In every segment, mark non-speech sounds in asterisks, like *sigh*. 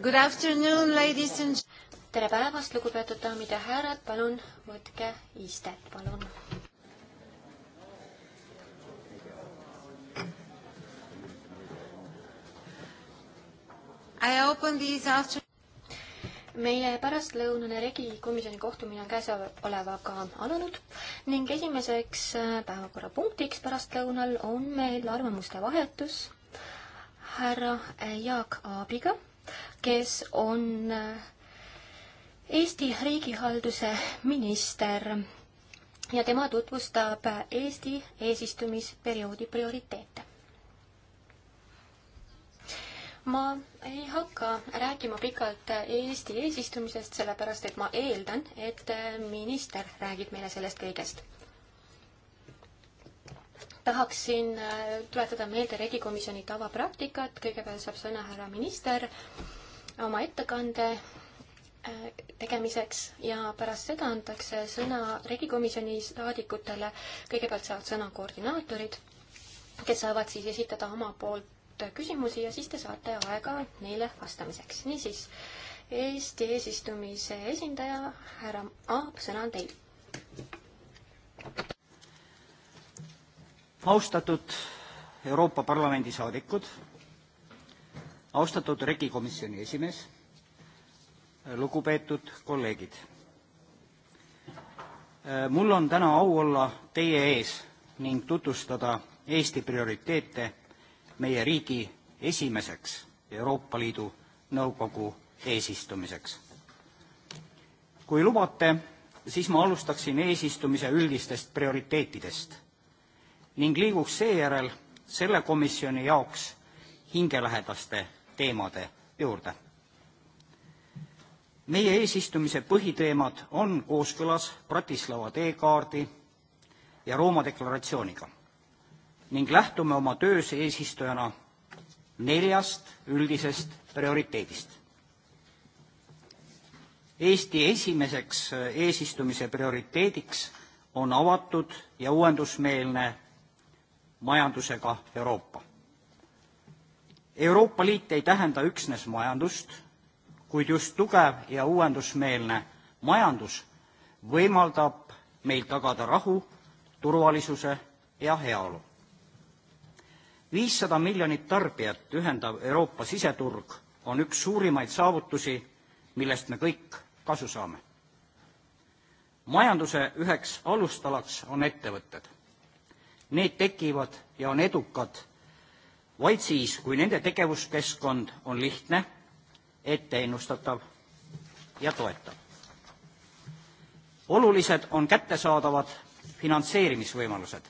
Good afternoon, ladies and tere päevast, lugupeetud daamid ja härrad, palun võtke istet, palun. I open these after meie pärastlõunane regi komisjoni kohtumine on käesolevaga alanud ning esimeseks äh, päevakorrapunktiks pärastlõunal on meil arvamuste vahetus härra Jaak Aabiga kes on Eesti riigihalduse minister ja tema tutvustab Eesti eesistumisperioodi prioriteete. ma ei hakka rääkima pikalt Eesti eesistumisest, sellepärast et ma eeldan, et minister räägib meile sellest kõigest tahaksin tuletada meelde regikomisjoni tavapraktikat, kõigepealt saab sõna härra minister oma ettekande äh, tegemiseks ja pärast seda antakse sõna Riigikomisjoni saadikutele. kõigepealt saavad sõna koordinaatorid, kes saavad siis esitada oma poolt küsimusi ja siis te saate aega neile vastamiseks. niisiis, Eesti eesistumise esindaja härra Aab, sõna on teil. austatud Euroopa Parlamendi saadikud austatud regikomisjoni esimees, lugupeetud kolleegid. mul on täna au olla teie ees ning tutvustada Eesti prioriteete meie riigi esimeseks Euroopa Liidu Nõukogu eesistumiseks. kui lubate, siis ma alustaksin eesistumise üldistest prioriteetidest ning liiguks seejärel selle komisjoni jaoks hingelähedaste teemade juurde. meie eesistumise põhiteemad on kooskõlas Bratislava teekaardi ja Rooma deklaratsiooniga ning lähtume oma töös eesistujana neljast üldisest prioriteedist. Eesti esimeseks eesistumise prioriteediks on avatud ja uuendusmeelne majandusega Euroopa. Euroopa Liit ei tähenda üksnes majandust, kuid just tugev ja uuendusmeelne majandus võimaldab meil tagada rahu, turvalisuse ja heaolu. viissada miljonit tarbijat ühendav Euroopa siseturg on üks suurimaid saavutusi, millest me kõik kasu saame. majanduse üheks alustalaks on ettevõtted. Need tekivad ja on edukad vaid siis, kui nende tegevuskeskkond on lihtne, etteennustatav ja toetav. olulised on kättesaadavad finantseerimisvõimalused,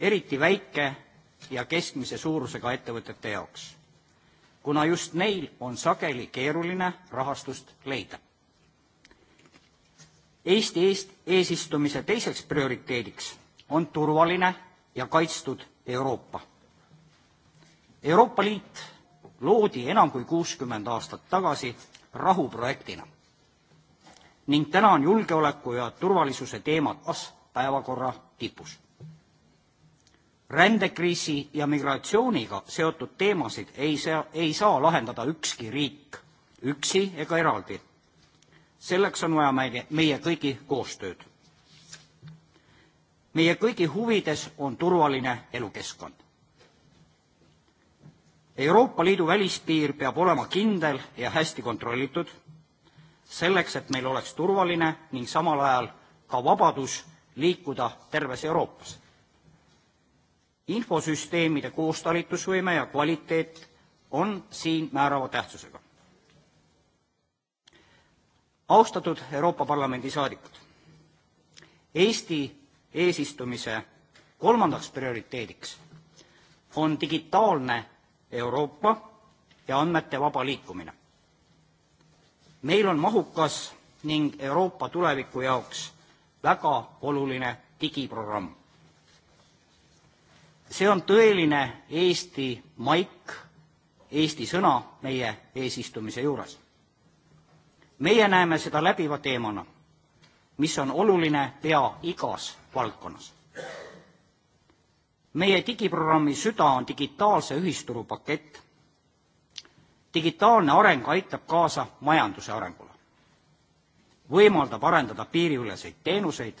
eriti väike- ja keskmise suurusega ettevõtete jaoks, kuna just neil on sageli keeruline rahastust leida. Eesti eest eesistumise teiseks prioriteediks on turvaline ja kaitstud Euroopa Euroopa Liit loodi enam kui kuuskümmend aastat tagasi rahuprojektina ning täna on julgeoleku ja turvalisuse teemad taas päevakorra tipus. rändekriisi ja migratsiooniga seotud teemasid ei saa, ei saa lahendada ükski riik üksi ega eraldi. selleks on vaja meie, meie kõigi koostööd. meie kõigi huvides on turvaline elukeskkond Euroopa Liidu välispiir peab olema kindel ja hästi kontrollitud, selleks et meil oleks turvaline ning samal ajal ka vabadus liikuda terves Euroopas. infosüsteemide koostalitusvõime ja kvaliteet on siin määrava tähtsusega. austatud Euroopa Parlamendi saadikud, Eesti eesistumise kolmandaks prioriteediks on digitaalne Euroopa ja andmete vaba liikumine. meil on mahukas ning Euroopa tuleviku jaoks väga oluline digiprogramm. see on tõeline Eesti maik, Eesti sõna meie eesistumise juures. meie näeme seda läbiva teemana, mis on oluline pea igas valdkonnas meie digiprogrammi süda on digitaalse ühisturu pakett. digitaalne areng aitab kaasa majanduse arengule, võimaldab arendada piiriüleseid teenuseid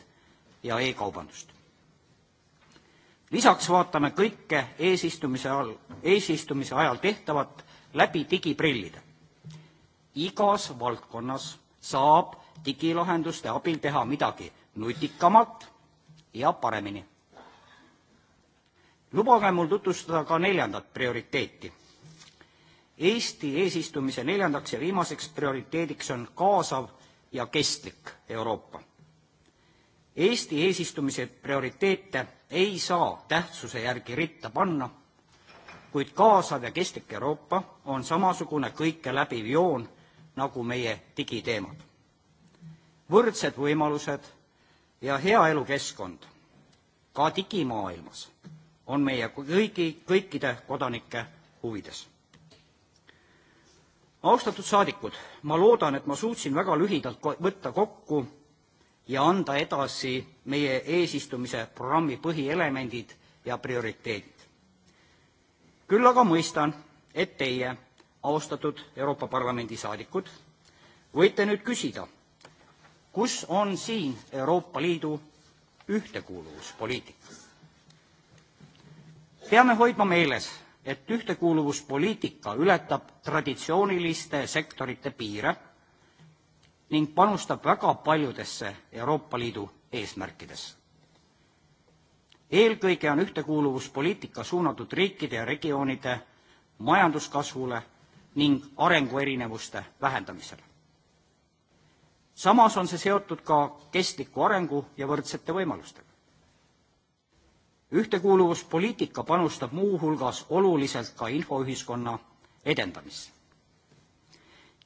ja e-kaubandust. lisaks vaatame kõike eesistumise all, eesistumise ajal tehtavat läbi digiprillide. igas valdkonnas saab digilahenduste abil teha midagi nutikamat ja paremini lubage mul tutvustada ka neljandat prioriteeti. Eesti eesistumise neljandaks ja viimaseks prioriteediks on kaasav ja kestlik Euroopa. Eesti eesistumise prioriteete ei saa tähtsuse järgi ritta panna, kuid kaasav ja kestlik Euroopa on samasugune kõike läbiv joon nagu meie digiteemad. võrdsed võimalused ja hea elukeskkond ka digimaailmas on meie kõigi, kõikide kodanike huvides. austatud saadikud, ma loodan, et ma suutsin väga lühidalt võtta kokku ja anda edasi meie eesistumise programmi põhielemendid ja prioriteedid. küll aga mõistan, et teie, austatud Euroopa Parlamendi saadikud, võite nüüd küsida, kus on siin Euroopa Liidu ühtekuuluvuspoliitika? peame hoidma meeles, et ühtekuuluvuspoliitika ületab traditsiooniliste sektorite piire ning panustab väga paljudesse Euroopa Liidu eesmärkidesse. eelkõige on ühtekuuluvuspoliitika suunatud riikide ja regioonide majanduskasvule ning arenguerinevuste vähendamisele. samas on see seotud ka kestliku arengu ja võrdsete võimalustega ühtekuuluvuspoliitika panustab muuhulgas oluliselt ka infoühiskonna edendamisse.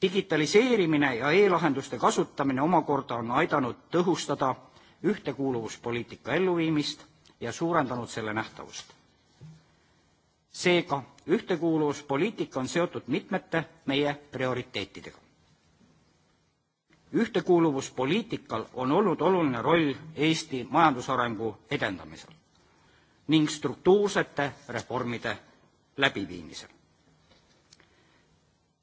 digitaliseerimine ja e-lahenduste kasutamine omakorda on aidanud tõhustada ühtekuuluvuspoliitika elluviimist ja suurendanud selle nähtavust. seega, ühtekuuluvuspoliitika on seotud mitmete meie prioriteetidega. ühtekuuluvuspoliitikal on olnud oluline roll Eesti majandusarengu edendamisel ning struktuursete reformide läbiviimisel.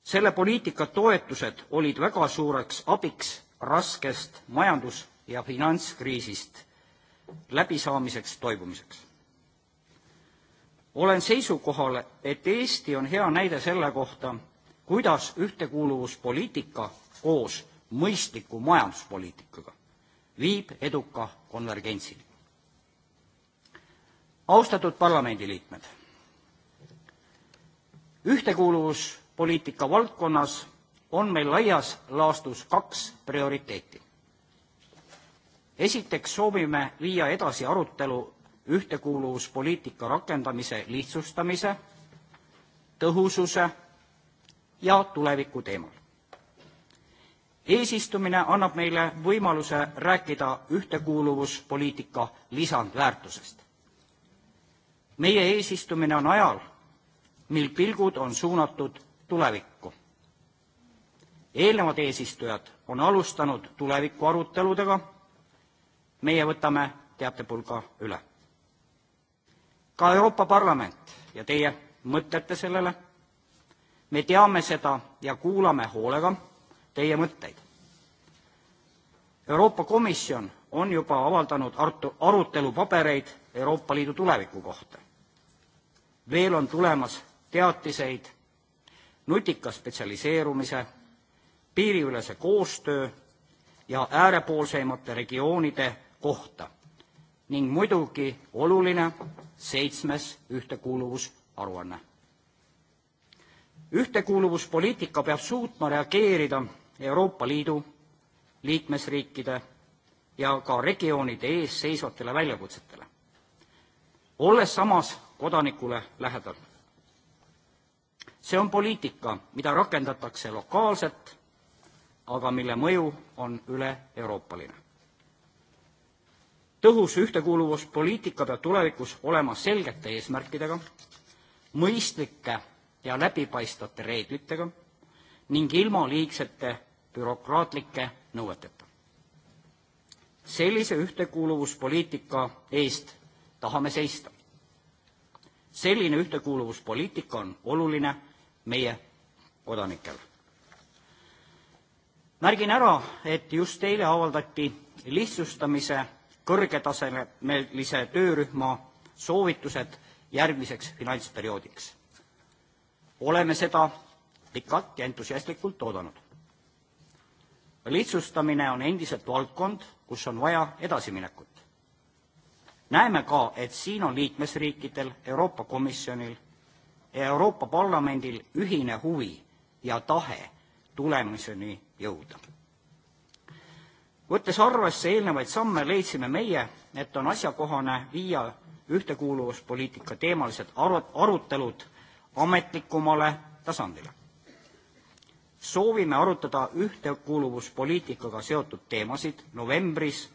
selle poliitika toetused olid väga suureks abiks raskest majandus- ja finantskriisist läbisaamiseks toibumiseks. olen seisukohal, et Eesti on hea näide selle kohta, kuidas ühtekuuluvuspoliitika koos mõistliku majanduspoliitikaga viib eduka konvergentsini austatud parlamendiliikmed! ühtekuuluvuspoliitika valdkonnas on meil laias laastus kaks prioriteeti. esiteks soovime viia edasi arutelu ühtekuuluvuspoliitika rakendamise lihtsustamise, tõhususe ja tuleviku teemal. eesistumine annab meile võimaluse rääkida ühtekuuluvuspoliitika lisandväärtusest meie eesistumine on ajal, mil pilgud on suunatud tulevikku. eelnevad eesistujad on alustanud tuleviku aruteludega, meie võtame teatepulga üle. ka Euroopa Parlament ja teie mõtlete sellele, me teame seda ja kuulame hoolega teie mõtteid. Euroopa Komisjon on juba avaldanud arutelu pabereid Euroopa Liidu tuleviku kohta veel on tulemas teatiseid nutika spetsialiseerumise, piiriülese koostöö ja äärepoolseimate regioonide kohta ning muidugi oluline seitsmes ühtekuuluvusaruanne. ühtekuuluvuspoliitika peab suutma reageerida Euroopa Liidu, liikmesriikide ja ka regioonide ees seisvatele väljakutsetele, olles samas kodanikule lähedal. see on poliitika, mida rakendatakse lokaalselt, aga mille mõju on üle-euroopaline. tõhus ühtekuuluvuspoliitika peab tulevikus olema selgete eesmärkidega, mõistlike ja läbipaistvate reeglitega ning ilma liigsete bürokraatlike nõueteta. sellise ühtekuuluvuspoliitika eest tahame seista selline ühtekuuluvuspoliitika on oluline meie kodanikel. märgin ära, et just eile avaldati lihtsustamise kõrgetasemelise töörühma soovitused järgmiseks finantsperioodiks. oleme seda pikalt ja entusiastlikult oodanud. lihtsustamine on endiselt valdkond, kus on vaja edasiminekut näeme ka, et siin on liikmesriikidel, Euroopa Komisjonil ja Euroopa Parlamendil ühine huvi ja tahe tulemuseni jõuda. võttes arvesse eelnevaid samme, leidsime meie, et on asjakohane viia ühtekuuluvuspoliitika teemalised arutelud ametlikumale tasandile. soovime arutada ühtekuuluvuspoliitikaga seotud teemasid novembris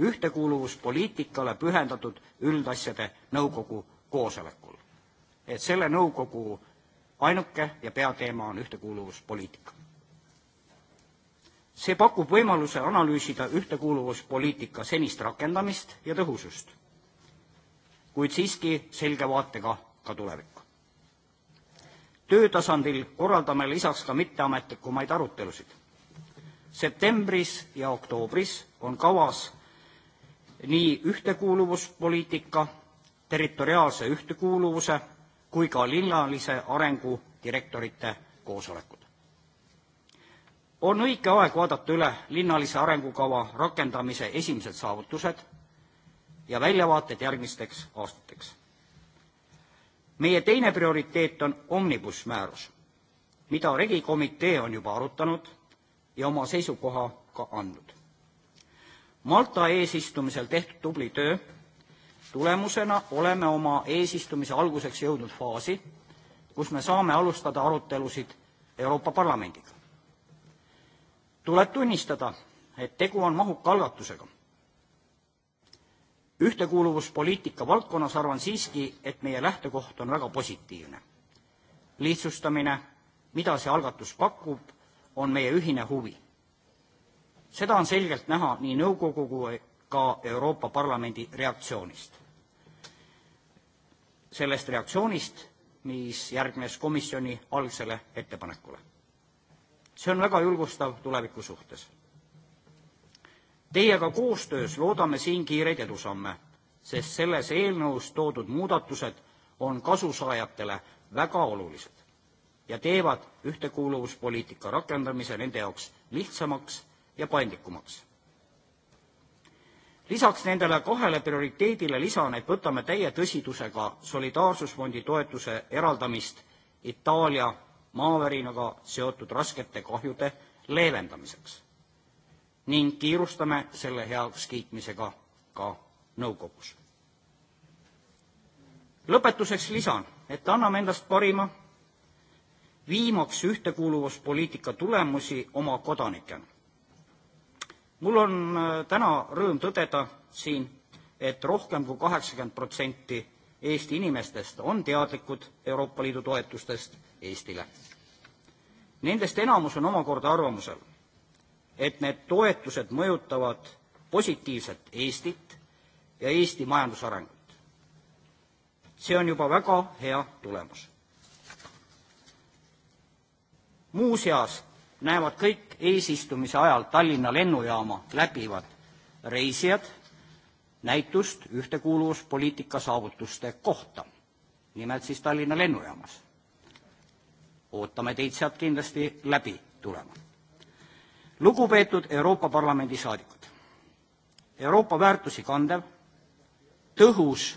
ühtekuuluvuspoliitikale pühendatud üldasjade nõukogu koosolekul. et selle nõukogu ainuke ja peateema on ühtekuuluvuspoliitika. see pakub võimaluse analüüsida ühtekuuluvuspoliitika senist rakendamist ja tõhusust, kuid siiski selge vaatega ka tulevikku. töötasandil korraldame lisaks ka mitteametlikumaid arutelusid. septembris ja oktoobris on kavas nii ühtekuuluvuspoliitika, territoriaalse ühtekuuluvuse kui ka linnalise arengu direktorite koosolekud. on õige aeg vaadata üle linnalise arengukava rakendamise esimesed saavutused ja väljavaated järgmisteks aastateks. meie teine prioriteet on Omnibus määrus, mida regikomitee on juba arutanud ja oma seisukoha ka andnud Malta eesistumisel tehtud tubli töö tulemusena oleme oma eesistumise alguseks jõudnud faasi, kus me saame alustada arutelusid Euroopa Parlamendiga. Tuleb tunnistada, et tegu on mahuka algatusega. Ühtekuuluvuspoliitika valdkonnas arvan siiski, et meie lähtekoht on väga positiivne. Lihtsustamine, mida see algatus pakub, on meie ühine huvi seda on selgelt näha nii nõukogu kui ka Euroopa Parlamendi reaktsioonist. sellest reaktsioonist, mis järgnes komisjoni algsele ettepanekule. see on väga julgustav tuleviku suhtes. Teiega koostöös loodame siin kiireid edusamme, sest selles eelnõus toodud muudatused on kasusaajatele väga olulised ja teevad ühtekuuluvuspoliitika rakendamise nende jaoks lihtsamaks ja paindlikumaks. lisaks nendele kahele prioriteedile lisan, et võtame täie tõsidusega Solidaarsusfondi toetuse eraldamist Itaalia maavärinaga seotud raskete kahjude leevendamiseks ning kiirustame selle heakskiitmisega ka nõukogus. lõpetuseks lisan, et anname endast parima, viimaks ühtekuuluvuspoliitika tulemusi oma kodanikena mul on äh, täna rõõm tõdeda siin, et rohkem kui kaheksakümmend protsenti Eesti inimestest on teadlikud Euroopa Liidu toetustest Eestile. Nendest enamus on omakorda arvamusel, et need toetused mõjutavad positiivselt Eestit ja Eesti majandusarengut. see on juba väga hea tulemus. muuseas, näevad kõik eesistumise ajal Tallinna lennujaama läbivad reisijad näitust ühtekuuluvuspoliitika saavutuste kohta, nimelt siis Tallinna lennujaamas. ootame teid sealt kindlasti läbi tulema. lugupeetud Euroopa Parlamendi saadikud, Euroopa väärtusi kandev, tõhus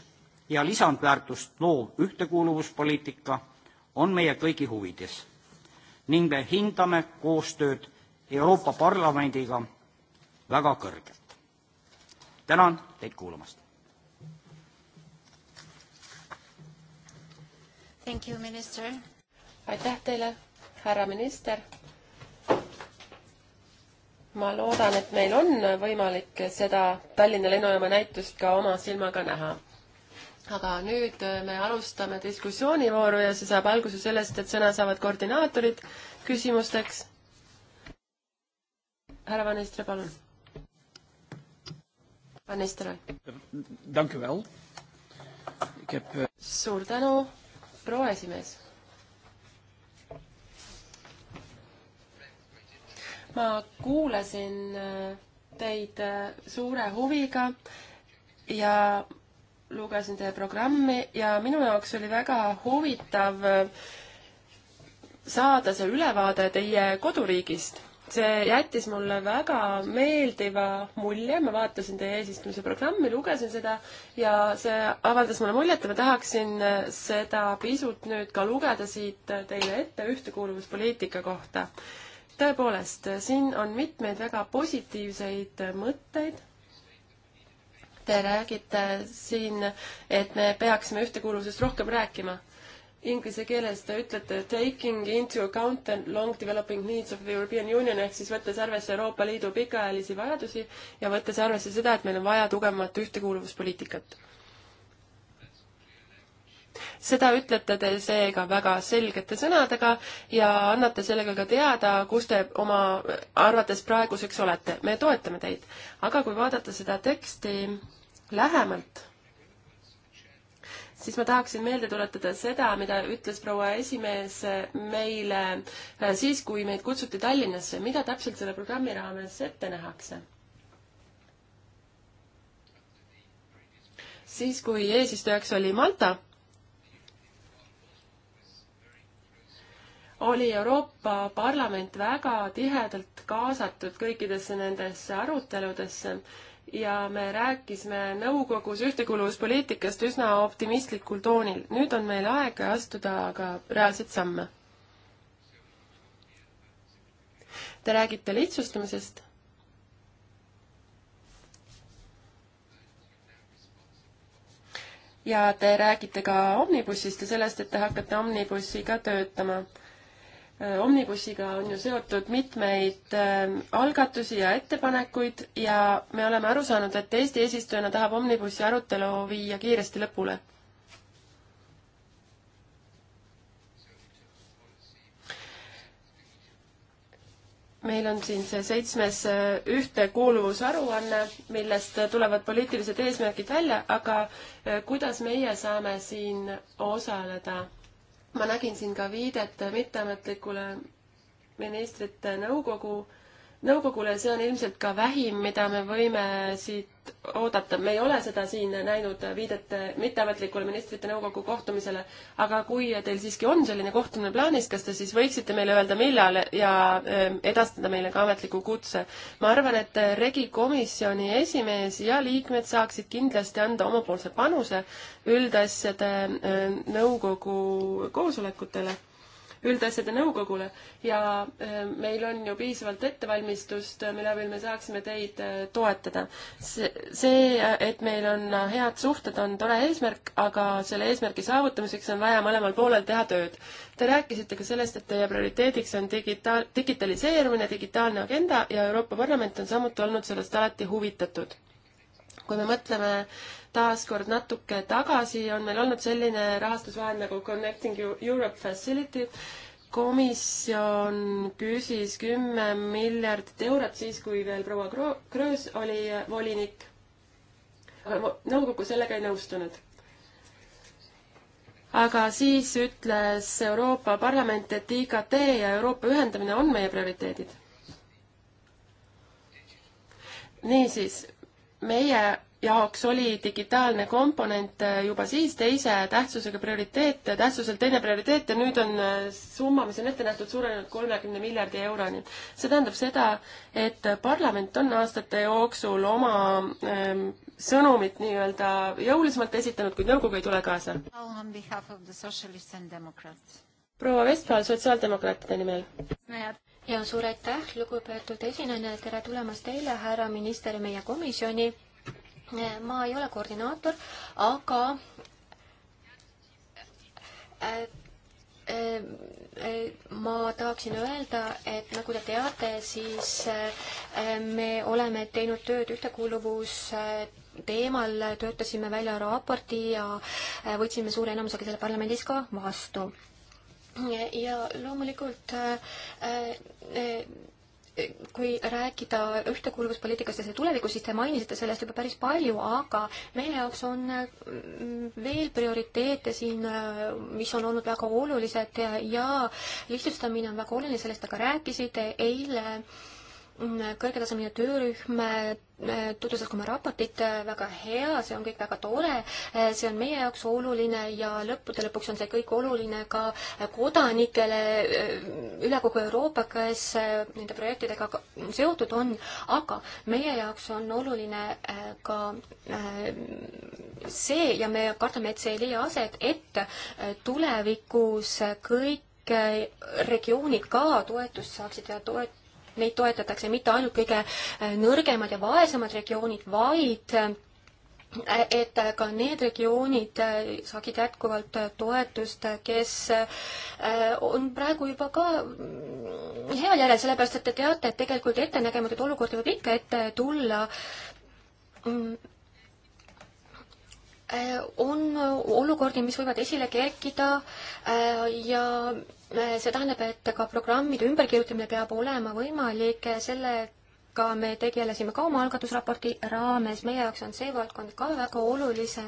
ja lisandväärtust loov ühtekuuluvuspoliitika on meie kõigi huvides ning me hindame koostööd Euroopa Parlamendiga väga kõrgelt. tänan teid kuulamast. Thank you, minister. aitäh teile, härra minister. ma loodan, et meil on võimalik seda Tallinna lennujaama näitust ka oma silmaga näha aga nüüd äh, me alustame diskussioonivooru ja see saab alguse sellest, et sõna saavad koordinaatorid küsimusteks. härra Vanistre, palun. Vanistre. Eh, suur tänu, proua esimees. ma kuulasin äh, teid äh, suure huviga ja lugesin teie programmi ja minu jaoks oli väga huvitav äh, saada see ülevaade teie koduriigist. see jättis mulle väga meeldiva mulje, ma vaatasin teie eesistumise programmi, lugesin seda ja see avaldas mulle muljet ja ma tahaksin äh, seda pisut nüüd ka lugeda siit äh, teile ette ühtekuuluvuspoliitika kohta tõepoolest, siin on mitmeid väga positiivseid mõtteid Te räägite siin, et me peaksime ühtekuuluvusest rohkem rääkima. Inglise keeles te ütlete taking into account the long developing needs of the European Union ehk siis võttes arvesse Euroopa Liidu pikaajalisi vajadusi ja võttes arvesse seda, et meil on vaja tugevamat ühtekuuluvuspoliitikat seda ütlete te seega väga selgete sõnadega ja annate sellega ka teada, kus te oma arvates praeguseks olete. me toetame teid. aga kui vaadata seda teksti lähemalt, siis ma tahaksin meelde tuletada seda, mida ütles proua esimees meile äh, siis, kui meid kutsuti Tallinnasse, mida täpselt selle programmi raames ette nähakse siis, kui eesistujaks oli Malta oli Euroopa Parlament väga tihedalt kaasatud kõikidesse nendesse aruteludesse ja me rääkisime nõukogus ühtekuuluvuspoliitikast üsna optimistlikul toonil. nüüd on meil aega astuda aga reaalseid samme. Te räägite lihtsustamisest? ja te räägite ka omnibussist ja sellest, et te hakkate omnibussiga töötama Äh, omnibussiga on ju seotud mitmeid äh, algatusi ja ettepanekuid ja me oleme aru saanud, et Eesti eesistujana tahab omnibussi arutelu viia kiiresti lõpule. meil on siin see seitsmes äh, ühtekuuluvusaruanne, millest tulevad poliitilised eesmärgid välja, aga kuidas meie saame siin osaleda ma nägin siin ka viidet mitteametlikule ministrite nõukogu nõukogule, see on ilmselt ka vähim, mida me võime siit oodata. me ei ole seda siin näinud viidet mitteametlikule ministrite nõukogu kohtumisele, aga kui teil siiski on selline kohtumine plaanis, kas te siis võiksite meile öelda, millal ja ähm, edastada meile ka ametliku kutse? ma arvan, et regi komisjoni esimees ja liikmed saaksid kindlasti anda omapoolse panuse üldasjade ähm, nõukogu koosolekutele üldasjade nõukogule ja äh, meil on ju piisavalt ettevalmistust, äh, mille abil me saaksime teid äh, toetada. see, et meil on head suhted, on tore eesmärk, aga selle eesmärgi saavutamiseks on vaja mõlemal poolel teha tööd. Te rääkisite ka sellest, et teie prioriteediks on digitaal, digitaliseerumine, digitaalne agenda ja Euroopa Parlament on samuti olnud sellest alati huvitatud kui me mõtleme taaskord natuke tagasi, on meil olnud selline rahastusvahend nagu Connecting Europe Facility, komisjon küsis kümme miljardit eurot siis, kui veel proua Kroos oli äh, volinik. Äh, nõukogu sellega ei nõustunud aga siis ütles Euroopa Parlament, et IKT ja Euroopa ühendamine on meie prioriteedid. niisiis, meie jaoks oli digitaalne komponent äh, juba siis teise tähtsusega prioriteet, tähtsuselt teine prioriteet ja nüüd on äh, summa, mis on ette nähtud, suurenenud kolmekümne miljardi euroni. see tähendab seda, et parlament on aastate jooksul oma ähm, sõnumit nii-öelda jõulisemalt esitanud, kuid nõukogu ei tule kaasa. proua Vestfal sotsiaaldemokraatide nimel ja suur aitäh, lugupeetud esinejana, tere tulemast teile, härra minister, meie komisjoni. ma ei ole koordinaator, aga äh, äh, ma tahaksin öelda, et nagu te teate, siis äh, me oleme teinud tööd ühtekuuluvus teemal, töötasime välja raporti ja võtsime suure enamusega selle parlamendis ka vastu ja loomulikult äh, äh, kui rääkida ühtekuuluvuspoliitikast ja selle tulevikust, siis te mainisite sellest juba päris palju, aga meie jaoks on äh, veel prioriteete siin, mis on olnud väga olulised ja, ja lihtsustamine on väga oluline, sellest te ka rääkisite eile äh, kõrgetasemeline töörühm eh, tutvustas oma raportit, eh, väga hea, see on kõik väga tore, eh, see on meie jaoks oluline ja lõppude lõpuks on see kõik oluline ka kodanikele üle kogu Euroopa, kes nende projektidega seotud on, aga meie jaoks on oluline ka see ja me kardame, et see ei leia aset, et tulevikus kõik regioonid ka toetust saaksid ja toet-, neid toetatakse mitte ainult kõige äh, nõrgemad ja vaesemad regioonid, vaid äh, et äh, ka need regioonid saaksid jätkuvalt toetust, kes on praegu juba ka mm, heal järel, sellepärast et te teate, et tegelikult ettenägematud olukordi võib ikka ette tulla mm, Äh, on äh, olukordi, mis võivad esile kerkida äh, ja see tähendab, et ka programmide ümberkirjutamine peab olema võimalik selle millega me tegelesime ka oma algatusraporti raames. meie jaoks on see valdkond ka väga olulise,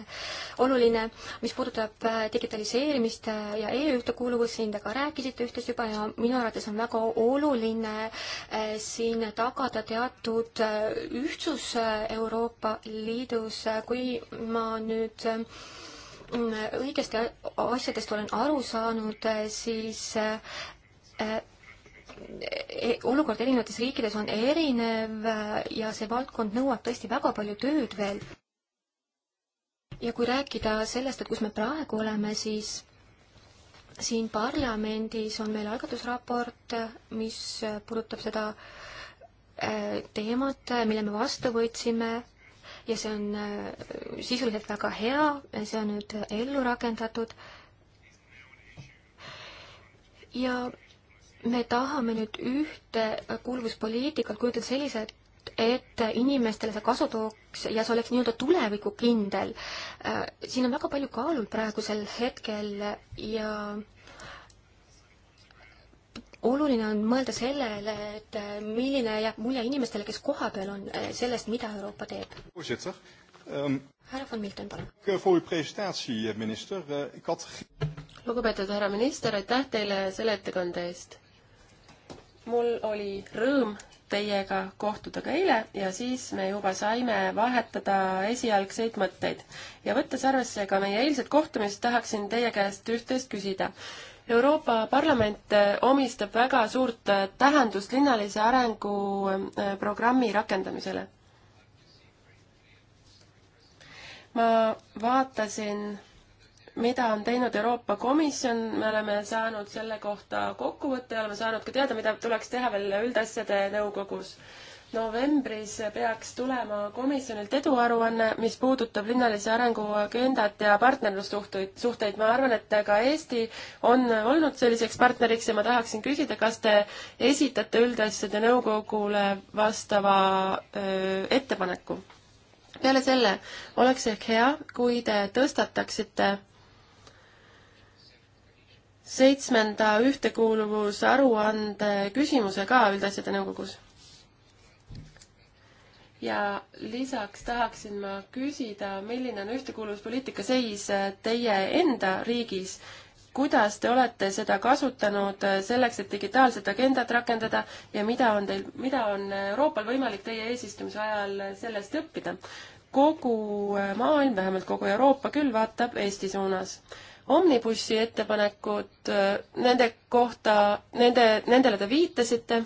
oluline, mis puudutab äh, digitaliseerimist ja e-ühtekuuluvust, siin te ka rääkisite üht-teist juba ja minu arvates on väga oluline äh, siin tagada teatud äh, ühtsus Euroopa Liidus, kui ma nüüd õigesti asjadest olen aru saanud, siis E, olukord erinevates riikides on erinev ja see valdkond nõuab tõesti väga palju tööd veel. ja kui rääkida sellest, et kus me praegu oleme, siis siin parlamendis on meil algatusraport, mis puudutab seda e, teemat, mille me vastu võtsime ja see on e, sisuliselt väga hea, see on nüüd ellu rakendatud. ja me tahame nüüd ühtekuuluvuspoliitikat kujutada selliselt, et inimestele see kasu tooks ja see oleks nii-öelda tulevikukindel. Äh, siin on väga palju kaalul praegusel hetkel ja oluline on mõelda sellele, et milline jääb mulje inimestele, kes kohapeal on, äh, sellest, mida Euroopa teeb. Ehm, härra von Milton, palun. Eh, eh, lugupeetud härra minister, aitäh teile selle ettekande eest mul oli rõõm teiega kohtuda ka eile ja siis me juba saime vahetada esialgseid mõtteid. ja võttes arvesse ka meie eilset kohtumist, tahaksin teie käest üht-teist küsida. Euroopa Parlament äh, omistab väga suurt äh, tähendust linnalise arengu äh, programmi rakendamisele. ma vaatasin mida on teinud Euroopa Komisjon, me oleme saanud selle kohta kokkuvõtte, oleme saanud ka teada, mida tuleks teha veel üldasjade nõukogus. novembris peaks tulema komisjonilt eduaruanne, mis puudutab linnalise arengu agendat ja partnerlussuhteid, suhteid. ma arvan, et ka Eesti on olnud selliseks partneriks ja ma tahaksin küsida, kas te esitate üldasjade nõukogule vastava öö, ettepaneku? peale selle oleks ehk hea, kui te tõstataksite seitsmenda ühtekuuluvusaruande küsimuse ka üldasjade nõukogus. ja lisaks tahaksin ma küsida, milline on ühtekuuluvuspoliitika seis teie enda riigis kuidas te olete seda kasutanud selleks, et digitaalset agendat rakendada ja mida on teil, mida on Euroopal võimalik teie eesistumise ajal sellest õppida? kogu maailm, vähemalt kogu Euroopa küll, vaatab Eesti suunas omnibussi ettepanekud, äh, nende kohta, nende, nendele te viitasite.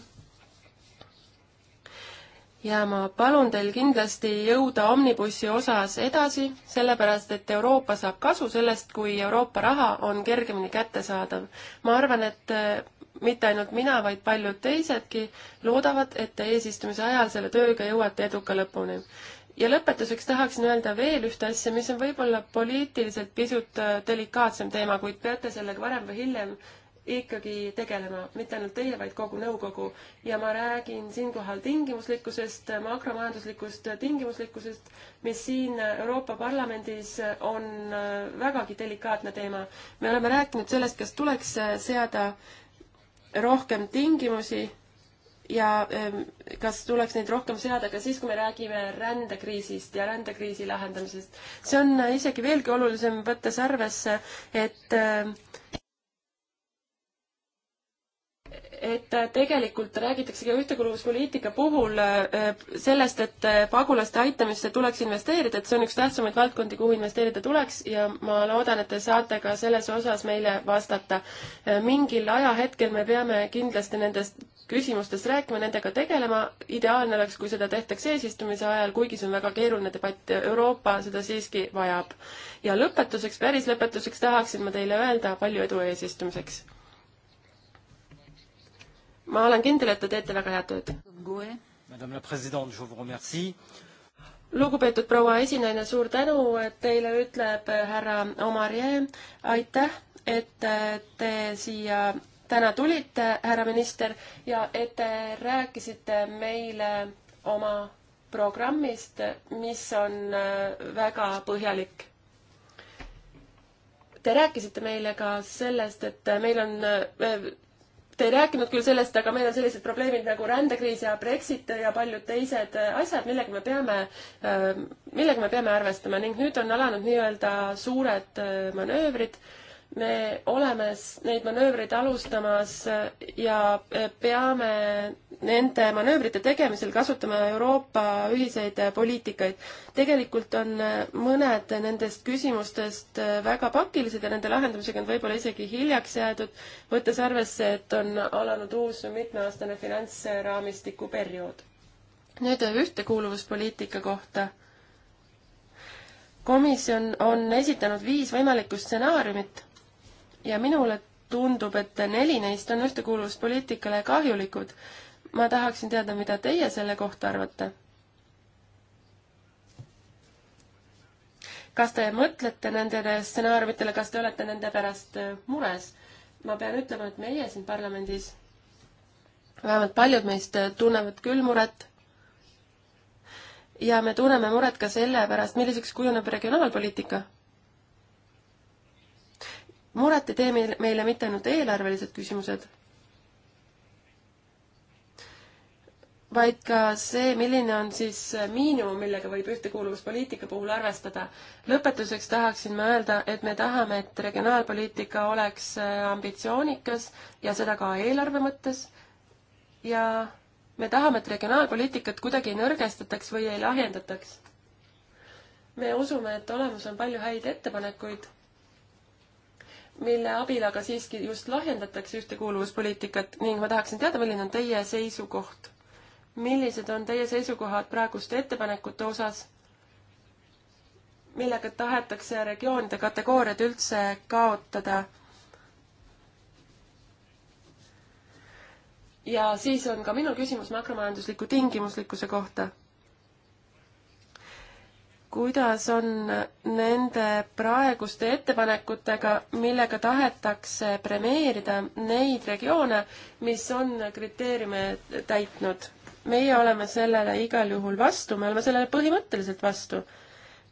ja ma palun teil kindlasti jõuda omnibussi osas edasi, sellepärast et Euroopa saab kasu sellest, kui Euroopa raha on kergemini kättesaadav. ma arvan, et äh, mitte ainult mina, vaid paljud teisedki loodavad, et te eesistumise ajal selle tööga jõuate eduka lõpuni ja lõpetuseks tahaksin öelda veel ühte asja, mis on võib-olla poliitiliselt pisut äh, delikaatsem teema, kuid peate sellega varem või hiljem ikkagi tegelema, mitte ainult teie, vaid kogu nõukogu. ja ma räägin siinkohal tingimuslikkusest, makromajanduslikust tingimuslikkusest, mis siin Euroopa Parlamendis on äh, vägagi delikaatne teema. me oleme rääkinud sellest, kas tuleks äh, seada rohkem tingimusi ja ähm, kas tuleks neid rohkem seada ka siis, kui me räägime rändekriisist ja rändekriisi lahendamisest. see on isegi veelgi olulisem, võttes arvesse, et ähm, et äh, tegelikult räägitakse ka ühtekuuluvuspoliitika puhul äh, sellest, et äh, pagulaste aitamisse tuleks investeerida, et see on üks tähtsamaid valdkondi, kuhu investeerida tuleks ja ma loodan, et te saate ka selles osas meile vastata. mingil ajahetkel me peame kindlasti nendest küsimustest rääkima, nendega tegelema, ideaalne oleks, kui seda tehtaks eesistumise ajal, kuigi see on väga keeruline debatt, Euroopa seda siiski vajab. ja lõpetuseks, päris lõpetuseks tahaksin ma teile öelda palju edu eesistumiseks! ma olen kindel, et te teete väga head tööd. lugupeetud proua esinaine, suur tänu, et teile ütleb härra Omarjee. aitäh, et te siia täna tulite, härra minister, ja et te rääkisite meile oma programmist, mis on äh, väga põhjalik. Te rääkisite meile ka sellest, et meil on äh, Te ei rääkinud küll sellest, aga meil on sellised probleemid nagu rändekriis ja Brexit ja paljud teised äh, asjad, millega me peame, äh, millega me peame arvestama ning nüüd on alanud nii-öelda suured äh, manöövrid. me oleme neid manöövreid alustamas ja peame nende manöövrite tegemisel kasutama Euroopa ühiseid poliitikaid. tegelikult on äh, mõned nendest küsimustest äh, väga pakilised ja nende lahendamisega on võib-olla isegi hiljaks jäädud, võttes arvesse, et on alanud uus mitmeaastane finantsraamistiku periood. nüüd äh, ühtekuuluvuspoliitika kohta komisjon on esitanud viis võimalikku stsenaariumit ja minule tundub, et neli neist on ühtekuuluvuspoliitikale kahjulikud ma tahaksin teada, mida teie selle kohta arvate. kas te mõtlete nendele stsenaariumitele, kas te olete nende pärast äh, mures? ma pean ütlema, et meie siin parlamendis, vähemalt paljud meist äh, tunnevad küll muret. ja me tunneme muret ka selle pärast, milliseks kujuneb regionaalpoliitika. muret ei tee meile mitte ainult eelarvelised küsimused vaid ka see, milline on siis miinimum, millega võib ühtekuuluvuspoliitika puhul arvestada. lõpetuseks tahaksin ma öelda, et me tahame, et regionaalpoliitika oleks äh, ambitsioonikas ja seda ka eelarve mõttes ja me tahame, et regionaalpoliitikat kuidagi ei nõrgestataks või ei lahjendataks. me usume, et olemas on palju häid ettepanekuid, mille abil aga siiski just lahjendatakse ühtekuuluvuspoliitikat ning ma tahaksin teada, milline on teie seisukoht millised on teie seisukohad praeguste ettepanekute osas, millega tahetakse regioonide kategooriad üldse kaotada? ja siis on ka minu küsimus makromajandusliku tingimuslikkuse kohta kuidas on nende praeguste ettepanekutega, millega tahetakse premeerida neid regioone, mis on kriteeriume täitnud? meie oleme sellele igal juhul vastu, me oleme sellele põhimõtteliselt vastu.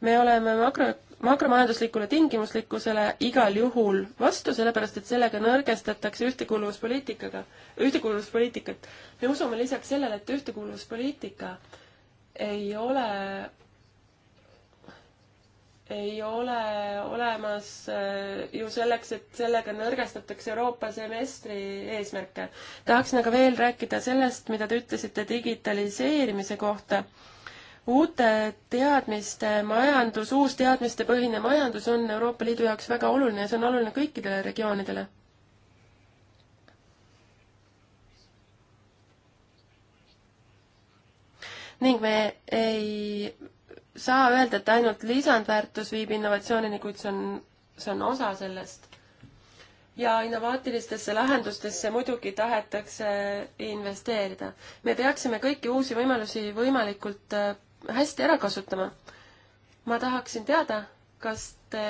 me oleme makro, makromajanduslikule tingimuslikkusele igal juhul vastu, sellepärast et sellega nõrgestatakse ühtekuuluvuspoliitikaga, ühtekuuluvuspoliitikat. me usume lisaks sellele, et ühtekuuluvuspoliitika ei ole ei ole olemas äh, ju selleks, et sellega nõrgestatakse Euroopa semestri eesmärke. tahaksin aga veel rääkida sellest, mida te ütlesite digitaliseerimise kohta uute teadmiste majandus, uus teadmistepõhine majandus on Euroopa Liidu jaoks väga oluline ja see on oluline kõikidele regioonidele. ning me ei saa öelda, et ainult lisandväärtus viib innovatsioonini, kuid see on, see on osa sellest. ja innovaatilistesse lahendustesse muidugi tahetakse investeerida. me peaksime kõiki uusi võimalusi võimalikult äh, hästi ära kasutama. ma tahaksin teada, kas te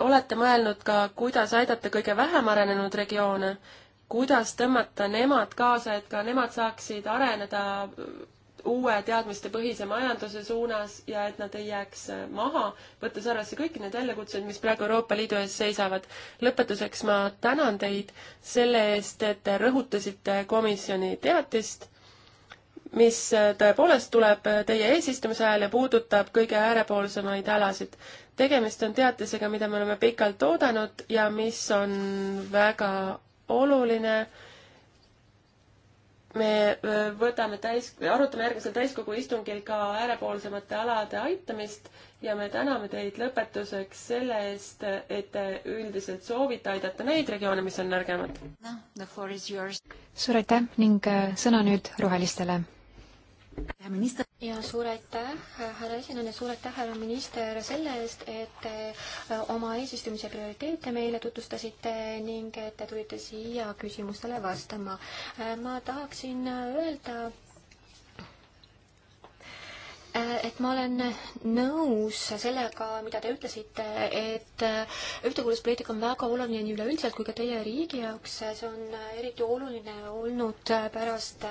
olete mõelnud ka, kuidas aidata kõige vähem arenenud regioone, kuidas tõmmata nemad kaasa, et ka nemad saaksid areneda uue teadmistepõhise majanduse suunas ja et nad ei jääks äh, maha, võttes arvesse kõiki neid väljakutseid, mis praegu Euroopa Liidu ees seisavad. lõpetuseks ma tänan teid selle eest, et te rõhutasite komisjoni teatist, mis äh, tõepoolest tuleb äh, teie eesistumise ajal ja puudutab kõige äärepoolsemaid alasid. tegemist on teatisega, mida me oleme pikalt oodanud ja mis on väga oluline äh, me äh, võtame täis, arutame järgmisel täiskogu istungil ka äärepoolsemate alade aitamist ja me täname teid lõpetuseks selle eest, et te üldiselt soovite aidata neid regioone, mis on nõrgemad no,. suur aitäh ning äh, sõna nüüd rohelistele ja suur aitäh, härra esinejale, suur aitäh, härra minister, selle eest, et te äh, oma eesistumise prioriteete meile tutvustasite ning et te tulite siia küsimustele vastama. Äh, ma tahaksin äh, öelda Äh, et ma olen nõus sellega, mida te ütlesite, et äh, ühtekuuluvuspoliitika on väga oluline nii üleüldiselt kui ka teie riigi jaoks. see on äh, eriti oluline olnud pärast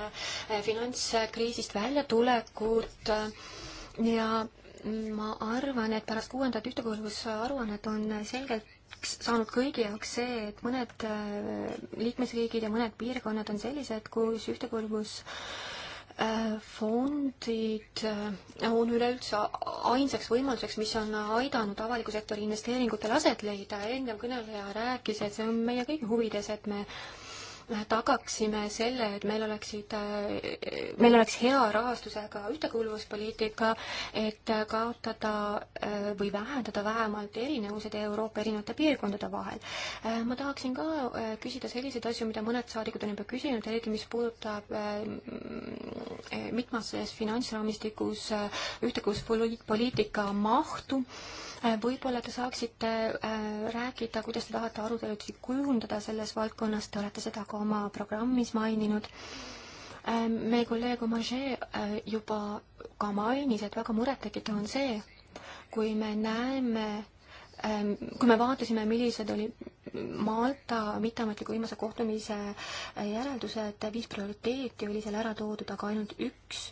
finantskriisist väljatulekut ja ma arvan, et pärast kuuendat ühtekuuluvusaruannet on selgelt saanud kõigi jaoks see, et mõned liikmesriigid ja mõned piirkonnad on sellised, kus ühtekuuluvus fondid äh, on üleüldse ainsaks võimaluseks, mis on aidanud avaliku sektori investeeringutel aset leida. eelnev kõneleja rääkis, et see on meie kõigi huvides, et me äh, tagaksime selle, et meil oleksid, äh, meil oleks hea rahastusega ühtekuuluvuspoliitika, et kaotada äh, või vähendada vähemalt erinevused Euroopa erinevate piirkondade vahel. Äh, ma tahaksin ka küsida selliseid asju, mida mõned saadikud on juba küsinud, eriti mis puudutab mitmes finantsraamistikus ühtekuuluvuspoliitika mahtu Äh, võib-olla te saaksite äh, rääkida, kuidas te tahate arutelusid kujundada selles valdkonnas, te olete seda ka oma programmis maininud. Äh, meie kolleeg Omaže juba ka mainis, et väga murettekitav on see, kui me näeme ähm, kui me vaatasime, millised olid Malta mitteametliku viimase kohtumise järeldused, viis prioriteeti oli seal ära toodud, aga ainult üks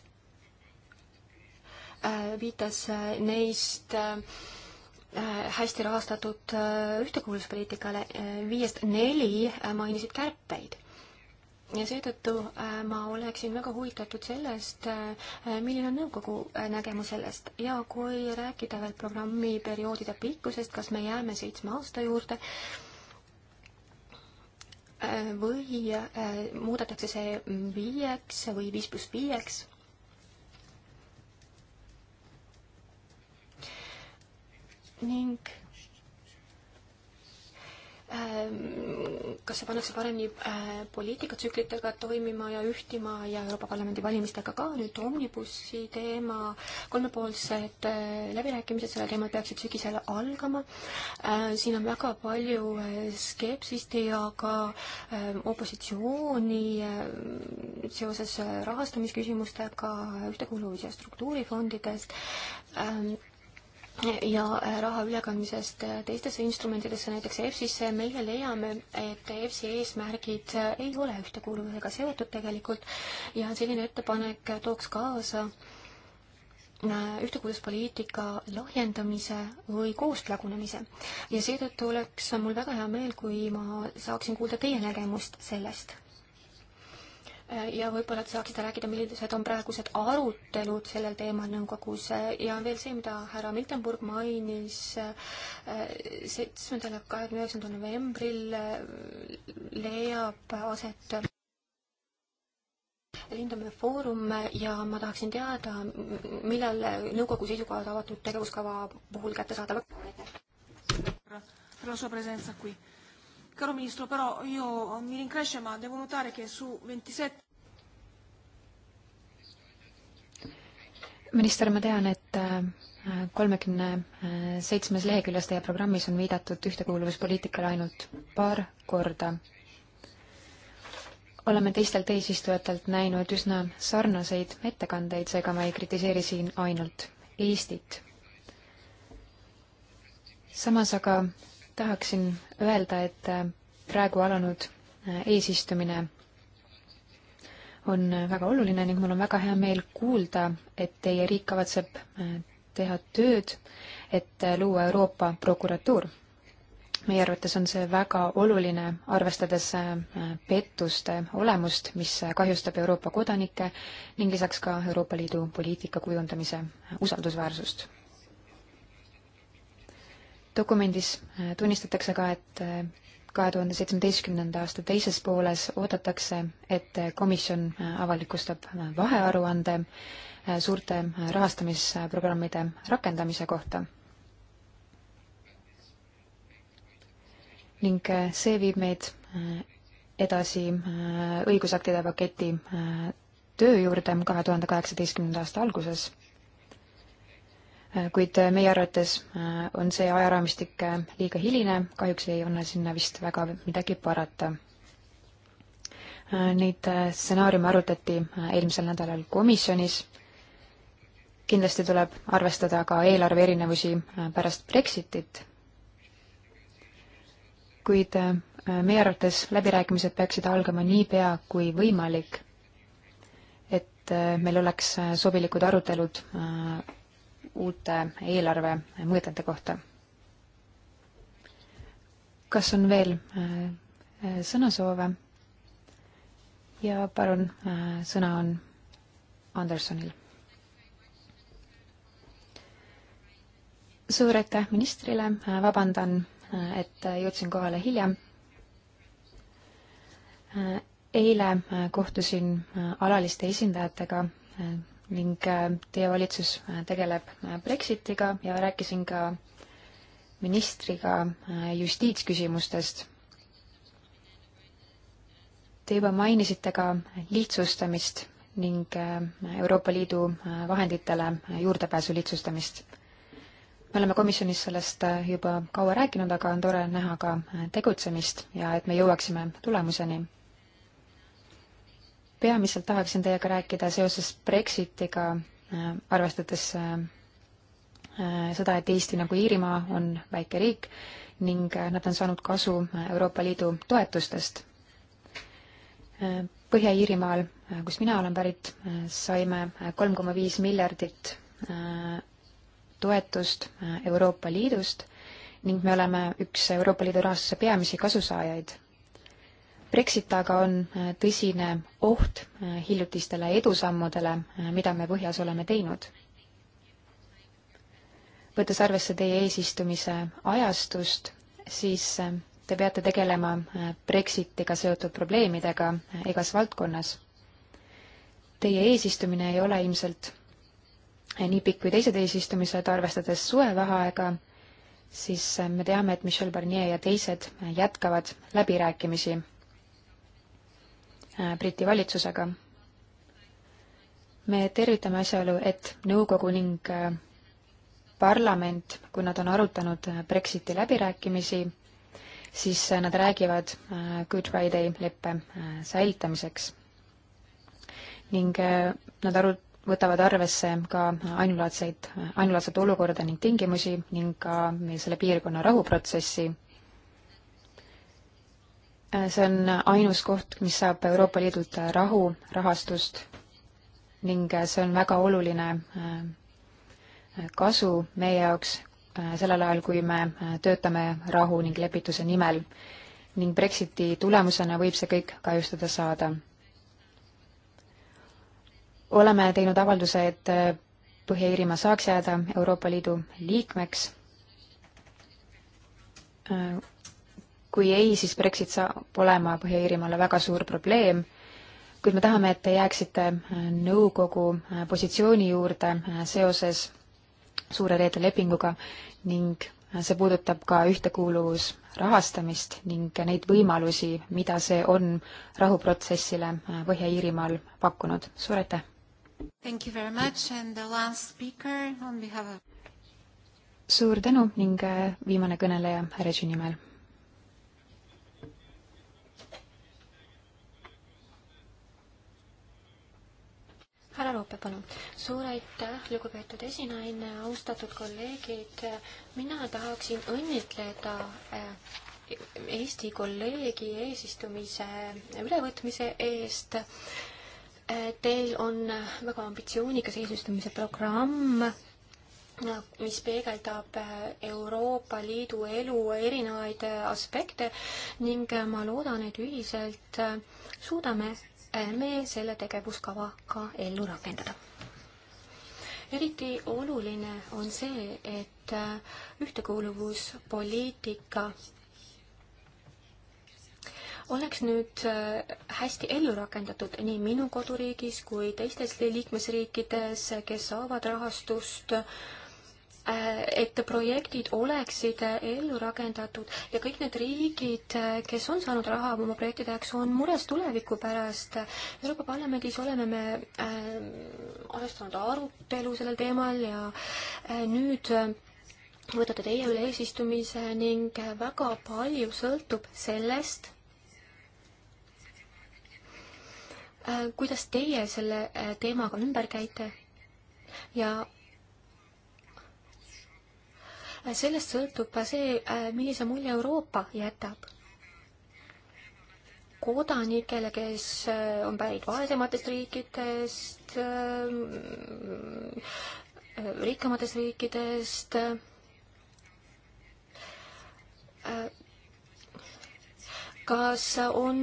viitas neist äh, Äh, hästi rahastatud äh, ühtekuuluvuspoliitikale, äh, viiest neli mainisid kärpeid ja seetõttu ma oleksin väga huvitatud sellest, milline on nõukogu nägemus sellest ja kui rääkida veel programmi perioodide pikkusest, kas me jääme seitsme aasta juurde või muudetakse see viieks või viis pluss viieks ning ähm, kas see pannakse paremini äh, poliitikatsüklitega toimima ja ühtima ja Euroopa Parlamendi valimistega ka, nüüd omnibussi teema, kolmepoolsed äh, läbirääkimised sellel teemal peaksid sügisel algama. Äh, siin on väga palju skepsist ja ka opositsiooni seoses rahastamisküsimustega ühtekuuluvus- ja struktuurifondidest ähm, ja äh, raha ülekandmisest äh, teistesse instrumentidesse, näiteks EFSisse, meie leiame, et EFSi eesmärgid äh, ei ole ühtekuuluvusega seotud tegelikult ja selline ettepanek tooks kaasa ühtekuuluvuspoliitika lahjendamise või koost lagunemise. ja seetõttu oleks mul väga hea meel, kui ma saaksin kuulda teie nägemust sellest ja võib-olla te saaksite rääkida, millised on praegused arutelud sellel teemal nõukogus ja veel see, mida härra Miltenburg mainis eh, seitsmendal ja kahekümne üheksandal novembril eh, leiab aset hindamine foorum ja ma tahaksin teada, millal nõukogu seisukohad avatud tegevuskava puhul kättesaadavad? Pro sua presenza qui. Caro Ministro, però io mi rincresce ma devo notare che su 27 minister, ma tean, et äh, kolmekümne seitsmes leheküljes teie programmis on viidatud ühtekuuluvuspoliitikale ainult paar korda. oleme teistelt eesistujatelt näinud üsna sarnaseid ettekandeid, seega ma ei kritiseeri siin ainult Eestit. samas aga tahaksin öelda, et äh, praegu alanud äh, eesistumine on äh, väga oluline ning mul on väga hea meel kuulda, et teie riik kavatseb teha tööd, et luua Euroopa prokuratuur. meie arvates on see väga oluline, arvestades pettuste olemust, mis kahjustab Euroopa kodanikke ning lisaks ka Euroopa Liidu poliitika kujundamise usaldusväärsust dokumendis äh, tunnistatakse ka, et äh, kahe tuhande seitsmeteistkümnenda aasta teises pooles oodatakse, et äh, komisjon avalikustab vahearuande suurte rahastamisprogrammide rakendamise kohta. ning see viib meid edasi õigusaktide paketi töö juurde kahe tuhande kaheksateistkümnenda aasta alguses Äh, kuid äh, meie arvates äh, on see ajaraamistik liiga hiline, kahjuks ei anna sinna vist väga midagi parata. Neid stsenaariume arutati eelmisel nädalal komisjonis. kindlasti tuleb arvestada ka eelarve erinevusi pärast Brexitit. kuid meie arvates läbirääkimised peaksid algama niipea kui võimalik, et meil oleks sobilikud arutelud uute eelarve mõõdete kohta. kas on veel äh, sõnasoove? ja palun, äh, sõna on Andersonil. suur aitäh ministrile, äh, vabandan, et jõudsin kohale hiljem eile kohtusin alaliste esindajatega ning äh, teie valitsus äh, tegeleb äh, Brexitiga ja rääkisin ka ministriga justiitsküsimustest. Te juba mainisite ka lihtsustamist ning Euroopa Liidu vahenditele juurdepääsu lihtsustamist. me oleme komisjonis sellest juba kaua rääkinud, aga on tore näha ka tegutsemist ja et me jõuaksime tulemuseni peamiselt tahaksin teiega rääkida seoses Brexitiga, äh, arvestades äh, äh, seda, et Eesti nagu Iirimaa on väike riik ning nad on saanud kasu Euroopa Liidu toetustest. Põhja-Iirimaal, kus mina olen pärit, saime kolm koma viis miljardit toetust Euroopa Liidust ning me oleme üks Euroopa Liidu rahastuse peamisi kasusaajaid Brexit aga on äh, tõsine oht äh, hiljutistele edusammudele, äh, mida me põhjas oleme teinud. võttes arvesse teie eesistumise ajastust, siis te peate tegelema Brexitiga seotud probleemidega igas valdkonnas. Teie eesistumine ei ole ilmselt nii pikk kui teised eesistumised, arvestades suvevaheaega, siis me teame, et Michel Barnier ja teised jätkavad läbirääkimisi Äh, Briti valitsusega. me tervitame asjaolu, et nõukogu ning äh, parlament, kui nad on arutanud äh, Brexiti läbirääkimisi, siis nad räägivad Good Friday leppe säilitamiseks. ning nad aru-, võtavad arvesse ka ainulaadseid, ainulaadset olukorda ning tingimusi ning ka selle piirkonna rahuprotsessi Äh, see on ainus koht, mis saab Euroopa Liidult äh, rahu rahastust ning äh, see on väga oluline kasu meie jaoks sellel ajal, kui me töötame rahu ning lepituse nimel ning Brexiti tulemusena võib see kõik kahjustada saada. oleme teinud avalduse, et Põhja-Iirimaa saaks jääda Euroopa Liidu liikmeks kui ei, siis Brexit saab olema Põhja-Iirimaale väga suur probleem, kuid me tahame, et te jääksite äh, nõukogu äh, positsiooni juurde äh, seoses suure reede lepinguga ning see puudutab ka ühtekuuluvusrahastamist ning neid võimalusi, mida see on rahuprotsessile Põhja-Iirimaal pakkunud. suur aitäh! Thank you very much and the last speaker on behalf of suur tänu ning viimane kõneleja Reži nimel härra Loope, palun. suur aitäh, lugupeetud esinaine, austatud kolleegid. mina tahaksin õnnitleda äh, Eesti kolleegi eesistumise ülevõtmise eest. Äh, teil on väga ambitsioonikas eesistumise programm äh, mis peegeldab Euroopa Liidu elu erinevaid aspekte ning ma loodan, et ühiselt suudame me selle tegevuskava ka ellu rakendada. eriti oluline on see, et äh, ühtekuuluvuspoliitika oleks nüüd äh, hästi ellu rakendatud nii minu koduriigis kui teistes liikmesriikides, kes saavad rahastust äh, Äh, et projektid oleksid äh, ellu rakendatud ja kõik need riigid, äh, kes on saanud raha oma projektide jaoks, on mures tuleviku pärast. Euroopa Parlamendis oleme me alustanud arutelu sellel teemal ja nüüd võtate teie üle eesistumise ning väga palju sõltub sellest, kuidas teie selle teemaga ümber käite ja Äh, sellest sõltub ka see, äh, millise mulje Euroopa jätab kodanikele, kes äh, on pärit vaesematest riikidest, rikkamatest riikidest, kas on,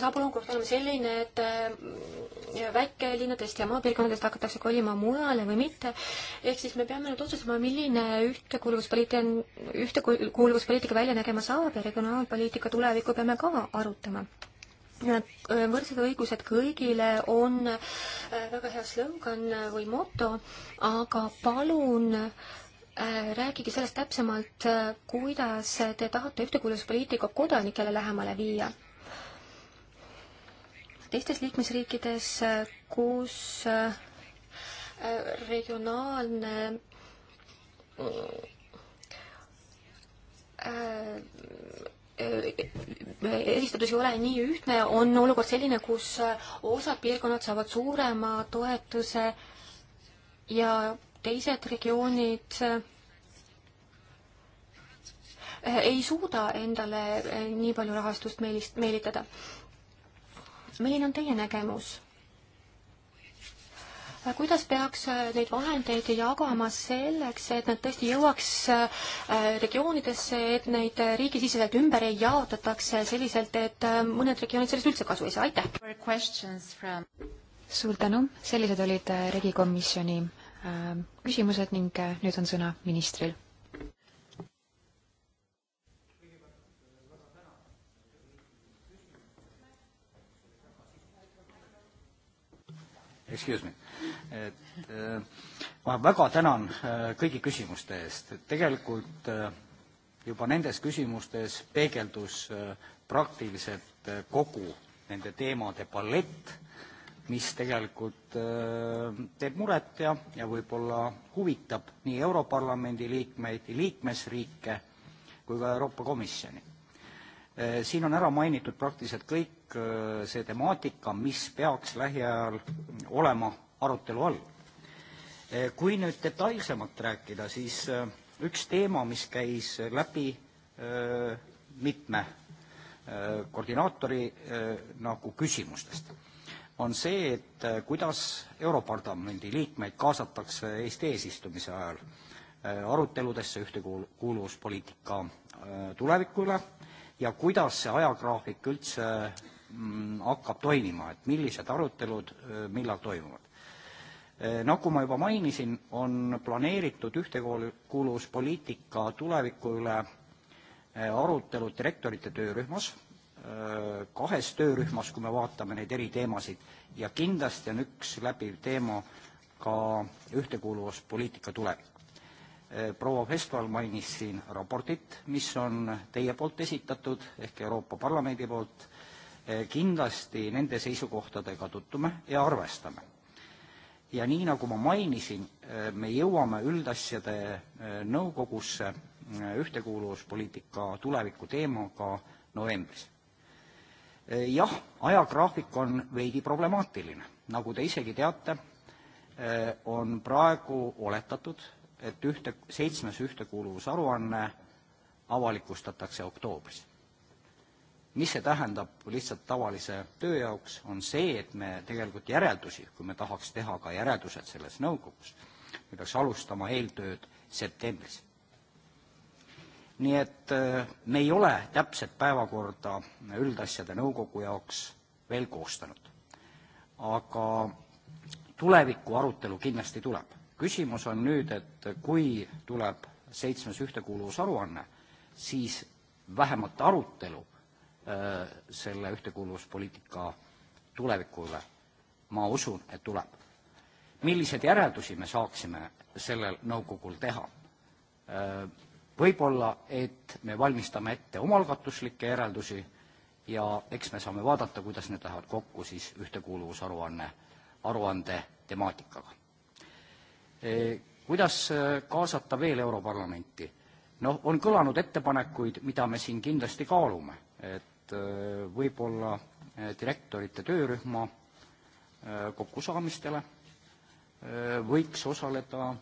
saab olukord olema selline, et äh, väikelinnadest ja maapiirkondadest hakatakse kolima mujale või mitte, ehk siis me peame nüüd otsustama, milline ühtekuuluvuspoliitika, ühtekuuluvuspoliitika välja nägema saab ja regionaalpoliitika tulevikku peame ka arutama äh, võrdsed õigused kõigile on äh, väga hea slogan või moto, aga palun äh, Äh, rääkige sellest täpsemalt, äh, kuidas te tahate ühtekuuluvuspoliitika kodanikele lähemale viia. teistes liikmesriikides, äh, kus regionaalne eristatus ei ole nii ühtne, on olukord selline, kus osad piirkonnad saavad suurema toetuse ja teised regioonid eh, ei suuda endale eh, nii palju rahastust meelist-, meelitada. milline on teie nägemus? Eh, kuidas peaks neid vahendeid jagama selleks, et nad tõesti jõuaks regioonidesse, et neid riigisiseselt ümber ei jaotataks selliselt, et mõned regioonid sellest üldse kasu ei saa, aitäh! suur tänu, sellised olid regikomisjoni Ähm, küsimused ning äh, nüüd on sõna ministril. Excuse me, et äh, ma väga tänan äh, kõigi küsimuste eest, et tegelikult juba nendes küsimustes peegeldus praktiliselt kogu nende teemade palett mis tegelikult äh, teeb muret ja, ja võib-olla huvitab nii Europarlamendi liikmeid, liikmesriike kui ka Euroopa Komisjoni. Äh, siin on ära mainitud praktiliselt kõik äh, see temaatika, mis peaks lähiajal olema arutelu all. kui nüüd detailsemalt rääkida, siis üks teema, mis käis läbi mitme koordinaatori nagu küsimustest on see, et äh, kuidas Europarlamendi liikmeid kaasatakse Eesti eesistumise ajal äh, aruteludesse ühtekuuluvuspoliitika äh, tuleviku üle ja kuidas see ajagraafik üldse mm, hakkab toimima, et millised arutelud millal toimuvad. nagu ma juba mainisin, on planeeritud ühtekuuluvuspoliitika tuleviku üle arutelud direktorite töörühmas Äh, kahes töörühmas, kui me vaatame neid eri teemasid, ja kindlasti on üks läbiv teema ka ühtekuuluvuspoliitika tulevik. Äh, proua Festval mainis siin raportit, mis on teie poolt esitatud ehk Euroopa Parlamendi poolt, äh, kindlasti nende seisukohtadega tutvume ja arvestame. ja nii, nagu ma mainisin, me jõuame üldasjade nõukogusse ühtekuuluvuspoliitika tuleviku teemaga novembris Eh, jah, ajagraafik on veidi problemaatiline, nagu te isegi teate, eh, on praegu oletatud, et ühte, seitsmes ühtekuuluvusaruanne avalikustatakse oktoobris. mis see tähendab lihtsalt tavalise töö jaoks, on see, et me tegelikult järeldusi, kui me tahaks teha ka järeldused selles nõukogus, me peaks alustama eeltööd septembris nii et äh, me ei ole täpset päevakorda üldasjade nõukogu jaoks veel koostanud. aga tuleviku arutelu kindlasti tuleb. küsimus on nüüd, et kui tuleb seitsmes ühtekuuluvusaruanne, siis vähemalt arutelu öö, äh, selle ühtekuuluvuspoliitika tuleviku üle, ma usun, et tuleb. milliseid järeldusi me saaksime sellel nõukogul teha? Äh, võib-olla, et me valmistame ette omaalgatuslikke järeldusi ja eks me saame vaadata, kuidas need lähevad kokku siis ühtekuuluvusaruanne, aruande temaatikaga e,. Kuidas e, kaasata veel Europarlamenti? noh, on kõlanud ettepanekuid, mida me siin kindlasti kaalume, et e, võib-olla e, direktorite töörühma kokkusaamistele võiks osaleda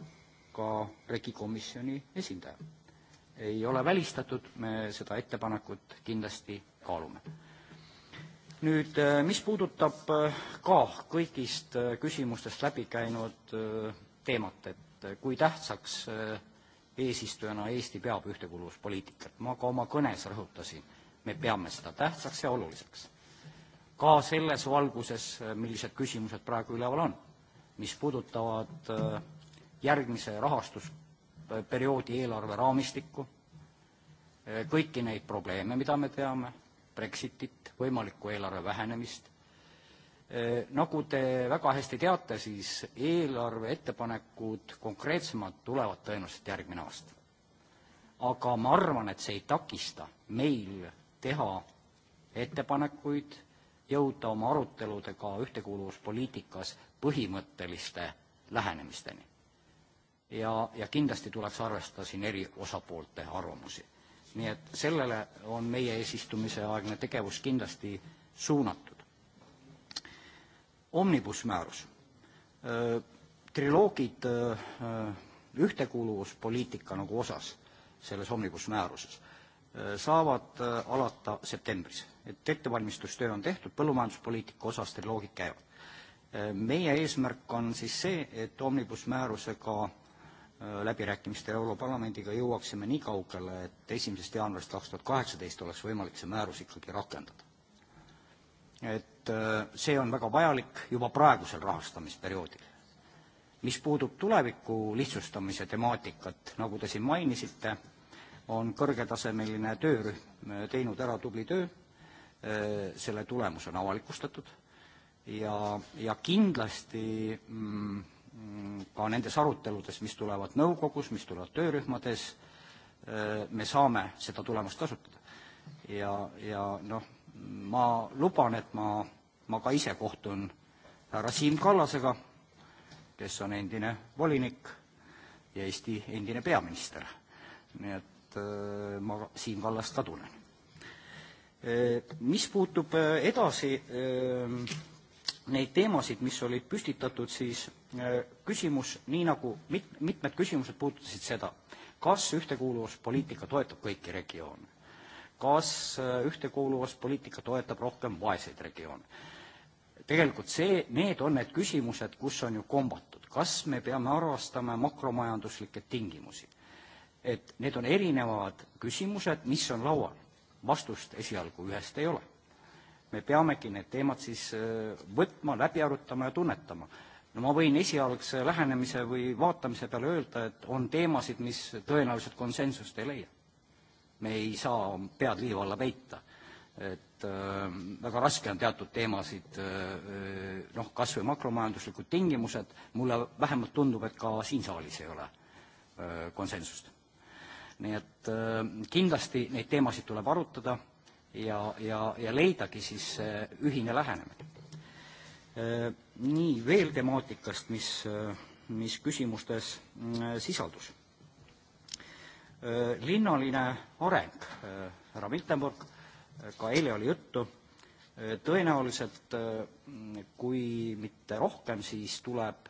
ka regikomisjoni esindaja ei ole välistatud, me seda ettepanekut kindlasti kaalume. nüüd, äh, mis puudutab äh, ka kõigist äh, küsimustest läbi käinud teemat, et kui tähtsaks eesistujana Eesti peab ühtekuuluvuspoliitikat, ma ka oma kõnes rõhutasin, me peame seda tähtsaks ja oluliseks. ka selles valguses, millised küsimused praegu üleval on, mis puudutavad järgmise rahastus- Eh, perioodi eelarve raamistikku, eh, kõiki neid probleeme, mida me teame, Brexitit, võimalikku eelarve vähenemist. Eh, nagu te väga hästi teate, siis eelarve ettepanekud konkreetsemad tulevad tõenäoliselt järgmine aasta. aga ma arvan, et see ei takista meil teha ettepanekuid, jõuda oma aruteludega ühtekuuluvuspoliitikas põhimõtteliste lähenemisteni ja, ja kindlasti tuleks arvestada siin eri osapoolte arvamusi. nii et sellele on meie eesistumise aegne tegevus kindlasti suunatud. Omnibus määrus. Triloogid öö, ühtekuuluvuspoliitika nagu osas selles Omnibus määruses saavad alata septembris. et ettevalmistustöö on tehtud, põllumajanduspoliitika osas triloogid käivad. meie eesmärk on siis see, et Omnibus määrusega Äh, läbirääkimistel Europarlamendiga jõuaksime nii kaugele, et esimesest jaanuarist kaks tuhat kaheksateist oleks võimalik see määrus ikkagi rakendada. et äh, see on väga vajalik juba praegusel rahastamisperioodil. mis puudub tuleviku lihtsustamise temaatikat, nagu te siin mainisite, on kõrgetasemeline töörühm äh, teinud ära tubli töö, selle tulemus on avalikustatud ja, ja kindlasti mm, Mm, ka nendes aruteludes, mis tulevad nõukogus, mis tulevad töörühmades, äh, me saame seda tulemust kasutada. ja, ja noh, ma luban, et ma, ma ka ise kohtun härra Siim Kallasega, kes on endine volinik ja Eesti endine peaminister. nii et äh, ma Siim Kallast ka tunnen. Äh, mis puutub edasi neid teemasid, mis olid püstitatud, siis äh, küsimus, nii nagu mit-, mitmed küsimused puudutasid seda, kas ühtekuuluvuspoliitika toetab kõiki regioone, kas äh, ühtekuuluvuspoliitika toetab rohkem vaeseid regioone. tegelikult see, need on need küsimused, kus on ju kombatud, kas me peame arvestama makromajanduslikke tingimusi. et need on erinevad küsimused, mis on laual. vastust esialgu ühest ei ole me peamegi need teemad siis äh, võtma, läbi arutama ja tunnetama. no ma võin esialgse lähenemise või vaatamise peale öelda, et on teemasid, mis tõenäoliselt konsensust ei leia. me ei saa pead liiva alla peita. et äh, väga raske on teatud teemasid äh, äh noh, kas või makromajanduslikud tingimused, mulle vähemalt tundub, et ka siin saalis ei ole äh, konsensust. nii et äh, kindlasti neid teemasid tuleb arutada ja, ja, ja leidagi siis äh, ühine lähenemine. Äh, nii, veel temaatikast, mis, äh, mis küsimustes mm, sisaldus. linnaline areng, härra Miltenburg, ka eile oli juttu tõenäoliselt kui mitte rohkem, siis tuleb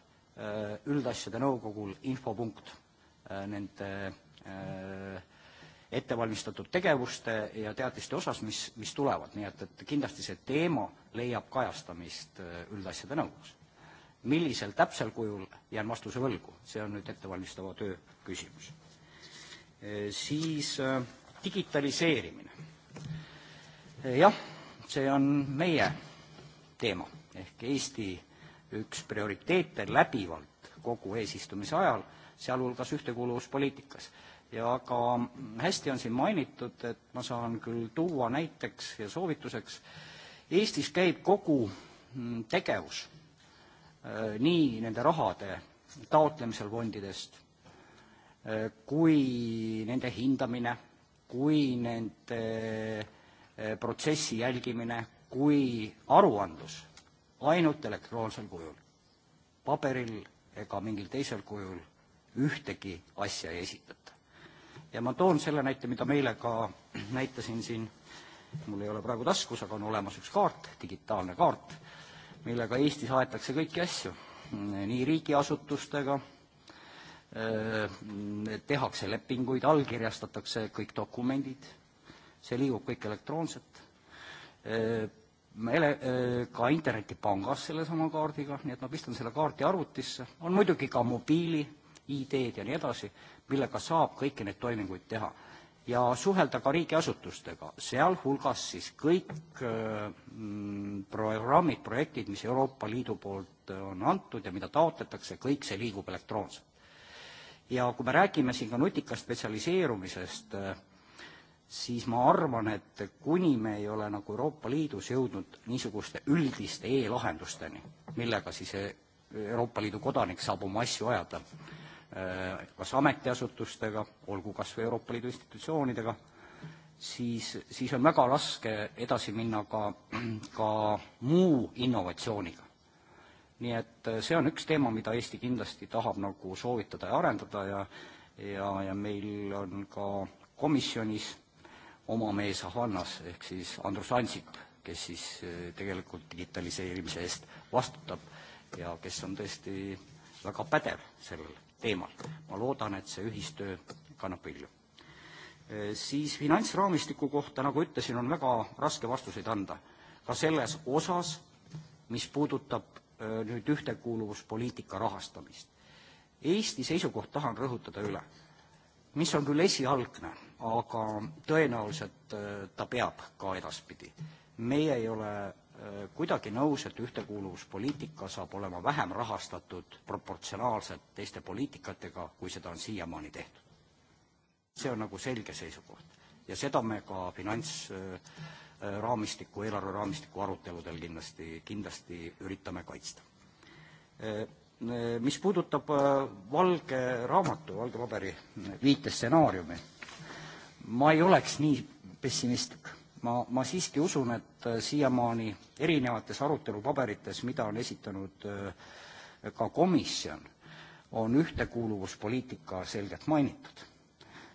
üldasjade nõukogul infopunkt nende ettevalmistatud tegevuste ja teatiste osas, mis, mis tulevad, nii et, et kindlasti see teema leiab kajastamist äh, üldasjade nõukogus. millisel täpsel kujul, jään vastuse võlgu, see on nüüd ettevalmistava töö küsimus. Äh, siis äh, digitaliseerimine. jah, see on meie teema ehk Eesti üks prioriteete läbivalt kogu eesistumise ajal, sealhulgas ühtekuuluvuspoliitikas ja ka hästi on siin mainitud, et ma saan küll tuua näiteks ja soovituseks, Eestis käib kogu mm, tegevus äh, nii nende rahade taotlemisel fondidest äh, kui nende hindamine, kui nende äh, protsessi jälgimine, kui aruandlus ainult elektroonsel kujul. paberil ega mingil teisel kujul ühtegi asja ei esitata ja ma toon selle näite, mida ma eile ka *clears throat* näitasin siin, mul ei ole praegu taskus, aga on olemas üks kaart, digitaalne kaart, millega Eestis aetakse kõiki asju, nii riigiasutustega, äh, tehakse lepinguid, allkirjastatakse kõik dokumendid, see liigub kõik elektroonselt, äh, ele-, äh, ka internetipangas sellesama kaardiga, nii et ma pistan selle kaardi arvutisse, on muidugi ka mobiili, ID-d ja nii edasi, millega saab kõiki neid toiminguid teha ja suhelda ka riigiasutustega, sealhulgas siis kõik äh, mm, programmid, projektid, mis Euroopa Liidu poolt äh, on antud ja mida taotletakse, kõik see liigub elektroonselt. ja kui me räägime siin ka nutikast spetsialiseerumisest, äh, siis ma arvan, et kuni me ei ole nagu Euroopa Liidus jõudnud niisuguste üldiste e-lahendusteni, millega siis Euroopa Liidu kodanik saab oma asju ajada, Äh, kas ametiasutustega, olgu kas või Euroopa Liidu institutsioonidega, siis, siis on väga raske edasi minna ka, ka muu innovatsiooniga. nii et äh, see on üks teema, mida Eesti kindlasti tahab nagu soovitada ja arendada ja ja, ja meil on ka komisjonis oma mees Hannas, ehk siis Andrus Ansip, kes siis äh, tegelikult digitaliseerimise eest vastutab ja kes on tõesti väga pädev sellele teemal. ma loodan, et see ühistöö kannab vilju. Siis finantsraamistiku kohta, nagu ütlesin, on väga raske vastuseid anda. ka selles osas, mis puudutab nüüd ühtekuuluvuspoliitika rahastamist. Eesti seisukoht tahan rõhutada üle, mis on küll esialgne, aga tõenäoliselt ta peab ka edaspidi. meie ei ole kuidagi nõus, et ühtekuuluvuspoliitika saab olema vähem rahastatud proportsionaalselt teiste poliitikatega, kui seda on siiamaani tehtud. see on nagu selge seisukoht ja seda me ka finantsraamistiku, äh, äh, eelarveraamistiku aruteludel kindlasti, kindlasti üritame kaitsta. Äh, mis puudutab valge raamatu, valge paberi viite stsenaariumi, ma ei oleks nii pessimistlik ma, ma siiski usun, et äh, siiamaani erinevates arutelupaberites, mida on esitanud äh, ka komisjon, on ühtekuuluvuspoliitika selgelt mainitud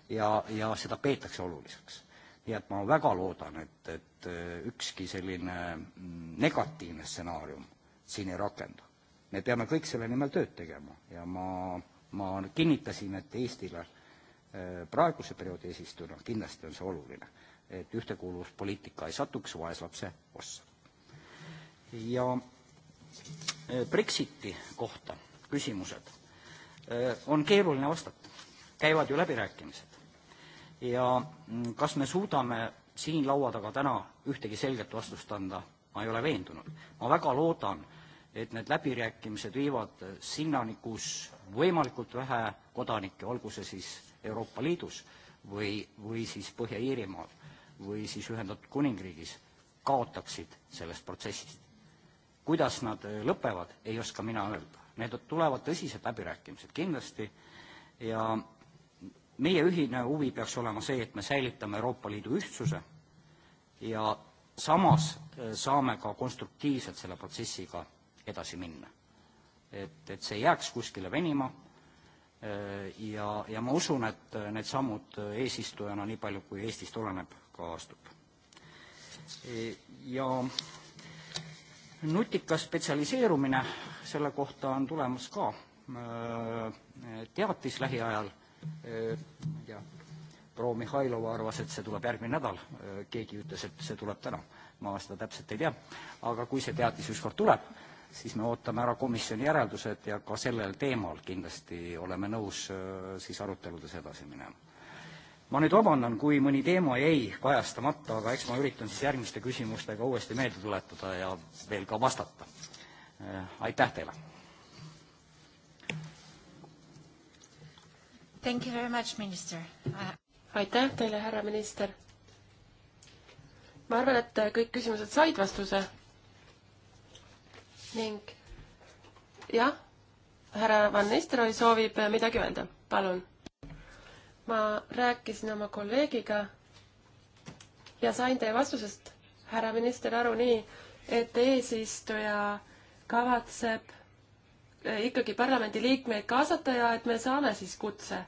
ja, ja seda peetakse oluliseks. nii et ma väga loodan, et, et äh, ükski selline mm, negatiivne stsenaarium siin ei rakendu. me peame kõik selle nimel tööd tegema ja ma, ma kinnitasin, et Eestile praeguse perioodi eesistujana kindlasti on see oluline et ühtekuuluvuspoliitika ei satuks vaeslapse ossa. ja e, Brexiti kohta küsimused e, on keeruline vastata, käivad ju läbirääkimised. ja mm, kas me suudame siin laua taga täna ühtegi selget vastust anda, ma ei ole veendunud. ma väga loodan, et need läbirääkimised viivad sinnani, kus võimalikult vähe kodanikke, olgu see siis Euroopa Liidus või, või siis Põhja-Iirimaal, või siis Ühendatud Kuningriigis kaotaksid sellest protsessist. kuidas nad äh, lõpevad, ei oska mina öelda. Need tulevad tõsised läbirääkimised kindlasti ja meie ühine huvi peaks olema see, et me säilitame Euroopa Liidu ühtsuse ja samas äh, saame ka konstruktiivselt selle protsessiga edasi minna. et, et see ei jääks kuskile venima Äh, ja, ja ma usun, et äh, need sammud äh, eesistujana, nii palju kui Eestist oleneb, ka astub. ja nutikas spetsialiseerumine, selle kohta on tulemas ka teatis lähiajal, ma ei tea, proua Mihhailova arvas, et see tuleb järgmine nädal, keegi ütles, et see tuleb täna. ma seda täpselt ei tea, aga kui see teatis ükskord tuleb, siis me ootame ära komisjoni järeldused ja ka sellel teemal kindlasti oleme nõus äh, siis aruteludes edasi minema. ma nüüd vabandan, kui mõni teema jäi kajastamata, aga eks ma üritan siis järgmiste küsimustega uuesti meelde tuletada ja veel ka vastata. Äh, aitäh teile! Thank you very much, minister. aitäh teile, härra minister! ma arvan, et kõik küsimused said vastuse ning jah, härra Van Nistelrooy soovib midagi öelda, palun. ma rääkisin oma kolleegiga ja sain teie vastusest, härra minister, aru nii, et eesistuja kavatseb eh, ikkagi parlamendiliikmeid kaasata ja et me saame siis kutse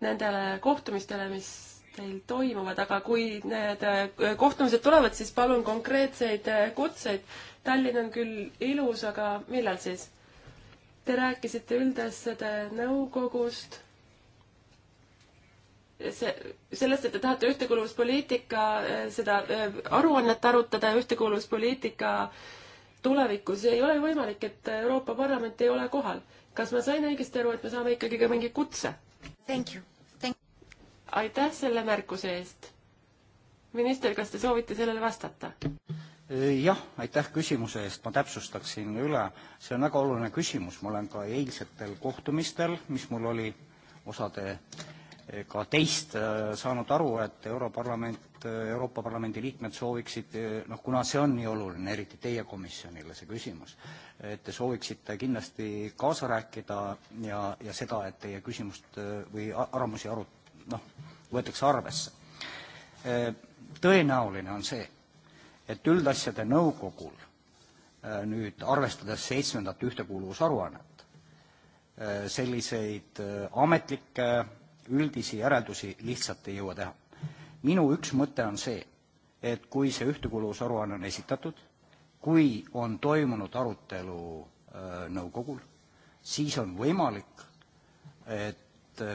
nendele kohtumistele, mis teil toimuvad, aga kui need äh, kohtumised tulevad, siis palun konkreetseid äh, kutseid. Tallinn on küll ilus, aga millal siis? Te rääkisite üldasjade nõukogust. see, sellest, et te tahate ühtekuuluvuspoliitika, äh, seda aruannet arutada ja ühtekuuluvuspoliitika tulevikus ei ole võimalik, et Euroopa Parlament ei ole kohal. kas ma sain õigesti aru, et me saame ikkagi ka mingi kutse? Thank you aitäh selle märkuse eest. minister, kas te soovite sellele vastata? Äh, jah, aitäh küsimuse eest, ma täpsustaksin üle, see on väga oluline küsimus, ma olen ka eilsetel kohtumistel, mis mul oli osade äh, ka teist äh, saanud aru, et Europarlament, Euroopa Parlamendi liikmed sooviksid, noh kuna see on nii oluline, eriti teie komisjonile see küsimus, et te sooviksite kindlasti kaasa rääkida ja, ja seda, et teie küsimust või arvamusi arut-, noh, võetakse arvesse. Tõenäoline on see, et üldasjade nõukogul nüüd arvestades seitsmendat ühtekuuluvusaruannet, selliseid ametlikke üldisi järeldusi lihtsalt ei jõua teha. minu üks mõte on see, et kui see ühtekuuluvusaruanne on esitatud, kui on toimunud arutelu nõukogul, siis on võimalik, et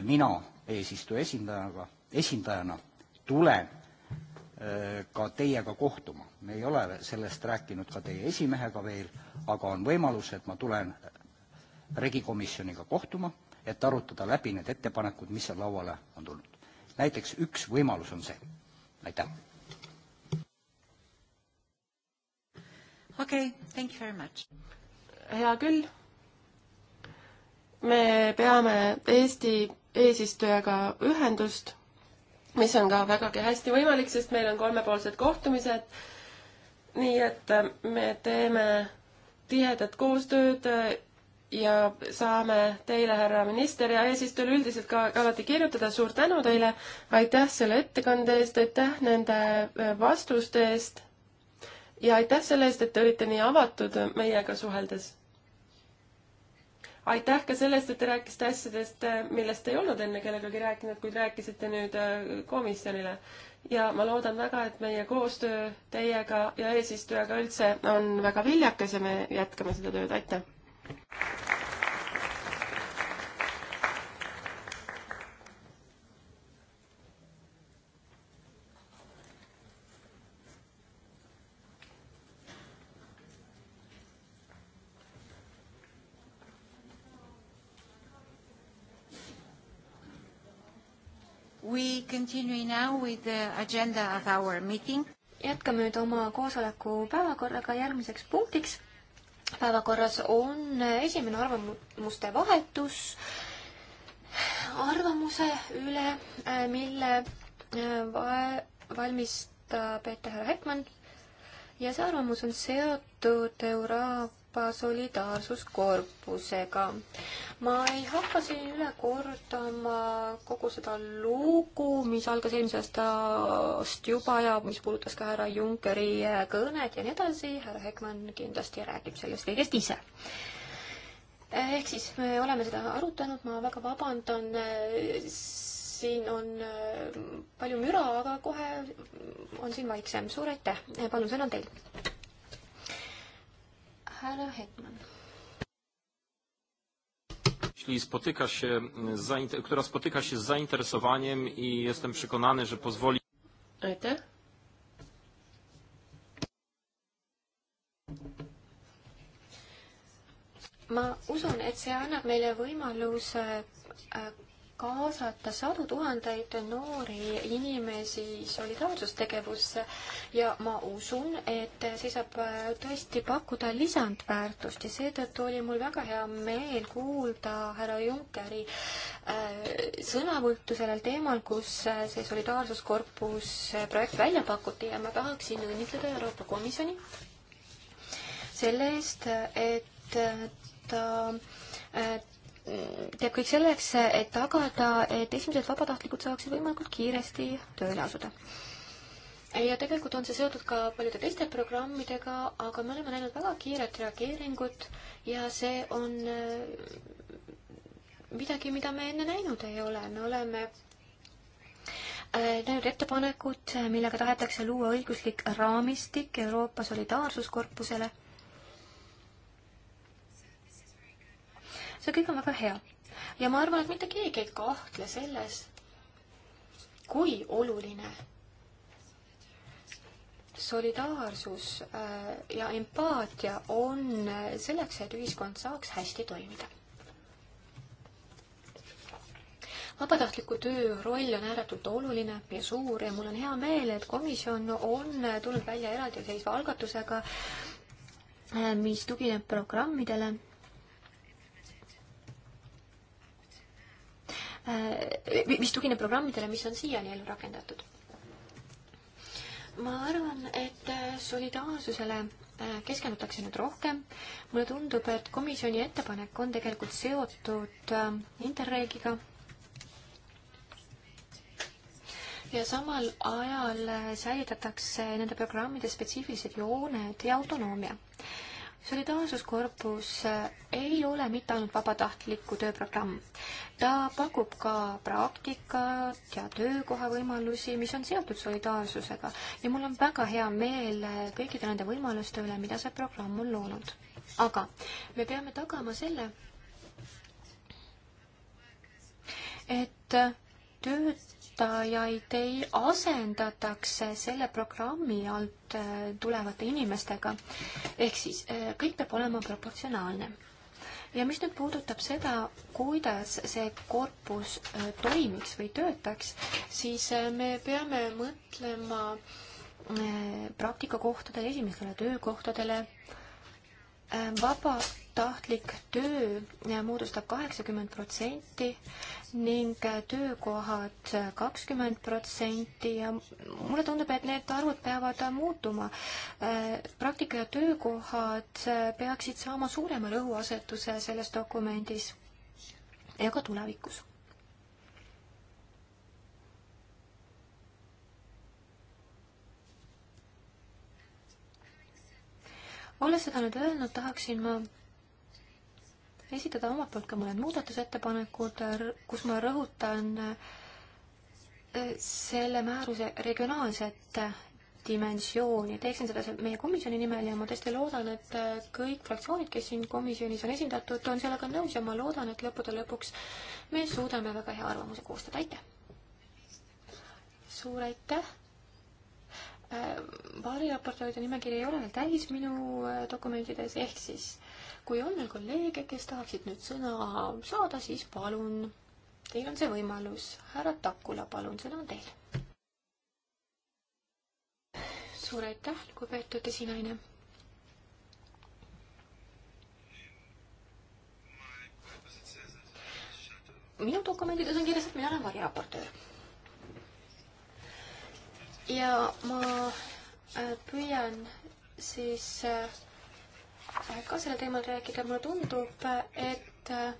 mina eesistuja esindajaga, esindajana tulen äh, ka teiega kohtuma. me ei ole sellest rääkinud ka teie esimehega veel, aga on võimalus, et ma tulen äh, regikomisjoniga kohtuma, et arutada läbi need ettepanekud, mis seal lauale on tulnud. näiteks üks võimalus on see. aitäh! okei okay,, thank you very much. hea küll. me peame Eesti eesistujaga ühendust, mis on ka vägagi hästi võimalik, sest meil on kolmepoolsed kohtumised. nii et äh, me teeme tihedat koostööd äh, ja saame teile, härra minister ja eesistujale üldiselt ka alati kirjutada, suur tänu teile, aitäh selle ettekande eest, aitäh nende äh, vastuste eest ja aitäh selle eest, et te olite nii avatud meiega suheldes aitäh ka sellest, et te rääkisite asjadest, äh, millest ei olnud enne kellegagi rääkinud, kuid rääkisite nüüd äh, komisjonile. ja ma loodan väga, et meie koostöö teiega ja eesistujaga üldse on väga viljakas ja me jätkame seda tööd, aitäh! continuing now with the agenda of our meeting. jätkame nüüd oma koosoleku päevakorraga järgmiseks punktiks. päevakorras on esimene arvamuste vahetus arvamuse üle, mille äh, va valmistab ette härra Hetman ja see arvamus on seotud Euroopa Euroopa Solidaarsuskorpusega. ma ei hakka siin üle kordama kogu seda lugu, mis algas eelmisest aastast juba ja mis puudutas ka härra Junckeri kõnet ja nii edasi, härra Hegman kindlasti räägib sellest kõigest ise ehk siis me oleme seda arutanud, ma väga vabandan, siin on äh, palju müra, aga kohe on siin vaiksem. suur aitäh, palun, sõna on teil härra Hetman. Jeśli spotyka się, która spotyka się z zainteresowaniem i jestem przekonany, że pozwoli... Aitäh! ma usun, et see annab meile võimaluse äh, kaasata sadu tuhandeid noori inimesi solidaarsustegevusse ja ma usun, et see saab tõesti pakkuda lisandväärtust ja seetõttu oli mul väga hea meel kuulda härra Junckeri äh, sõnavõttu sellel teemal, kus äh, see solidaarsuskorpus äh, projekt välja pakuti ja ma tahaksin õnnitleda Euroopa Komisjoni selle eest, et ta teeb kõik selleks, et tagada, et esimesed vabatahtlikud saaksid võimalikult kiiresti tööle asuda. ja tegelikult on see seotud ka paljude teiste programmidega, aga me oleme näinud väga kiiret reageeringut ja see on äh, midagi, mida me enne näinud ei ole, me oleme äh, näinud ettepanekut, millega tahetakse luua õiguslik raamistik Euroopa solidaarsuskorpusele see kõik on väga hea. ja ma arvan, et mitte keegi ei kahtle selles, kui oluline solidaarsus äh, ja empaatia on selleks, et ühiskond saaks hästi toimida. vabatahtliku töö roll on ääretult oluline ja suur ja mul on hea meel, et komisjon on tulnud välja eraldiseisva algatusega, äh, mis tugineb programmidele Äh, mis tugineb programmidele, mis on siiani ellu rakendatud. ma arvan, et äh, solidaarsusele äh, keskendutakse nüüd rohkem. mulle tundub, et komisjoni ettepanek on tegelikult seotud Interregiga. ja samal ajal säilitatakse nende programmide spetsiifilised jooned ja autonoomia solidaarsuskorpus äh, ei ole mitte ainult vabatahtliku tööprogramm. ta pakub ka praktikat ja töökoha võimalusi, mis on seotud solidaarsusega ja mul on väga hea meel kõikide nende võimaluste üle, mida see programm on loonud. aga me peame tagama selle, et tööd töötajaid ei asendatakse selle programmi alt äh, tulevate inimestega. ehk siis äh, kõik peab olema proportsionaalne. ja mis nüüd puudutab seda, kuidas see korpus äh, toimiks või töötaks, siis me peame mõtlema praktikakohtadele, esimestele töökohtadele Äh, vabatahtlik töö äh, moodustab kaheksakümmend protsenti ning äh, töökohad kakskümmend protsenti ja mulle tundub, et need arvud peavad muutuma. praktika ja töökohad peaksid saama suurema rõhuasetuse selles dokumendis ja ka tulevikus olles seda nüüd öelnud, tahaksin ma esitada omalt poolt ka mõned muudatusettepanekud, kus ma rõhutan äh, selle määruse regionaalset dimensiooni. teeksin seda meie komisjoni nimel ja ma tõesti loodan, et äh, kõik fraktsioonid, kes siin komisjonis on esindatud, on sellega nõus ja ma loodan, et lõppude lõpuks me suudame väga hea arvamuse koostada. aitäh! suur aitäh Äh, variraportööride nimekiri ei ole veel täis minu äh, dokumentides, ehk siis kui on veel kolleege, kes tahaksid nüüd sõna saada, siis palun, teil on see võimalus. härra Takula, palun, sõna on teil. suur aitäh, lugupeetud esinaine minu dokumentides on kirjas, et mina olen variraportöör ja ma äh, püüan siis äh, ka sellel teemal rääkida, mulle tundub, et äh,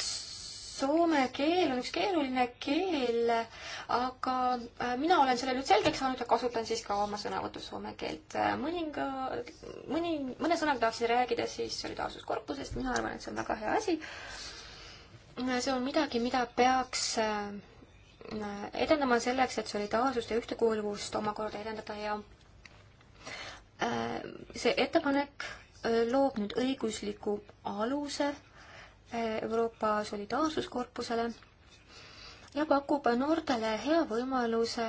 soome keel on üks keeruline keel, aga mina olen selle nüüd selgeks saanud ja kasutan siis ka oma sõnavõtus soome keelt. mõninga, mõni, mõne sõnaga tahaksin rääkida siis solidaarsuskorpusest, mina arvan, et see on väga hea asi see on midagi, mida peaks äh, edendama selleks, et solidaarsust ja ühtekuuluvust omakorda edendada ja äh, see ettepanek äh, loob nüüd õigusliku aluse Euroopa Solidaarsuskorpusele ja pakub noortele hea võimaluse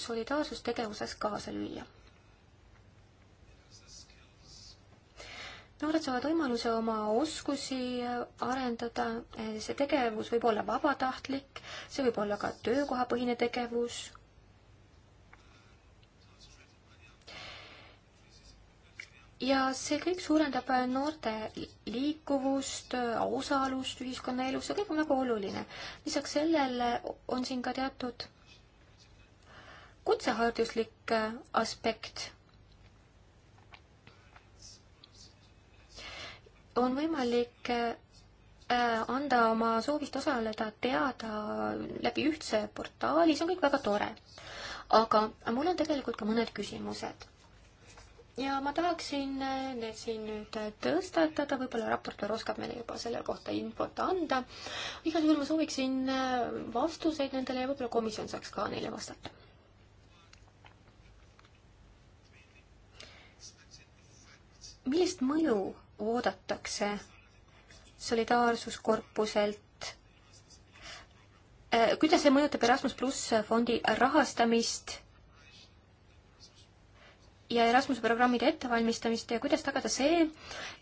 solidaarsustegevuses kaasa lüüa noored saavad võimaluse oma oskusi arendada, see tegevus võib olla vabatahtlik, see võib olla ka töökohapõhine tegevus. ja see kõik suurendab noorte liikuvust, osalust ühiskonnaelus, see kõik on väga oluline. lisaks sellele on siin ka teatud kutsehariduslik aspekt on võimalik äh, anda oma soovist osaleda teada läbi ühtse portaali, see on kõik väga tore. aga mul on tegelikult ka mõned küsimused. ja ma tahaksin äh, need siin nüüd äh, tõstatada, võib-olla raportöör oskab meile juba selle kohta infot anda. igal juhul ma sooviksin vastuseid nendele ja võib-olla komisjon saaks ka neile vastata millist mõju oodatakse solidaarsuskorpuselt? Äh, kuidas see mõjutab Erasmus pluss fondi rahastamist ja Erasmuse programmide ettevalmistamist ja kuidas tagada see,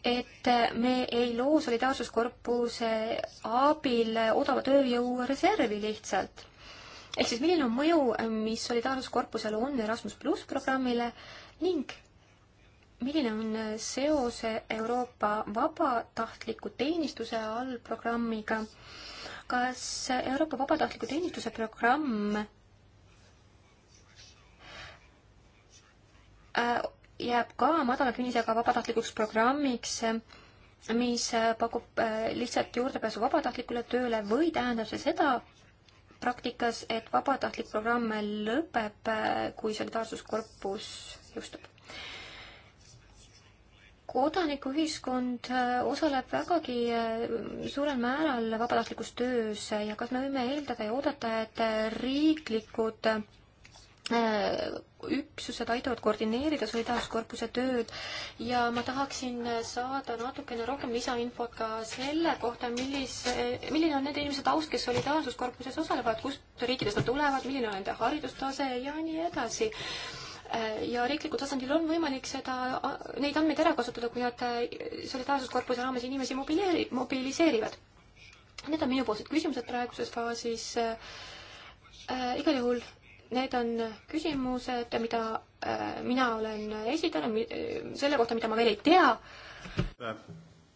et me ei loo solidaarsuskorpuse abil odava tööjõu reservi lihtsalt? ehk siis milline on mõju, mis solidaarsuskorpusel on Erasmus pluss programmile ning milline on seos Euroopa vabatahtliku teenistuse all programmiga? kas Euroopa vabatahtliku teenistuse programm äh, jääb ka madala künnisega vabatahtlikuks programmiks, mis pakub äh, lihtsalt juurdepääsu vabatahtlikule tööle või tähendab see seda praktikas, et vabatahtlik programm lõpeb, äh, kui solidaarsuskorpus jõustub? kodanikuühiskond äh, osaleb vägagi äh, suurel määral vabatahtlikus töös ja kas me võime eeldada ja oodata, et äh, riiklikud üksused aitavad koordineerida solidaarsuskorpuse tööd ja ma tahaksin saada natukene rohkem lisainfot ka selle kohta, millis, milline on nende inimeste taust, kes solidaarsuskorpuses osalevad, kust riikidest nad tulevad, milline on nende haridustase ja nii edasi. Äh, ja riiklikul tasandil on võimalik seda, neid andmeid ära kasutada, kui nad äh, solidaarsuskorpuse raames inimesi mobileeri-, mobiliseerivad. Need on minupoolsed küsimused praeguses faasis äh,. äh igal juhul need on küsimused, mida äh, mina olen esitanud äh,, selle kohta, mida ma veel ei tea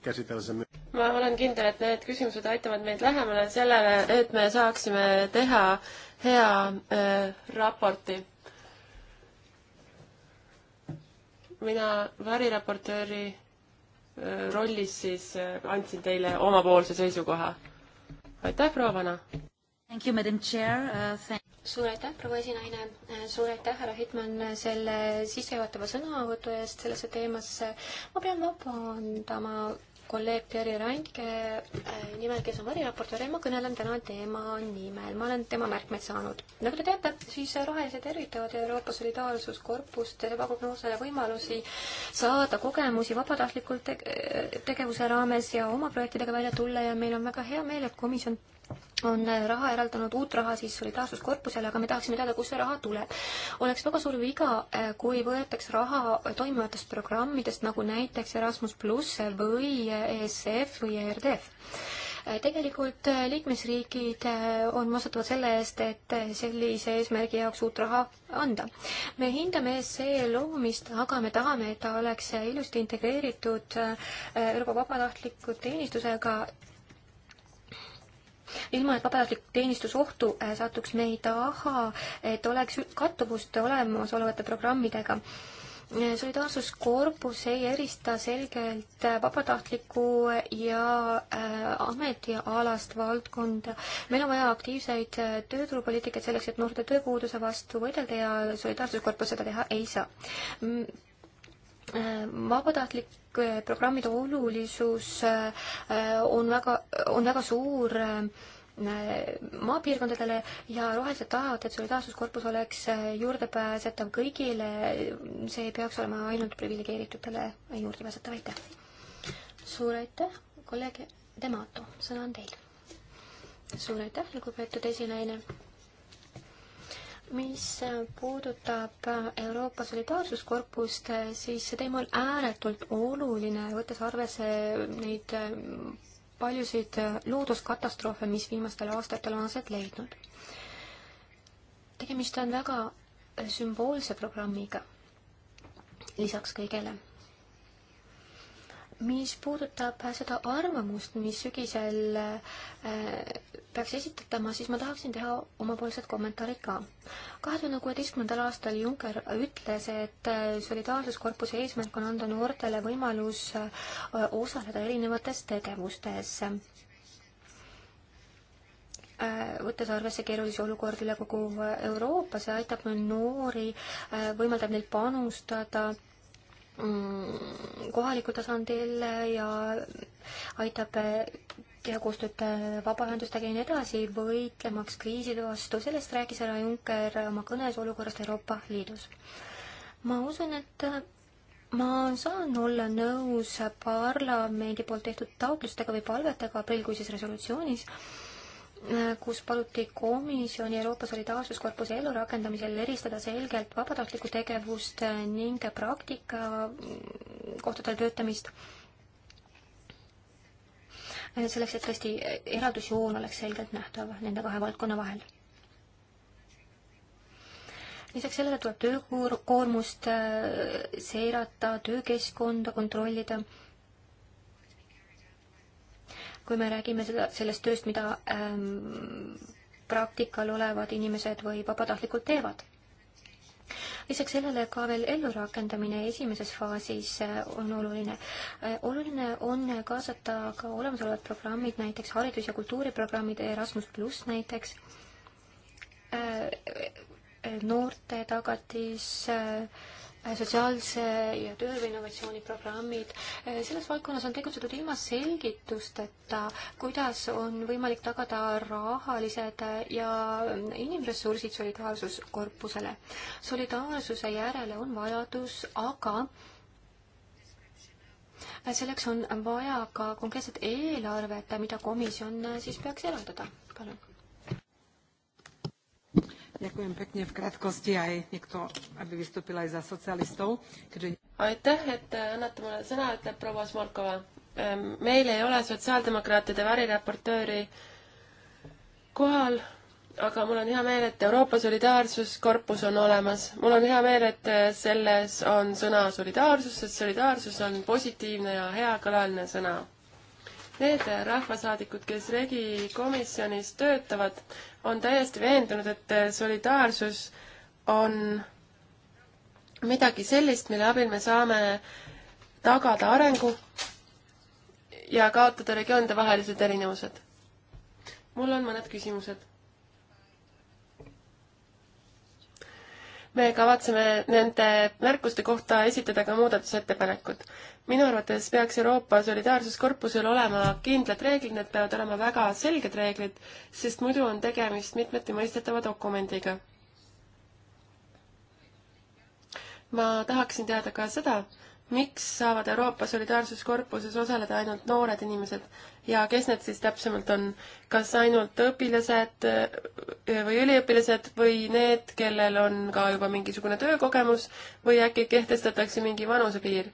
käsitlesime. ma olen kindel, et need küsimused aitavad meid lähemale sellele, et me saaksime teha hea äh, raporti mina variraportööri äh, rollis siis äh, andsin teile omapoolse seisukoha. aitäh, proua Vana! Thank you, madam chair uh,. Thank suur aitäh, proua esinaine, äh, suur aitäh, härra Hitman, selle sissejuhatava sõnavõtu eest sellesse teemasse. ma pean vabandama kolleeg Terje Randke äh, nimel, kes on variraportöör ja ma kõnelen täna tema nimel. ma olen tema märkmed saanud. nagu te teate, siis rohelised tervitavad Euroopa Solidaarsuskorpust ja see pakub noortele võimalusi saada kogemusi vabatahtlikult tegevuse raames ja oma projektidega välja tulla ja meil on väga hea meel, et komisjon on äh, raha eraldanud uut raha siis solidaarsuskorpusele, aga me tahaksime teada, kust see raha tuleb. oleks väga suur viga, äh, kui võetaks raha toimivatest programmidest, nagu näiteks Erasmus pluss või ESF või ERDF. Äh, tegelikult liikmesriigid on vastutavad selle eest, et sellise eesmärgi jaoks uut raha anda. me hindame ESE loomist, aga me tahame, et ta oleks ilusti integreeritud Euroopa vabatahtliku teenistusega ilma, et vabatahtlik teenistus ohtu äh, satuks, me ei taha, et oleks kattuvust olemasolevate programmidega. solidaarsuskorpus ei erista selgelt äh, vabatahtlikku äh, ja ametialast valdkonda. meil on vaja aktiivseid tööturupoliitikaid selleks, et noorte tööpuuduse vastu võidelda ja solidaarsuskorpus seda teha ei saa vabatahtlik eh, programmide olulisus eh, on väga, on väga suur eh, maapiirkondadele ja rohelised tahavad, et solidaarsuskorpus oleks juurdepääsetav kõigile, see ei peaks olema ainult priviligeeritutele juurdepääsetav, aitäh! suur aitäh, kolleeg Demato, sõna on teil. suur aitäh, lugupeetud esinaine mis puudutab Euroopa Solidaarsuskorpust, siis see teema on ääretult oluline, võttes arvesse neid paljusid looduskatastroofe, mis viimastel aastatel on aset leidnud. tegemist on väga sümboolse programmiga lisaks kõigele mis puudutab seda arvamust, mis sügisel äh, peaks esitatama, siis ma tahaksin teha omapoolsed kommentaarid ka. kahe tuhande kuueteistkümnendal aastal Juncker ütles, et äh, solidaarsuskorpuse eesmärk on anda noortele võimalus äh, osaleda erinevates tegevustes võttes arvesse keerulisi olukordi üle kogu Euroopa, see aitab noori, võimaldab neil panustada Mm, kohalikul tasandil ja aitab teha koostööd äh, vabaühendustega ja nii edasi, võitlemaks kriiside vastu, sellest rääkis härra Juncker oma kõnes olukorrast Euroopa Liidus. ma usun, et äh, ma saan olla nõus parlamendi poolt tehtud taotlustega või palvetega aprillkuises resolutsioonis äh, kus paluti komisjoni Euroopa Solidaarsuskorpuse ellurakendamisel eristada selgelt vabatahtlikku tegevust ning praktika kohtadel töötamist. selleks, et tõesti eraldusjoon oleks selgelt nähtav nende kahe valdkonna vahel. lisaks sellele tuleb töökoormust äh, seirata, töökeskkonda kontrollida kui me räägime seda, sellest tööst, mida ähm, praktikal olevad inimesed või vabatahtlikult teevad. lisaks sellele ka veel ellurakendamine esimeses faasis äh, on oluline. Äh, oluline on kaasata ka olemasolevad programmid, näiteks haridus- ja kultuuriprogrammid Erasmus pluss näiteks äh,, äh noorte tagatis äh,, sotsiaalse ja tööhõive innovatsiooni programmid. selles valdkonnas on tegutsetud ilma selgitusteta, kuidas on võimalik tagada rahalised ja inimressursid solidaarsuskorpusele. solidaarsuse järele on vajadus, aga selleks on vaja ka konkreetset eelarvet, mida komisjon siis peaks eraldada. palun Ďakujem pekne v krátkosti aj niekto, aby vystúpil aj za socialistov. Keďže... aitäh, et äh, annate mulle sõna, ütleb proua Smolkova. Ähm, meil ei ole sotsiaaldemokraatide variraportööri kohal, aga mul on hea meel, et Euroopa Solidaarsuskorpus on olemas. mul on hea meel, et äh, selles on sõna solidaarsus, sest solidaarsus on positiivne ja heakõlaline sõna Need rahvasaadikud, kes regikomisjonis töötavad, on täiesti veendunud, et solidaarsus on midagi sellist, mille abil me saame tagada arengu ja kaotada regioonide vahelised erinevused. mul on mõned küsimused me kavatseme nende märkuste kohta esitada ka muudatusettepanekud. minu arvates peaks Euroopa Solidaarsuskorpusel olema kindlad reeglid, need peavad olema väga selged reeglid, sest muidu on tegemist mitmeti mõistetava dokumendiga. ma tahaksin teada ka seda, miks saavad Euroopa Solidaarsuskorpuses osaleda ainult noored inimesed ja kes need siis täpsemalt on? kas ainult õpilased äh, või üliõpilased või need, kellel on ka juba mingisugune töökogemus või äkki kehtestatakse mingi vanusepiir?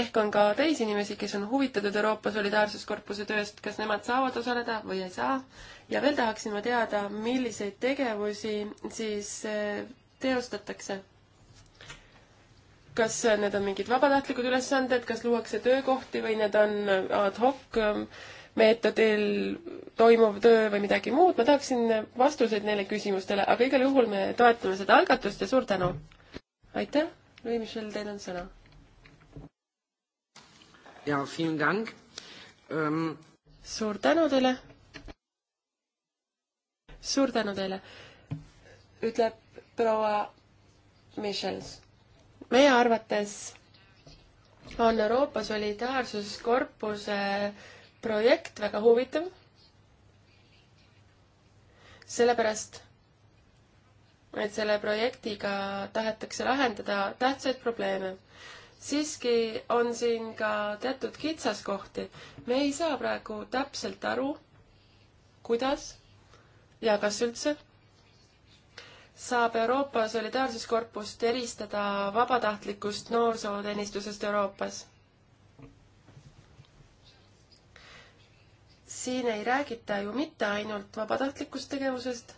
ehk on ka teisi inimesi, kes on huvitatud Euroopa Solidaarsuskorpuse tööst, kas nemad saavad osaleda või ei saa? ja veel tahaksin ma teada, milliseid tegevusi siis äh, teostatakse kas need on mingid vabatahtlikud ülesanded, kas luuakse töökohti või need on ad hoc ähm, meetodil toimuv töö või midagi muud, ma tahaksin vastuseid neile küsimustele, aga igal juhul me toetame seda algatust ja suur tänu! aitäh, Louis-Michel, teil on sõna. jaa, vielen dank um.... suur tänu teile! suur tänu teile, ütleb proua Michels meie arvates on Euroopa Solidaarsuskorpuse projekt väga huvitav, sellepärast et selle projektiga tahetakse lahendada tähtsaid probleeme. siiski on siin ka teatud kitsaskohti. me ei saa praegu täpselt aru, kuidas ja kas üldse saab Euroopa Solidaarsuskorpust eristada vabatahtlikust noorsooteenistusest Euroopas. siin ei räägita ju mitte ainult vabatahtlikust tegevusest,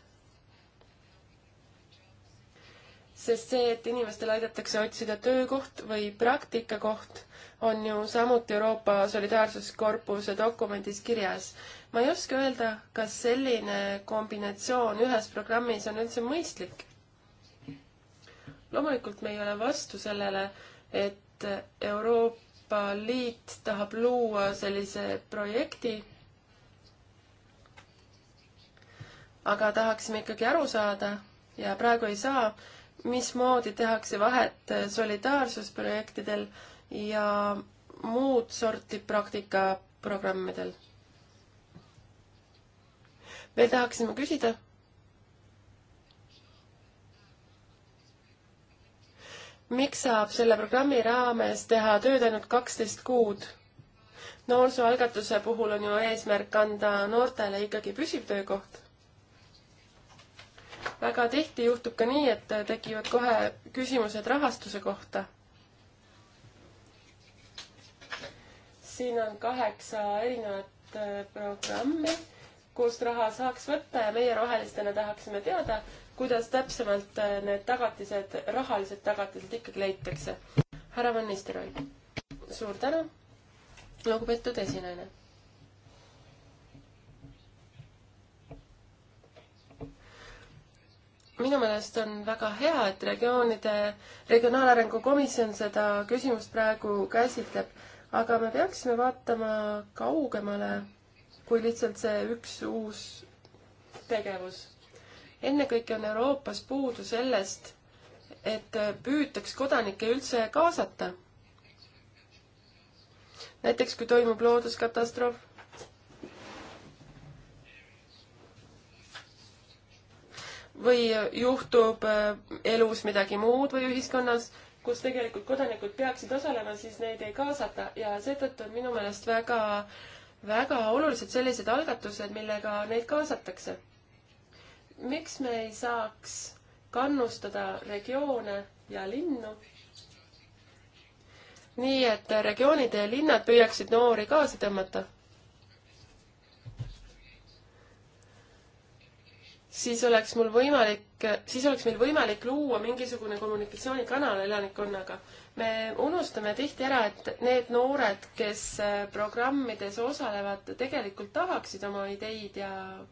sest see, et inimestel aidatakse otsida töökoht või praktikakoht, on ju samuti Euroopa Solidaarsuskorpuse dokumendis kirjas ma ei oska öelda, kas selline kombinatsioon ühes programmis on üldse mõistlik. loomulikult me ei ole vastu sellele, et Euroopa Liit tahab luua sellise projekti, aga tahaksime ikkagi aru saada ja praegu ei saa, mismoodi tehakse vahet solidaarsusprojektidel ja muud sorti praktikaprogrammidel me tahaksime küsida, miks saab selle programmi raames teha tööd ainult kaksteist kuud? noorsooalgatuse puhul on ju eesmärk anda noortele ikkagi püsiv töökoht. väga tihti juhtub ka nii, et tekivad kohe küsimused rahastuse kohta siin on kaheksa erinevat äh, programmi kust raha saaks võtta ja meie rohelistena tahaksime teada, kuidas täpsemalt äh, need tagatised, rahalised tagatised ikkagi leitakse. härra Van Nistelrooy, suur tänu, lugupeetud esinaine. minu meelest on väga hea, et regioonide, Regionaalarengu Komisjon seda küsimust praegu käsitleb, aga me peaksime vaatama kaugemale kui lihtsalt see üks uus tegevus. ennekõike on Euroopas puudu sellest, et püütaks kodanikke üldse kaasata. näiteks kui toimub looduskatastroof. või juhtub äh, elus midagi muud või ühiskonnas kus tegelikult kodanikud peaksid osalema, siis neid ei kaasata ja seetõttu on minu meelest väga väga olulised sellised algatused, millega neid kaasatakse. miks me ei saaks kannustada regioone ja linnu nii, et regioonid ja linnad püüaksid noori kaasa tõmmata siis oleks mul võimalik, siis oleks meil võimalik luua mingisugune kommunikatsioonikanal elanikkonnaga. me unustame tihti ära, et need noored, kes äh, programmides osalevad, tegelikult tahaksid oma ideid ja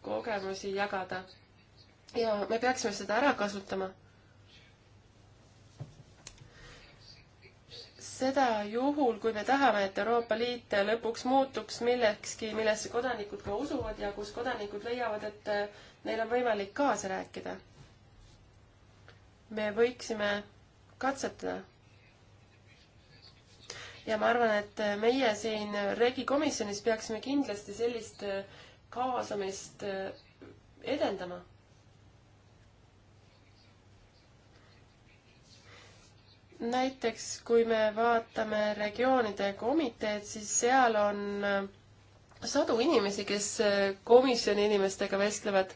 kogemusi jagada. ja me peaksime seda ära kasutama. seda juhul, kui me tahame, et Euroopa Liit lõpuks muutuks millekski, millesse kodanikud ka usuvad ja kus kodanikud leiavad, et neil on võimalik kaasa rääkida. me võiksime katsetada. ja ma arvan, et meie siin Regi komisjonis peaksime kindlasti sellist äh, kaasamist äh, edendama. näiteks kui me vaatame regioonide komiteed, siis seal on äh, sadu inimesi, kes komisjoni inimestega vestlevad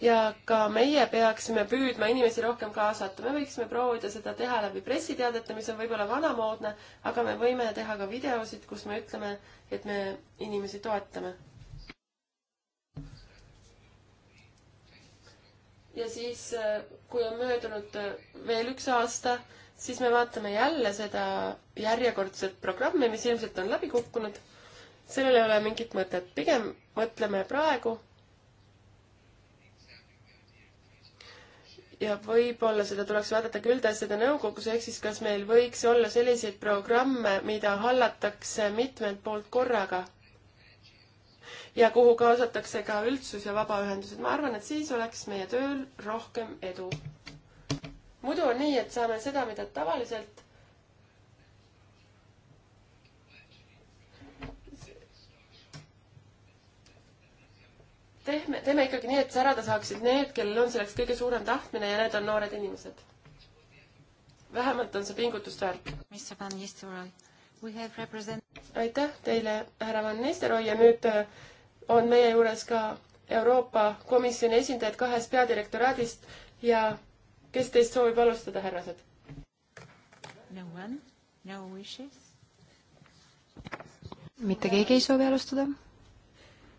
ja ka meie peaksime püüdma inimesi rohkem kaasata. me võiksime proovida seda teha läbi pressiteadete, mis on võib-olla vanamoodne, aga me võime teha ka videosid, kus me ütleme, et me inimesi toetame. ja siis, kui on möödunud veel üks aasta, siis me vaatame jälle seda järjekordset programmi, mis ilmselt on läbi kukkunud. sellel ei ole mingit mõtet, pigem mõtleme praegu ja võib-olla seda tuleks vaadata ka üldasjade nõukogus, ehk siis kas meil võiks olla selliseid programme, mida hallatakse mitmelt poolt korraga ja kuhu kaasatakse ka üldsus ja vabaühendused. ma arvan, et siis oleks meie tööl rohkem edu. muidu on nii, et saame seda, mida tavaliselt tehme, teeme ikkagi nii, et särada saaksid need, kellel on selleks kõige suurem tahtmine ja need on noored inimesed. vähemalt on see pingutust väärt. aitäh teile, härra Van Nistelrooy ja nüüd äh, on meie juures ka Euroopa Komisjoni esindajad kahest peadirektoraadist ja kes teist soovib alustada, härrased? No one, no wishes. mitte keegi ei soovi alustada?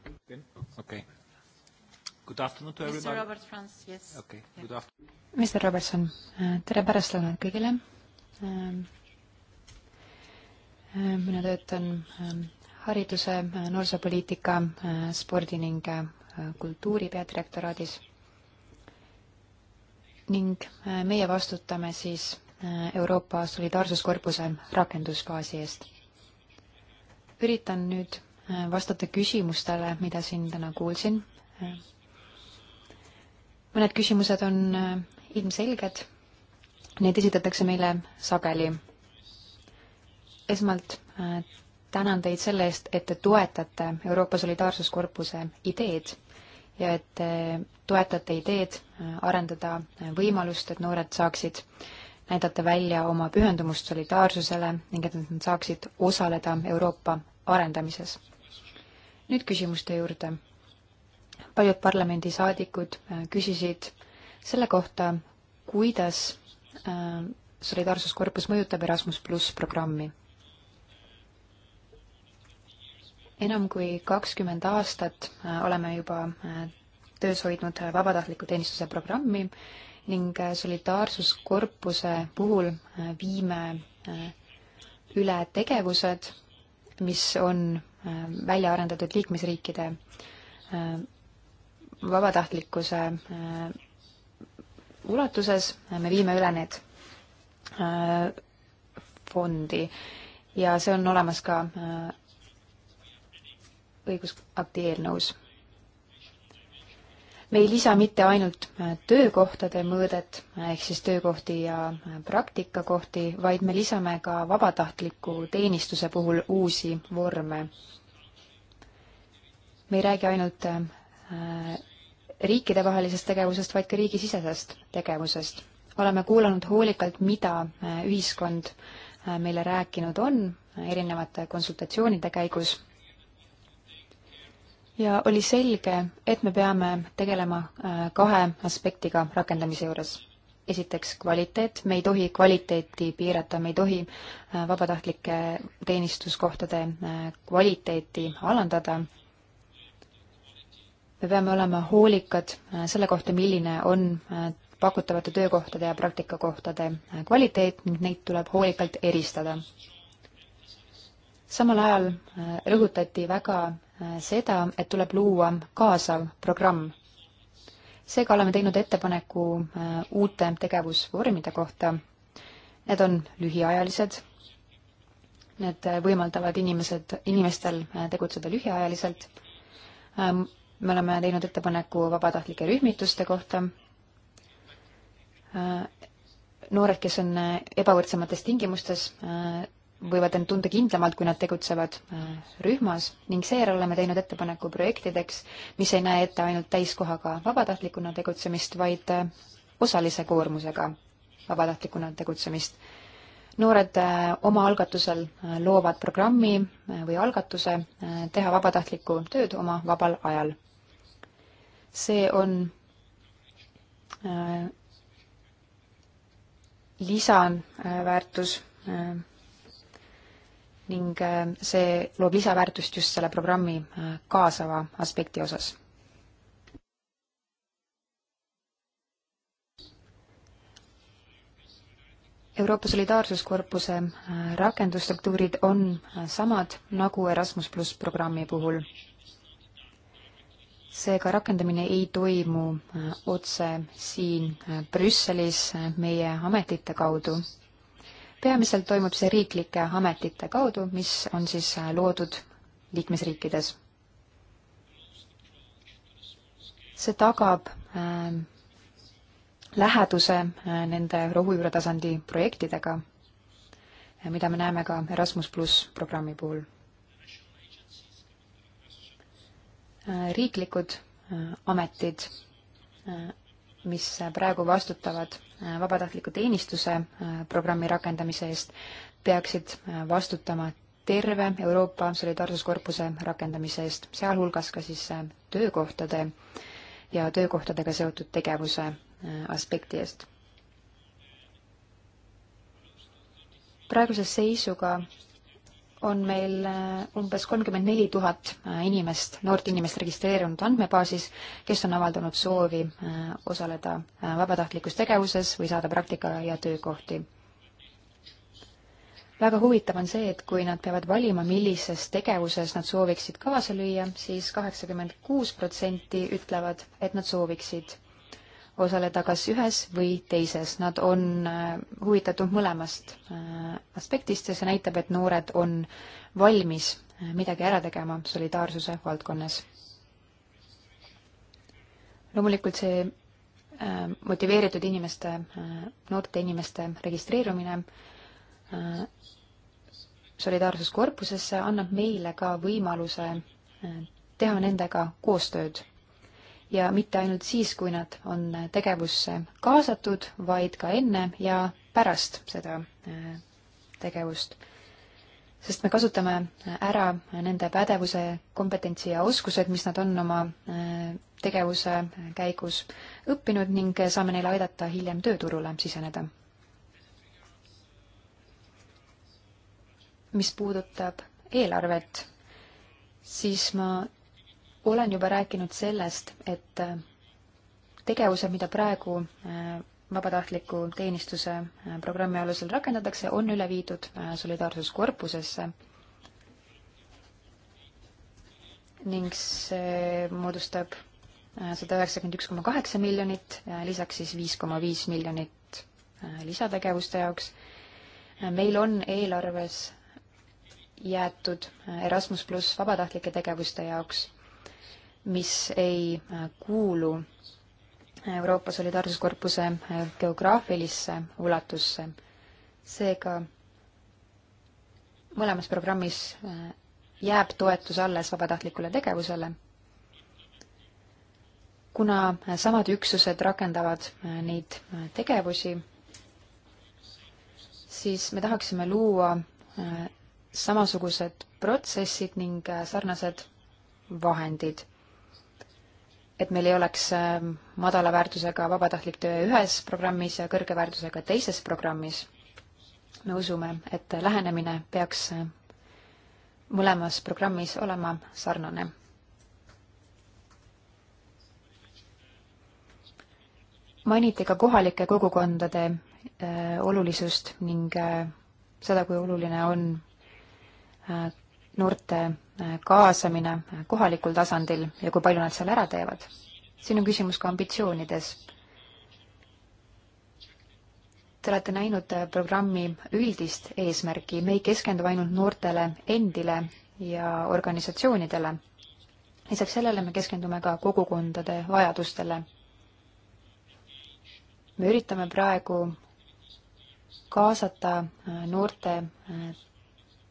okei okay. Good afternoon to everybody. Mr. Robert France, yes. Okay, yeah. good afternoon. Mr. Robertson, uh, tere pärastlõunat kõigile. Ähm, ähm, mina töötan ähm, hariduse, äh, noorsoopoliitika, äh, spordi ning äh, kultuuri peadirektoraadis. ning meie vastutame siis Euroopa Solidaarsuskorpuse rakendusfaasi eest. üritan nüüd vastata küsimustele, mida siin täna kuulsin mõned küsimused on äh, ilmselged. Neid esitatakse meile sageli. esmalt äh, tänan teid selle eest, et te toetate Euroopa Solidaarsuskorpuse ideed ja et te toetate ideed äh, arendada võimalust, et noored saaksid näidata välja oma pühendumust solidaarsusele ning et nad saaksid osaleda Euroopa arendamises. nüüd küsimuste juurde paljud parlamendisaadikud äh, küsisid selle kohta, kuidas äh, solidaarsuskorpus mõjutab Erasmus pluss programmi. enam kui kakskümmend aastat äh, oleme juba töös hoidnud vabatahtliku teenistuse programmi ning solidaarsuskorpuse puhul viime üle tegevused, mis on välja arendatud liikmesriikide vabatahtlikkuse äh, ulatuses, me viime üle need äh, fondi ja see on olemas ka äh, õigusakti eelnõus. me ei lisa mitte ainult töökohtade mõõdet ehk siis töökohti ja praktikakohti, vaid me lisame ka vabatahtliku teenistuse puhul uusi vorme. me ei räägi ainult riikidevahelisest tegevusest, vaid ka riigisisesest tegevusest. oleme kuulanud hoolikalt, mida äh, ühiskond äh, meile rääkinud on äh, erinevate konsultatsioonide käigus ja oli selge, et me peame tegelema kahe aspektiga rakendamise juures. esiteks kvaliteet, me ei tohi kvaliteeti piirata, me ei tohi vabatahtlike teenistuskohtade kvaliteeti alandada me peame olema hoolikad äh, selle kohta, milline on äh, pakutavate töökohtade ja praktikakohtade äh, kvaliteet ning neid tuleb hoolikalt eristada. samal ajal rõhutati väga seda, et tuleb luua kaasav programm. seega oleme teinud ettepaneku uute tegevusvormide kohta. Need on lühiajalised, need võimaldavad inimesed, inimestel tegutseda lühiajaliselt ähm, me oleme teinud ettepaneku vabatahtlike rühmituste kohta. Äh, noored, kes on äh, ebavõrdsemates tingimustes, äh, võivad end tunda kindlamalt, kui nad tegutsevad rühmas ning seejärel oleme teinud ettepaneku projektideks, mis ei näe ette ainult täiskohaga vabatahtlikuna tegutsemist, vaid osalise koormusega vabatahtlikuna tegutsemist. noored oma algatusel loovad programmi või algatuse teha vabatahtlikku tööd oma vabal ajal see on äh, lisaväärtus äh, ning äh, see loob lisaväärtust just selle programmi kaasava aspekti osas. Euroopa Solidaarsuskorpuse rakendusstruktuurid on samad nagu Erasmus pluss programmi puhul seega rakendamine ei toimu äh, otse siin äh, Brüsselis äh, meie ametite kaudu. peamiselt toimub see riiklike ametite kaudu, mis on siis loodud liikmesriikides. see tagab äh, läheduse äh, nende rohujuure tasandi projektidega, mida me näeme ka Erasmus pluss programmi puhul Äh, riiklikud äh, ametid, äh, mis praegu vastutavad vabatahtliku teenistuse programmi rakendamise eest, peaksid vastutama terve Euroopa Solidaarsuskorpuse rakendamise eest, sealhulgas ka siis töökohtade ja töökohtadega seotud tegevuse aspekti eest. praeguse seisuga on meil äh, umbes kolmkümmend neli tuhat äh, inimest, noort inimest registreerunud andmebaasis, kes on avaldanud soovi äh, osaleda vabatahtlikus tegevuses või saada praktika ja töökohti. väga huvitav on see, et kui nad peavad valima, millises tegevuses nad sooviksid kaasa lüüa siis, siis kaheksakümmend kuus protsenti ütlevad, et nad sooviksid osaleda kas ühes või teises, nad on äh, huvitatud mõlemast äh, aspektist ja see näitab, et noored on valmis äh, midagi ära tegema solidaarsuse valdkonnas. loomulikult see motiveeritud inimeste, noorte inimeste registreerumine solidaarsuskorpusesse annab meile ka võimaluse teha nendega koostööd ja mitte ainult siis, kui nad on tegevusse kaasatud, vaid ka enne ja pärast seda äh, tegevust. sest me kasutame äh, ära nende pädevuse, kompetentsi ja oskused, mis nad on oma äh, tegevuse käigus õppinud ning saame neile aidata hiljem tööturule siseneda. mis puudutab eelarvet, siis ma olen juba rääkinud sellest, et äh, tegevused, mida praegu äh, vabatahtliku teenistuse äh, programmi alusel rakendatakse, on üle viidud solidaarsuskorpusesse ning see moodustab sada üheksakümmend üks koma kaheksa miljonit, lisaks siis viis koma viis miljonit lisategevuste jaoks. meil on eelarves jäetud Erasmus pluss vabatahtlike tegevuste jaoks mis ei äh, kuulu Euroopa Solidaarsuskorpuse äh, geograafilisse ulatusse. seega mõlemas programmis äh, jääb toetus alles vabatahtlikule tegevusele, kuna samad üksused rakendavad neid tegevusi, siis me tahaksime luua samasugused protsessid ning sarnased vahendid et meil ei oleks ähm, madala väärtusega vabatahtlik töö ühes programmis ja kõrge väärtusega teises programmis. me usume, et lähenemine peaks äh, mõlemas programmis olema sarnane. mainiti ka kohalike kogukondade äh, olulisust ning äh, seda, kui oluline on noorte kaasamine kohalikul tasandil ja kui palju nad seal ära teevad. siin on küsimus ka ambitsioonides. Te olete näinud programmi üldist eesmärki, me ei keskendu ainult noortele endile ja organisatsioonidele. lisaks sellele me keskendume ka kogukondade vajadustele. me üritame praegu kaasata noorte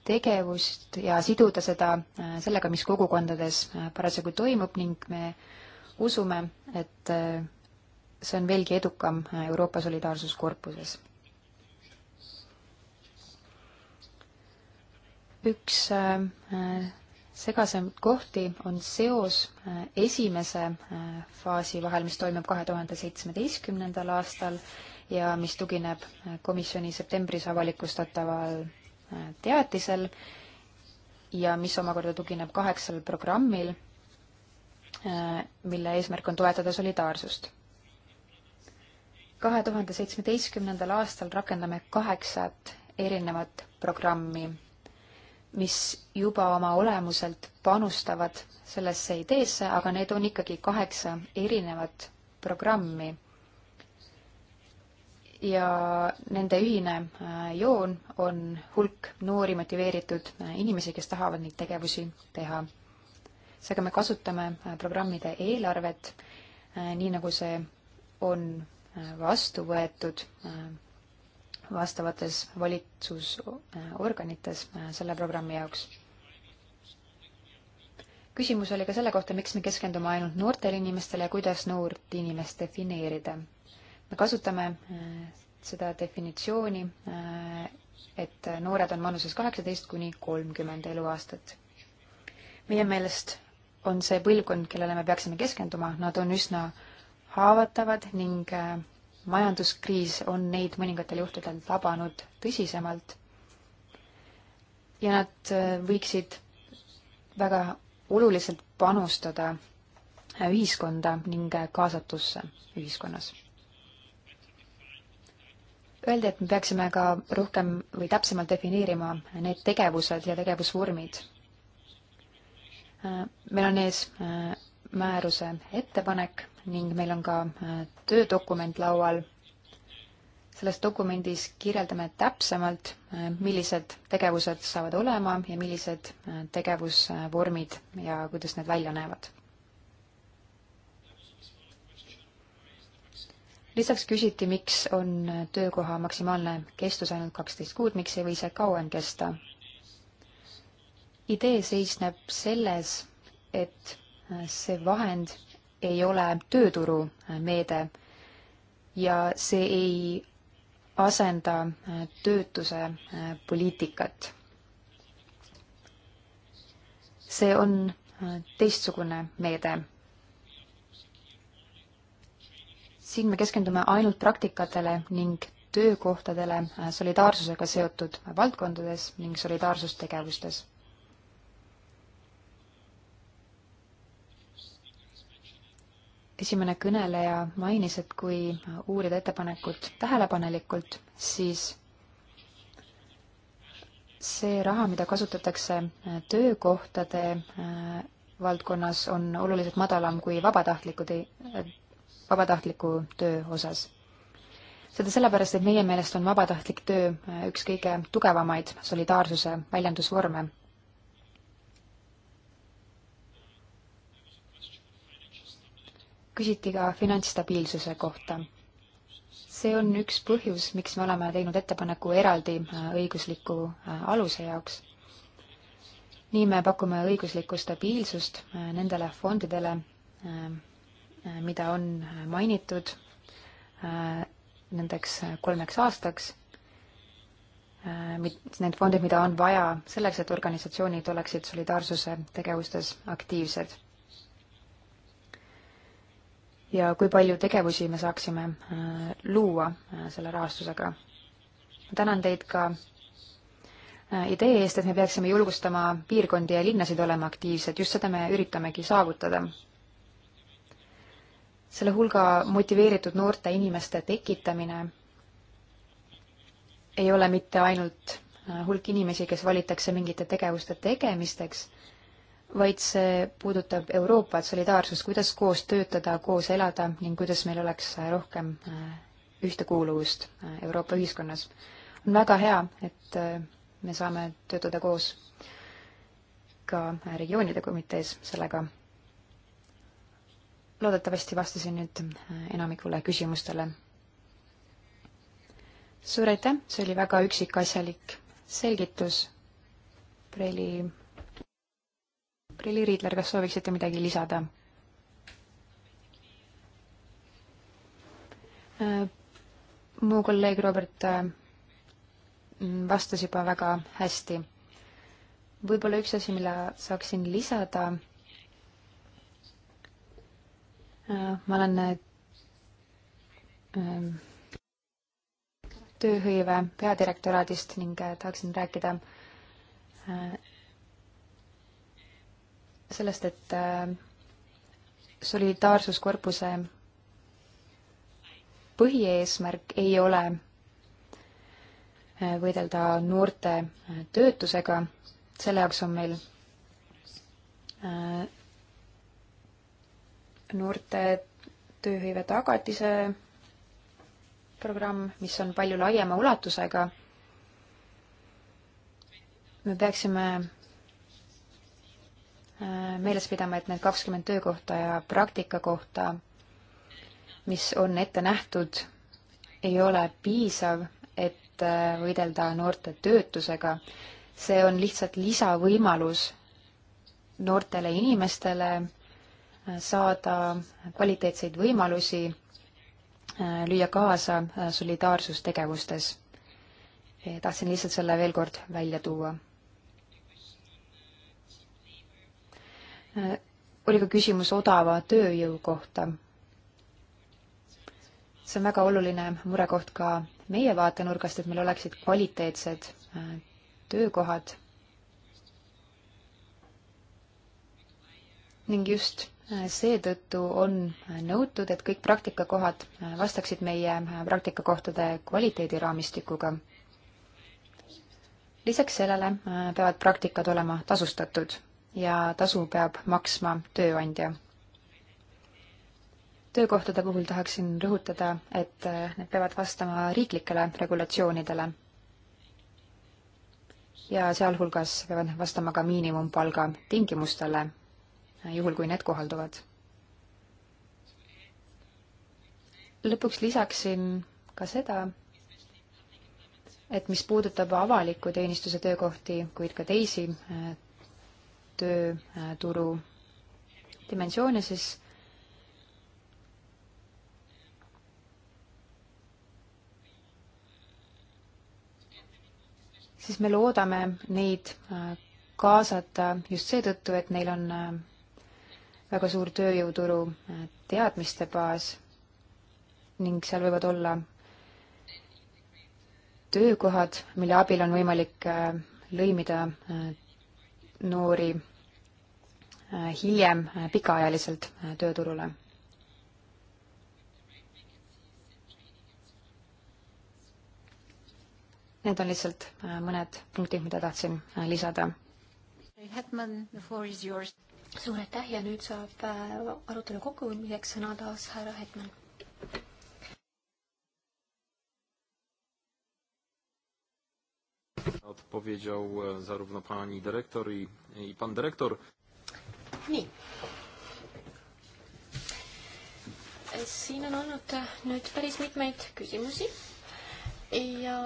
tegevust ja siduda seda äh, sellega, mis kogukondades äh, parasjagu toimub ning me usume, et äh, see on veelgi edukam Euroopa Solidaarsuskorpuses. üks segasem kohti on seos esimese faasi vahel, mis toimub kahe tuhande seitsmeteistkümnendal aastal ja mis tugineb komisjoni septembris avalikustataval teatisel ja mis omakorda tugineb kaheksal programmil, mille eesmärk on toetada solidaarsust. kahe tuhande seitsmeteistkümnendal aastal rakendame kaheksat erinevat programmi, mis juba oma olemuselt panustavad sellesse ideesse, aga need on ikkagi kaheksa erinevat programmi ja nende ühine äh, joon on hulk noori motiveeritud äh, inimesi, kes tahavad neid tegevusi teha. seega me kasutame äh, programmide eelarvet, nii nagu see on vastu võetud vastavates valitsusorganites selle programmi jaoks. küsimus oli ka selle kohta, miks me keskendume ainult noortele inimestele ja kuidas noort inimest defineerida me kasutame äh, seda definitsiooni, äh, et noored on vanuses kaheksateist kuni kolmkümmend eluaastat. meie meelest on see põlvkond, kellele me peaksime keskenduma, nad on üsna haavatavad ning äh, majanduskriis on neid mõningatel juhtudel tabanud tõsisemalt. ja nad võiksid väga oluliselt panustada ühiskonda ning kaasatusse ühiskonnas Öeldi, et me peaksime ka rohkem või täpsemalt defineerima need tegevused ja tegevusvormid. meil on ees äh, määruse ettepanek ning meil on ka äh, töödokument laual. selles dokumendis kirjeldame täpsemalt, äh, millised tegevused saavad olema ja millised tegevusvormid ja kuidas need välja näevad. lisaks küsiti, miks on töökoha maksimaalne kestus ainult kaksteist kuud, miks ei või see kauem kesta. idee seisneb selles, et see vahend ei ole tööturumeede ja see ei asenda töötuse poliitikat. see on teistsugune meede siin me keskendume ainult praktikatele ning töökohtadele äh, solidaarsusega seotud valdkondades ning solidaarsustegevustes. esimene kõneleja mainis, et kui uurida ettepanekut tähelepanelikult, siis see raha, mida kasutatakse äh, töökohtade äh, valdkonnas, on oluliselt madalam kui vabatahtlikud vabatahtliku töö osas. seda sellepärast, et meie meelest on vabatahtlik töö äh, üks kõige tugevamaid solidaarsuse väljendusvorme. küsiti ka finantsstabiilsuse kohta. see on üks põhjus, miks me oleme teinud ettepaneku eraldi äh, õigusliku äh, aluse jaoks nii me pakume õiguslikku stabiilsust nendele fondidele, Äh, mida on äh, mainitud äh, nendeks kolmeks aastaks, need fondid, mida on vaja selleks, et organisatsioonid oleksid solidaarsuse tegevustes aktiivsed. ja kui palju tegevusi me saaksime luua selle rahastusega. ma tänan teid ka idee eest, et me peaksime julgustama piirkondi ja linnasid olema aktiivsed, just seda me üritamegi saavutada selle hulga motiveeritud noorte inimeste tekitamine ei ole mitte ainult äh, hulk inimesi, kes valitakse mingite tegevuste tegemisteks, vaid see puudutab Euroopat, solidaarsust, kuidas koos töötada, koos elada ning kuidas meil oleks äh, rohkem äh, ühtekuuluvust Euroopa ühiskonnas. on väga hea, et me saame töötada koos ka regioonide komitees sellega loodetavasti vastasin nüüd äh, enamikule küsimustele. suur aitäh, see oli väga üksikasjalik selgitus. Preili, Preili Riidler, kas sooviksite midagi lisada? Äh, mu kolleeg Robert äh, vastas juba väga hästi. võib-olla üks asi, mille saaksin lisada Äh, ma olen äh, ähm, tööhõive peadirektoraadist ning äh, tahaksin rääkida sellest, et solidaarsuskorpuse põhieesmärk ei ole võidelda noorte töötusega, selle jaoks on meil noorte tööhõive tagatise programm, mis on palju laiema ulatusega. me peaksime äh, meeles pidama, et need kakskümmend töökohta ja praktikakohta, mis on ette nähtud, ei ole piisav, et äh, võidelda noorte töötusega. see on lihtsalt lisavõimalus noortele inimestele saada kvaliteetseid võimalusi äh, lüüa kaasa äh, solidaarsustegevustes. tahtsin lihtsalt selle veel kord välja tuua. Äh, oli ka küsimus odava tööjõu kohta. see on väga oluline murekoht ka meie vaatenurgast, et meil oleksid kvaliteetsed töökohad ning just seetõttu on nõutud, et kõik praktikakohad vastaksid meie praktikakohtade kvaliteediraamistikuga. lisaks sellele äh, peavad praktikad olema tasustatud ja tasu peab maksma tööandja. töökohtade puhul tahaksin rõhutada, et äh, need peavad vastama riiklikele regulatsioonidele. ja sealhulgas peavad need vastama ka miinimumpalga tingimustele juhul kui need kohalduvad. lõpuks lisaksin ka seda, et mis puudutab avaliku teenistuse töökohti, kuid ka teisi äh, tööturu äh, dimensioone, siis siis me loodame neid äh, kaasata just seetõttu, et neil on väga suur tööjõuturu äh, teadmiste baas ning seal võivad olla töökohad, mille abil on võimalik äh, lõimida äh, noori hiljem pikaajaliselt tööturule. Need on lihtsalt mõned punktid, mida tahtsin lisada. Hetman, the floor is yours suur aitäh ja nüüd saab äh, arutelu kokkuvõtmiseks sõna taas härra Hetman. Odpowiedział e, zarówno pani dyrektor i, i pan dyrektor. Nii. Siin on olnud nüüd päris mitmeid küsimusi ja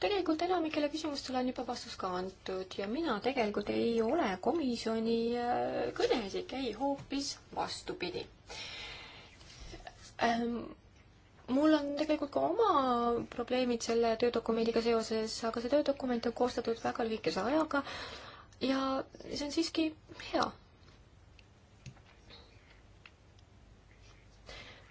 tegelikult enamikele küsimustele on juba vastus ka antud ja mina tegelikult ei ole komisjoni äh, kõneisik, ei, hoopis vastupidi ähm, mul on tegelikult ka oma probleemid selle töödokumendiga seoses, aga see töödokument on koostatud väga lühikese ajaga ja see on siiski hea.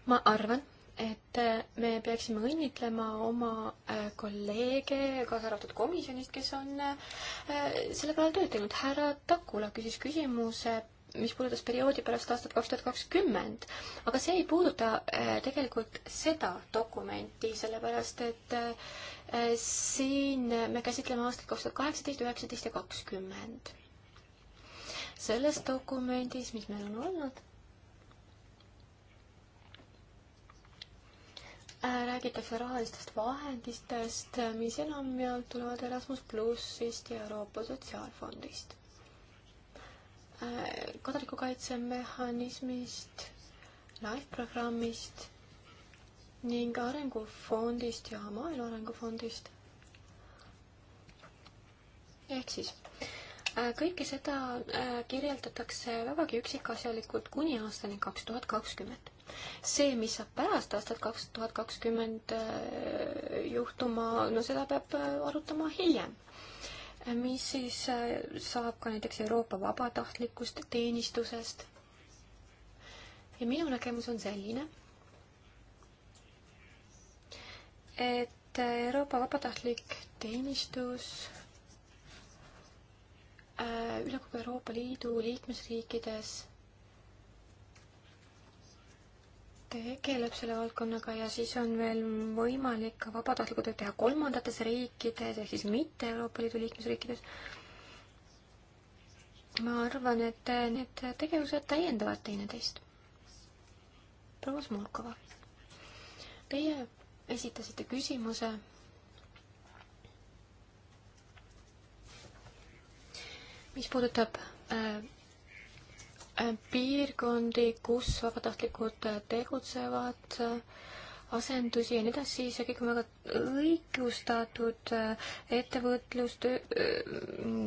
ma arvan, et äh, me peaksime õnnitlema oma äh, kolleege, kaasa arvatud komisjonist, kes on äh, selle peale tööd teinud. härra Takula küsis küsimuse, mis puudutas perioodi pärast aastat kaks tuhat kakskümmend, aga see ei puuduta tegelikult seda dokumenti, sellepärast et siin me käsitleme aastat kaks tuhat kaheksateist, üheksateist ja kakskümmend. selles dokumendis, mis meil on olnud Äh, räägitakse rahalistest vahenditest, mis enamjaolt tulevad Erasmus plussist ja Euroopa Sotsiaalfondist. Äh, kodanikukaitsemehhanismist, LIFE programmist ning Arengufondist ja Maaelu Arengufondist. ehk siis äh, kõike seda kirjeldatakse vägagi üksikasjalikult kuni aastani kaks tuhat kakskümmend see, mis saab pärast aastat kaks tuhat kakskümmend äh, juhtuma, no seda peab äh, arutama hiljem. Äh, mis siis saab ka näiteks Euroopa vabatahtlikust teenistusest? ja minu nägemus on selline, et Euroopa vabatahtlik teenistus üle kogu Euroopa Liidu liikmesriikides tegeleb selle valdkonnaga ja siis on veel võimalik ka vabatahtlikku tööd teha kolmandates riikides ehk siis mitte Euroopa Liidu liikmesriikides. ma arvan, et need tegevused täiendavad teineteist. proua Smolkova, teie esitasite küsimuse mis puudutab äh, piirkondi, kus vabatahtlikud tegutsevad, asendusi ja nii edasi, see kõik on väga õigustatud, äh, ettevõtlus, äh,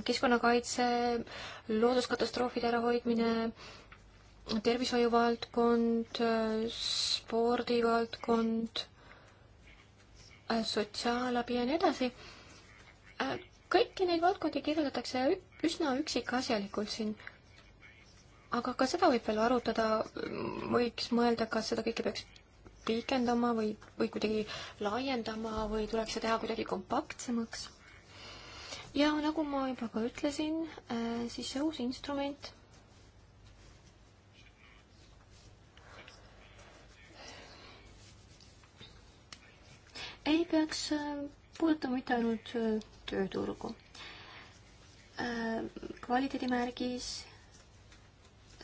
keskkonnakaitse, looduskatastroofide ärahoidmine, tervishoiuvaldkond, äh, spordivaldkond, sotsiaalabi ja nii edasi. kõiki neid valdkondi kirjeldatakse üsna üksikasjalikult siin aga ka seda võib veel arutada, võiks mõelda, kas seda kõike peaks pikendama või, või kuidagi laiendama või tuleks see teha kuidagi kompaktsemaks. ja nagu ma juba ka ütlesin, äh, siis see uus instrument ei peaks äh, puudutama mitte ainult äh, tööturgu. kvaliteedimärgis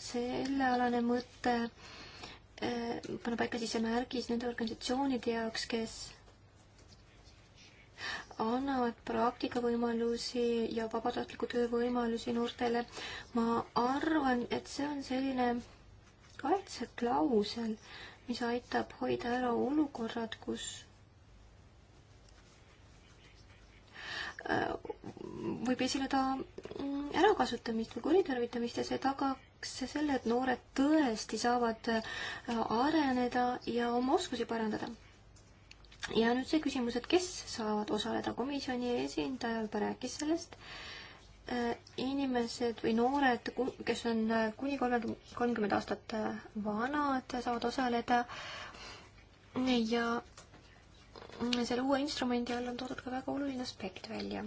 sellealane mõte eh, panna paika siis see märgis nende organisatsioonide jaoks, kes annavad praktikavõimalusi ja vabatahtliku töö võimalusi noortele. ma arvan, et see on selline kaitseklausel, mis aitab hoida ära olukorrad, kus eh, võib esineda mm, ärakasutamist või kuritarvitamist ja see tagab tagaks selle, et noored tõesti saavad äh, areneda ja oma oskusi parandada. ja nüüd see küsimus, et kes saavad osaleda, komisjoni esindaja juba rääkis sellest, äh, inimesed või noored, kes on äh, kuni kolmekümne, kolmkümmend aastat vanad, saavad osaleda ja selle uue instrumendi all on toodud ka väga oluline aspekt välja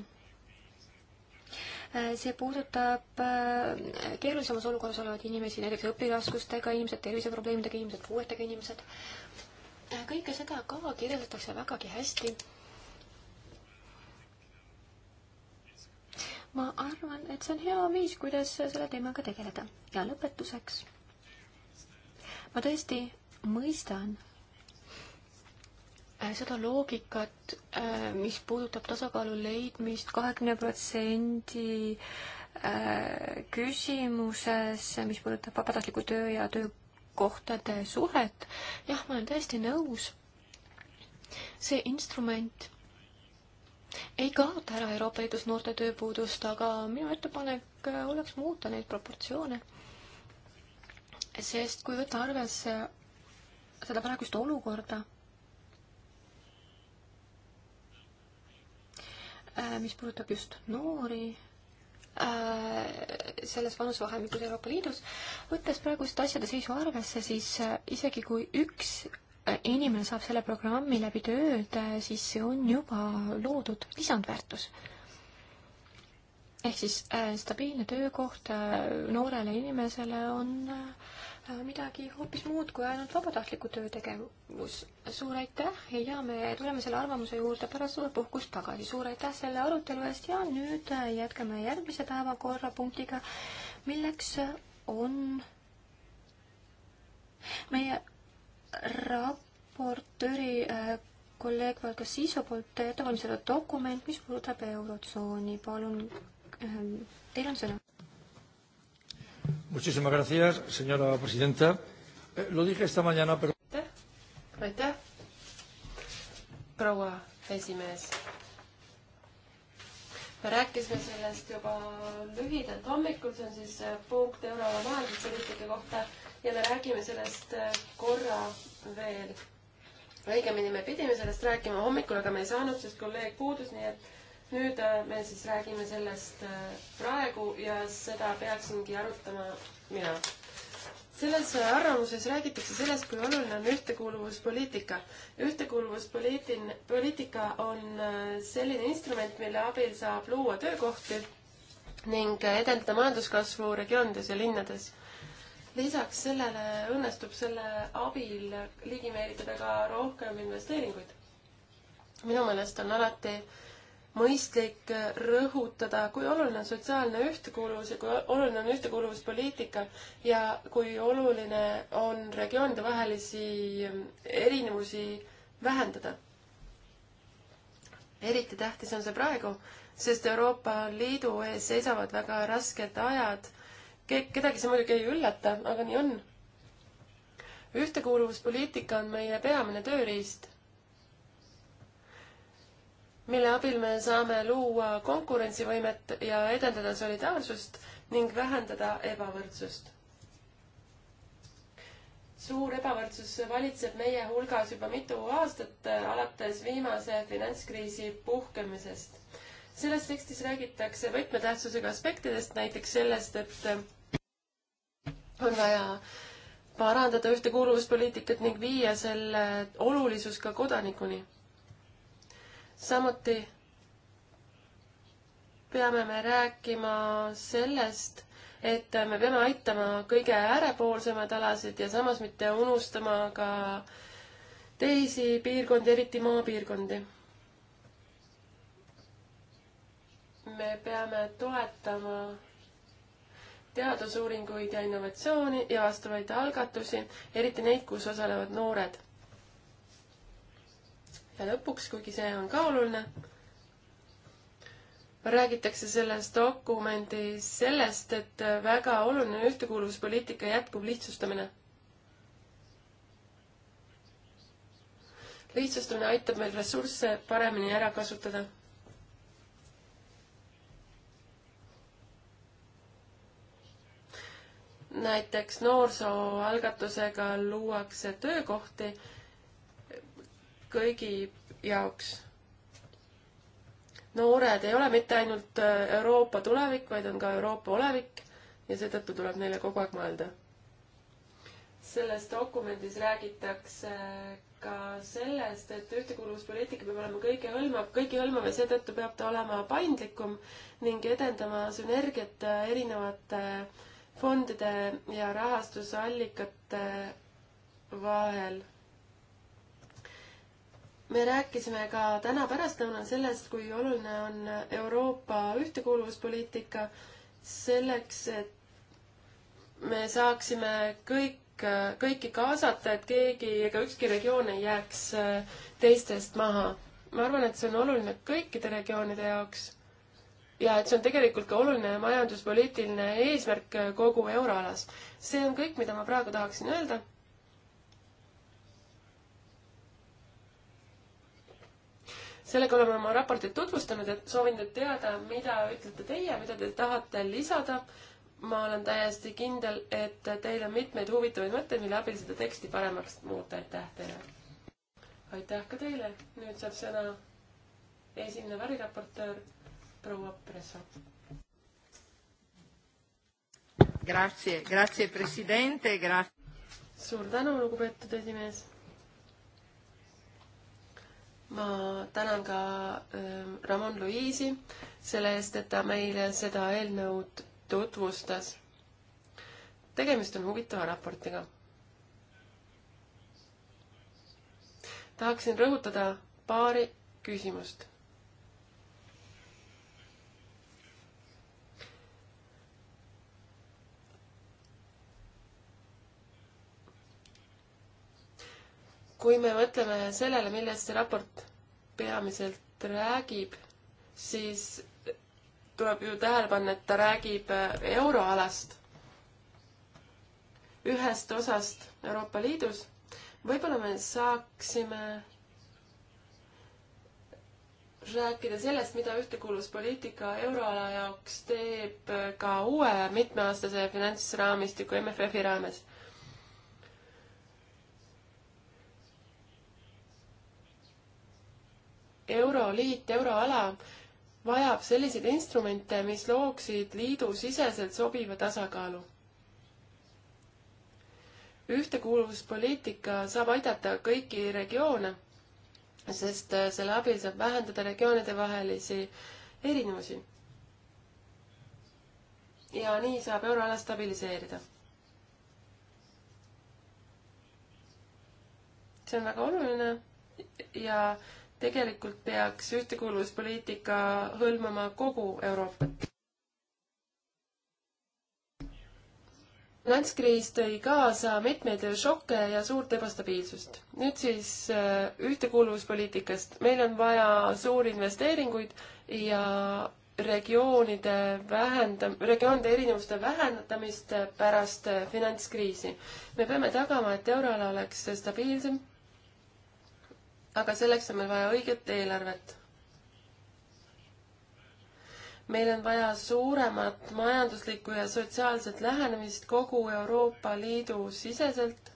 see puudutab äh, keerulisemas olukorras olevaid inimesi, näiteks õpiraskustega inimesed, terviseprobleemidega inimesed, puuetega inimesed. Äh, kõike seda ka kirjeldatakse vägagi hästi. ma arvan, et see on hea viis, kuidas selle teemaga tegeleda. ja lõpetuseks. ma tõesti mõistan Äh, seda loogikat, äh, mis puudutab tasakaalu leidmist kahekümne protsendi äh, küsimuses, mis puudutab vabatahtliku töö ja töökohtade suhet, jah, ma olen täiesti nõus. see instrument ei kaota ära Euroopa Liidus noorte tööpuudust, aga minu ettepanek oleks muuta neid proportsioone. sest kui võtta arvesse seda praegust olukorda Äh, mis puudutab just noori äh, selles vanusevahemikus Euroopa Liidus, võttes praegust asjade seisu arvesse, siis äh, isegi kui üks inimene saab selle programmi läbi tööd, siis see on juba loodud lisandväärtus. ehk siis stabiilne töökoht noorele inimesele on äh, Äh, midagi hoopis muud kui ainult vabatahtliku töö tegevus. suur aitäh ja me tuleme selle arvamuse juurde pärast suvepuhkust tagasi. suur aitäh selle arutelu eest ja nüüd äh, jätkame järgmise päevakorrapunktiga, milleks on meie raportööri äh, kolleeg Valga Siiso poolt ettevalmistatud dokument, mis puudutab Eurotsooni. palun, ähm, teil on sõna Muchísimas gracias, señora presidenta. Eh, lo dije esta mañana, pero... aitäh, aitäh, proua esimees. me rääkisime sellest juba lühidalt hommikul, see on siis eh, punkt euroala majanduspoliitika kohta ja me räägime sellest eh, korra veel. õigemini me pidime sellest rääkima hommikul, aga me ei saanud, sest kolleeg puudus, nii et nüüd äh, me siis räägime sellest äh, praegu ja seda peaksingi arutama mina. selles äh, arvamuses räägitakse sellest, kui oluline on ühtekuuluvuspoliitika. ühtekuuluvuspoliitin-, poliitika on selline instrument, mille abil saab luua töökohti ning edendada majanduskasvu regioonides ja linnades lisaks sellele õnnestub selle abil ligi meelitada ka rohkem investeeringuid. minu meelest on alati äh, mõistlik rõhutada, kui oluline on sotsiaalne ühtekuuluvus ja kui oluline on ühtekuuluvuspoliitika ja kui oluline on regioonide vahelisi erinevusi vähendada. eriti tähtis on see praegu, sest Euroopa Liidu ees seisavad väga rasked ajad. kedagi see muidugi ei üllata, aga nii on. ühtekuuluvuspoliitika on meie peamine tööriist mille abil me saame luua konkurentsivõimet ja edendada solidaarsust ning vähendada ebavõrdsust. suur ebavõrdsus valitseb meie hulgas juba mitu aastat, äh, alates viimase finantskriisi puhkemisest. selles tekstis räägitakse võtmetähtsusega aspektidest, näiteks sellest, et äh, on vaja parandada ühtekuuluvuspoliitikat ning viia selle olulisus ka kodanikuni samuti peame me rääkima sellest, et me peame aitama kõige äärepoolsemaid alasid ja samas mitte unustama ka teisi piirkondi, eriti maapiirkondi. me peame toetama teadusuuringuid ja innovatsiooni ja vastavaid algatusi, eriti neid, kus osalevad noored ja lõpuks, kuigi see on ka oluline, räägitakse selles dokumendis sellest, et väga oluline ühtekuuluvuspoliitika jätkuv lihtsustamine. lihtsustamine aitab meil ressursse paremini ära kasutada. näiteks noorsooalgatusega luuakse töökohti kõigi jaoks. noored ei ole mitte ainult äh, Euroopa tulevik, vaid on ka Euroopa olevik ja seetõttu tuleb neile kogu aeg mõelda. selles dokumendis räägitakse äh, ka sellest, et ühtekuuluvuspoliitika peab olema kõigehõlmav, kõigihõlmav ja seetõttu peab ta olema paindlikum ning edendama sünergiat äh, erinevate fondide ja rahastusallikate vahel me rääkisime ka täna pärastlõunal sellest, kui oluline on Euroopa ühtekuuluvuspoliitika selleks, et me saaksime kõik, kõiki kaasata, et keegi ega ükski regioon ei jääks äh, teistest maha. ma arvan, et see on oluline kõikide regioonide jaoks. ja et see on tegelikult ka oluline majanduspoliitiline eesmärk äh, kogu euroalas. see on kõik, mida ma praegu tahaksin öelda sellega oleme oma raportit tutvustanud ja soovin teilt teada, mida ütlete teie, mida te tahate lisada. ma olen täiesti kindel, et teil on mitmeid huvitavaid mõtteid, mille abil seda teksti paremaks muuta. aitäh teile! aitäh ka teile! nüüd saab sõna esimene variraportöör proua Presso. Grazie, grazie presidente, gra-. suur tänu, lugupeetud esimees ma tänan ka ähm, Ramon Luiisi selle eest, et ta meile seda eelnõu tutvustas. tegemist on huvitava raportiga. tahaksin rõhutada paari küsimust kui me mõtleme sellele, millest see raport peamiselt räägib, siis tuleb ju tähele panna, et ta räägib euroalast, ühest osast Euroopa Liidus. võib-olla me saaksime rääkida sellest, mida ühtekuuluvuspoliitika euroala jaoks teeb ka uue mitmeaastase finantsraamistiku MFF-i raames. Euroliit, euroala vajab selliseid instrumente, mis looksid liidusiseselt sobiva tasakaalu. ühtekuuluvuspoliitika saab aidata kõiki regioone, sest selle abil saab vähendada regioonide vahelisi erinevusi. ja nii saab euroala stabiliseerida. see on väga oluline ja tegelikult peaks ühtekuuluvuspoliitika hõlmama kogu Euroopat. finantskriis tõi kaasa mitmeid šokke ja suurt ebastabiilsust. nüüd siis äh, ühtekuuluvuspoliitikast. meil on vaja suuri investeeringuid ja regioonide vähendam-, regioonide erinevuste vähendamist pärast äh, finantskriisi. me peame tagama, et euroala oleks stabiilsem aga selleks on meil vaja õiget eelarvet. meil on vaja suuremat majanduslikku ja sotsiaalset lähenemist kogu Euroopa Liidu siseselt.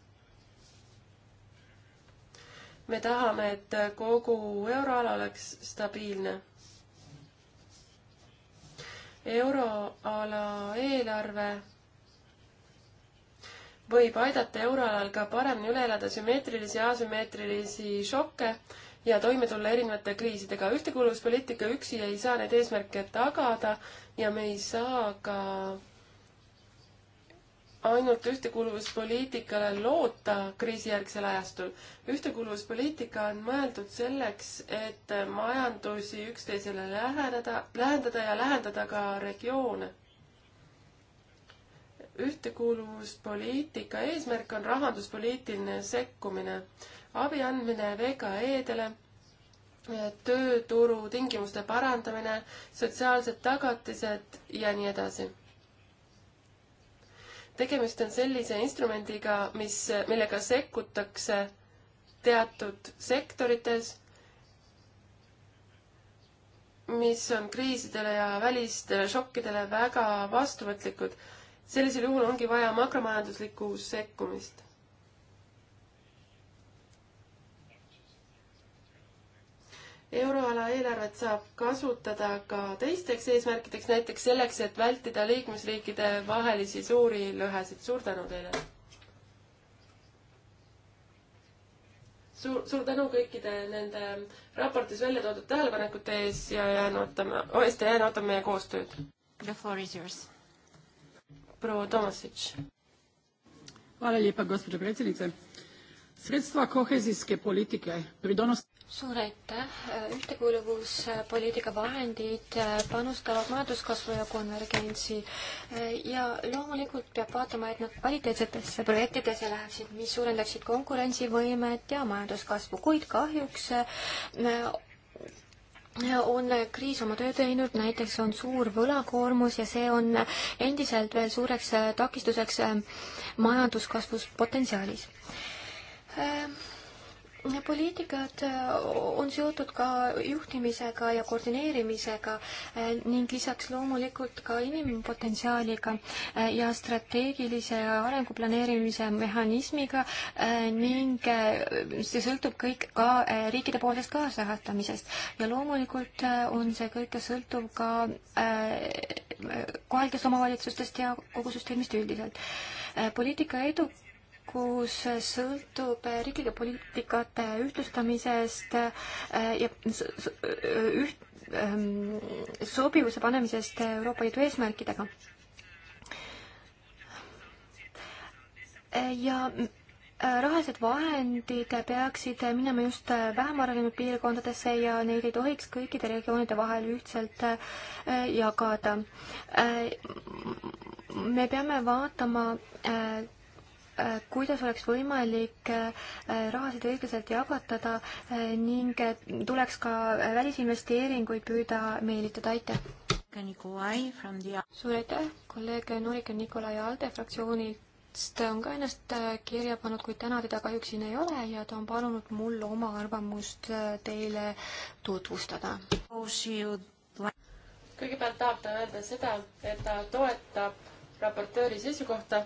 me tahame, et kogu euroala oleks stabiilne euroala eelarve võib aidata euroalal ka paremini üle elada sümmeetrilisi ja asümmeetrilisi šokke ja toime tulla erinevate kriisidega. ühtekuuluvuspoliitika üksi ei saa neid eesmärke tagada ja me ei saa ka ainult ühtekuuluvuspoliitikale loota kriisijärgsel ajastul. ühtekuuluvuspoliitika on mõeldud selleks, et majandusi üksteisele läheneda, lähendada ja lähendada ka regioone ühtekuuluvuspoliitika eesmärk on rahanduspoliitiline sekkumine, abi andmine VKE-dele, tööturu tingimuste parandamine, sotsiaalsed tagatised ja nii edasi. tegemist on sellise instrumendiga, mis, millega sekkutakse teatud sektorites, mis on kriisidele ja välistele šokkidele väga vastuvõtlikud sellisel juhul ongi vaja makromajanduslikku sekkumist. euroala eelarvet saab kasutada ka teisteks eesmärkideks, näiteks selleks, et vältida liikmesriikide vahelisi suuri lõhesid. suur tänu teile! suur, suur tänu kõikide nende raportis välja toodud tähelepanekute ees ja jään ootama, OST jään ootama meie koostööd. The floor is yours proua Tomasic. Hvala lijepa, gospođo predsjednice. Sredstva kohezijske politike pridonos- suur aitäh, ühtekuuluvuspoliitika e, e, vahendid e, panustavad majanduskasvu ja konvergentsi ja loomulikult peab vaatama, et nad kvaliteetsetesse projektidesse läheksid, mis suurendaksid konkurentsivõimet ja majanduskasvu, kuid kahjuks on kriis oma töö teinud, näiteks on suur võlakoormus ja see on endiselt veel suureks takistuseks majanduskasvus potentsiaalis poliitikad äh, on seotud ka juhtimisega ja koordineerimisega äh, ning lisaks loomulikult ka inimpotentsiaaliga äh, ja strateegilise arengu planeerimise mehhanismiga ning see sõltub kõik ka riikide poolsest kaasrahastamisest ja loomulikult on see kõik sõltuv ka kohalikest omavalitsustest ja kogu süsteemist üldiselt. poliitika edukus kus sõltub riiklike poliitikate ühtlustamisest äh, ja üht, ähm, sobivuse panemisest Euroopa Liidu eesmärkidega. Äh, ja äh, rahalised vahendid peaksid minema just vähem arenenud piirkondadesse ja neid ei tohiks kõikide regioonide vahel ühtselt jagada. me peame vaatama Äh, kuidas oleks võimalik äh, rahasid õiglaselt jagatada äh, ning tuleks ka välisinvesteeringuid püüda meelitada, aitäh! suur aitäh, kolleeg Norika Nikolai Alde fraktsioonist on ka ennast kirja pannud, kuid täna teda kahjuks siin ei ole ja ta on palunud mul oma arvamust teile tutvustada kõigepealt tahab ta öelda seda, et ta toetab raportööri seisukohta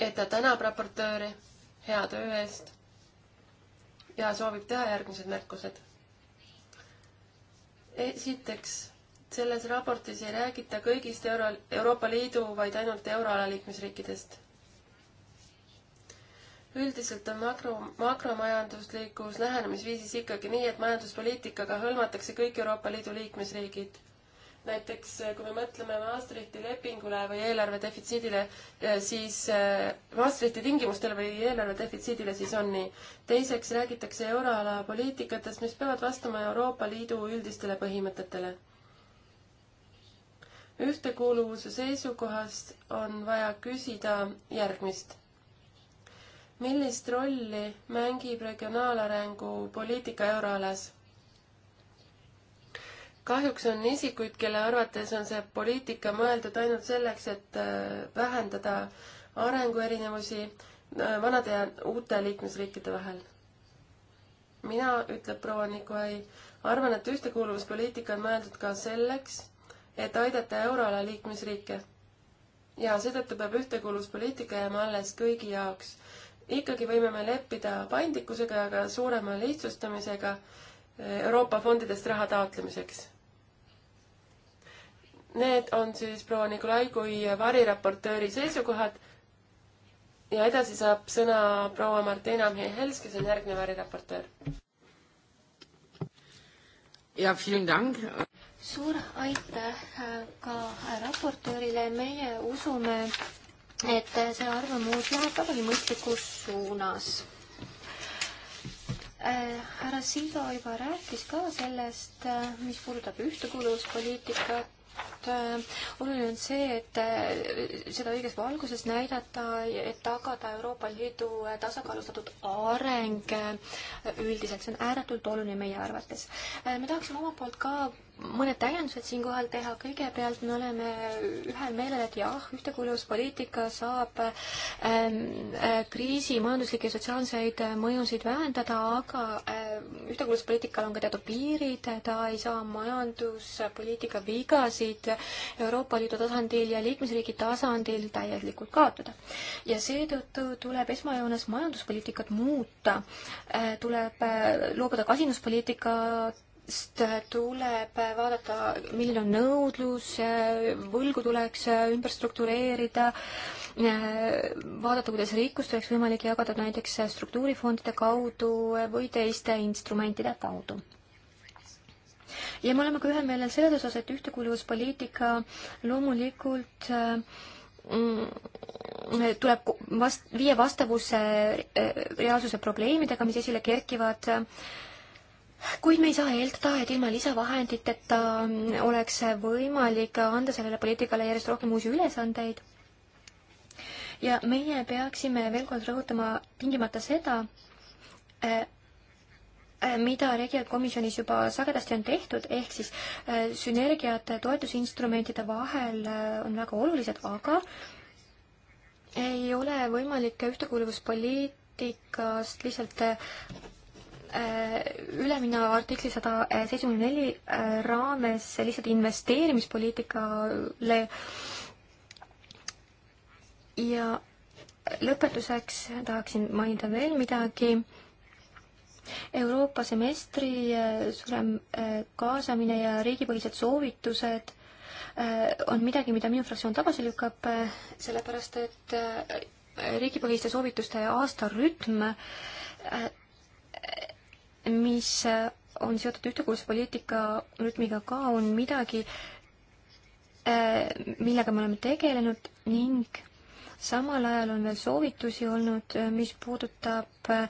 et ta tänab raportööri hea töö eest ja soovib teha järgmised märkused. esiteks, selles raportis ei räägita kõigist euro, Euroopa Liidu, vaid ainult euroala liikmesriikidest. üldiselt on makro, makromajanduslikus lähenemisviisis ikkagi nii, et majanduspoliitikaga hõlmatakse kõik Euroopa Liidu liikmesriigid näiteks eh, kui me mõtleme Maastrichti lepingule või eelarve defitsiidile, eh, siis eh, Maastrichti tingimustele või eelarve defitsiidile, siis on nii. teiseks räägitakse euroala poliitikatest, mis peavad vastama Euroopa Liidu üldistele põhimõtetele. ühtekuuluvuse seisukohast on vaja küsida järgmist. millist rolli mängib regionaalarengu poliitika euroalas? kahjuks on isikuid, kelle arvates on see poliitika mõeldud ainult selleks, et äh, vähendada arenguerinevusi äh, vanade ja uute liikmesriikide vahel. mina, ütleb proua Nikuai, arvan, et ühtekuuluvuspoliitika on mõeldud ka selleks, et aidata euroala liikmesriike. ja seetõttu peab ühtekuuluvuspoliitika jääma alles kõigi jaoks. ikkagi võime me leppida paindlikkusega ja ka suurema lihtsustamisega äh, Euroopa fondidest raha taotlemiseks Need on siis proua Nikolai kui variraportööri seisukohad ja edasi saab sõna proua Martina Mihhels, kes on järgmine variraportöör. ja, suur aitäh äh, ka raportöörile, meie usume, et see arvamus läheb vägagi mõistlikus suunas äh, härra Sildo juba rääkis ka sellest, äh, mis puudutab ühtekuuluvuspoliitikat Äh, oluline on see, et äh, seda õiges valguses näidata, et tagada Euroopa Liidu äh, tasakaalustatud areng üldiselt, see on ääretult oluline meie arvates. me tahaksime omalt poolt ka mõned täiendused siinkohal teha, kõigepealt me oleme ühel meelel, et jah, ühtekuuluvuspoliitika saab ähm, äh, kriisi majanduslikke ja sotsiaalseid mõjusid vähendada, aga äh, ühtekuuluvuspoliitikal on ka teatud piirid, ta ei saa majanduspoliitika vigasid Euroopa Liidu tasandil ja liikmesriigi tasandil täielikult kaotada. ja seetõttu tuleb esmajoones majanduspoliitikat muuta äh,, tuleb äh, loobuda kasinuspoliitikat, sest äh, tuleb äh, vaadata, milline on nõudlus, äh, võlgu tuleks ümber struktureerida, vaadata, kuidas rikkust oleks võimalik jagada näiteks struktuurifondide kaudu või teiste instrumentide kaudu ja me oleme ka ühel meelel selles osas, et ühtekuuluvuspoliitika loomulikult mm, tuleb vast-, viia vastavusse reaalsuse probleemidega, mis esile kerkivad kuid me ei saa eeldada, et ilma lisavahenditeta ähm, oleks võimalik anda sellele poliitikale järjest rohkem uusi ülesandeid. ja meie peaksime veel kord rõhutama tingimata seda, äh, äh, mida regiakomisjonis juba sagedasti on tehtud, ehk siis äh, sünergiad toetusinstrumentide vahel on väga olulised, aga ei ole võimalik ühtekuuluvuspoliitikast lihtsalt ülemineva artikli sada seitsekümmend neli äh, raames lihtsalt investeerimispoliitikale ja lõpetuseks tahaksin mainida veel midagi. Euroopa semestri äh, suurem äh, kaasamine ja riigipõhised soovitused on midagi, mida minu fraktsioon tagasi lükkab, sellepärast et riigipõhiste soovituste aastarütm mis on seotud ühtekuuluvuspoliitika rütmiga ka, on midagi, äh, millega me oleme tegelenud ning samal ajal on veel soovitusi olnud, äh, mis puudutab äh,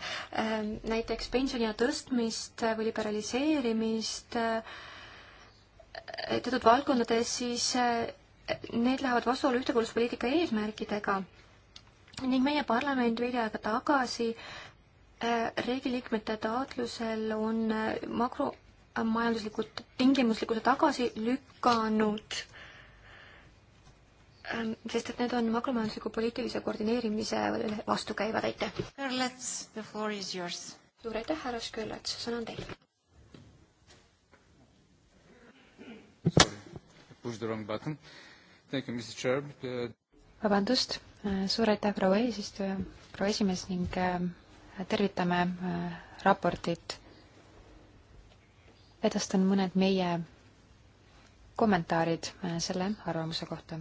näiteks pensioniea tõstmist või liberaliseerimist teatud valdkondades, siis need lähevad vastuollu ühtekuuluvuspoliitika eesmärkidega. ning meie parlament veidi aega tagasi äh, Äh, riigiliikmete taotlusel on äh, makromajanduslikud tingimuslikkuse tagasi lükanud ähm, sest et need on makromajandusliku poliitilise koordineerimise vastu käivad, aitäh. suur aitäh, härra Škõlets, sõna on teil. Uh, vabandust, äh, suur aitäh, proua eesistuja, proua esimees ning ähm, tervitame äh, raportit. edastan mõned meie kommentaarid äh, selle arvamuse kohta.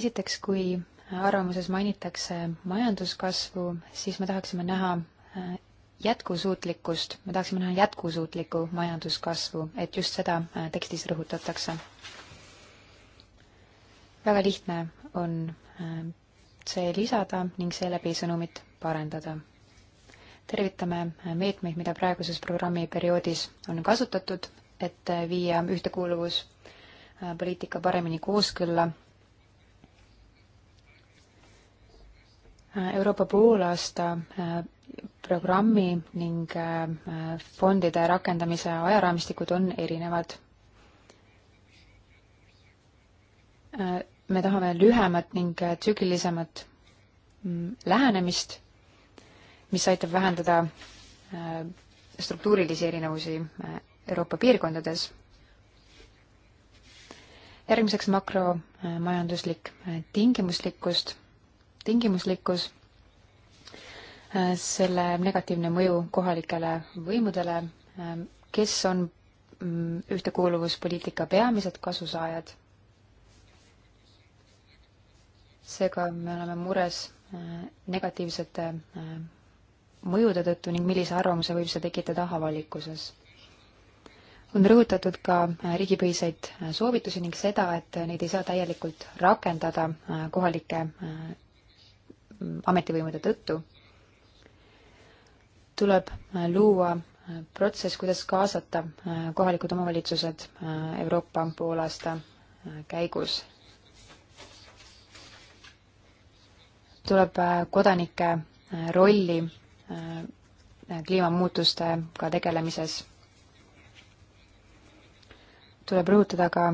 esiteks, kui arvamuses mainitakse majanduskasvu, siis me tahaksime näha äh, jätkusuutlikkust, me tahaksime näha jätkusuutlikku majanduskasvu, et just seda tekstis rõhutatakse. väga lihtne on see lisada ning seeläbi sõnumit parendada. tervitame meetmeid, mida praeguses programmiperioodis on kasutatud, et viia ühtekuuluvuspoliitika äh, paremini kooskõlla äh, Euroopa poolaasta äh, programmi ning fondide rakendamise ajaraamistikud on erinevad me tahame lühemat ning tsüklilisemat mm, lähenemist, mis aitab vähendada äh, struktuurilisi erinevusi äh, Euroopa piirkondades. järgmiseks makromajanduslik äh, tingimuslikkust, tingimuslikkus, selle negatiivne mõju kohalikele võimudele, kes on mm, ühtekuuluvuspoliitika peamised kasusaajad seega me oleme mures äh, negatiivsete äh, mõjude tõttu ning millise arvamuse võib see tekitada avalikkuses. on rõhutatud ka äh, riigipõhiseid soovitusi ning seda, et neid ei saa täielikult rakendada kohalike ametivõimude tõttu. tuleb luua protsess, kuidas kaasata kohalikud omavalitsused Euroopa poolaasta käigus tuleb äh, kodanike äh, rolli äh, kliimamuutustega tegelemises. tuleb rõhutada ka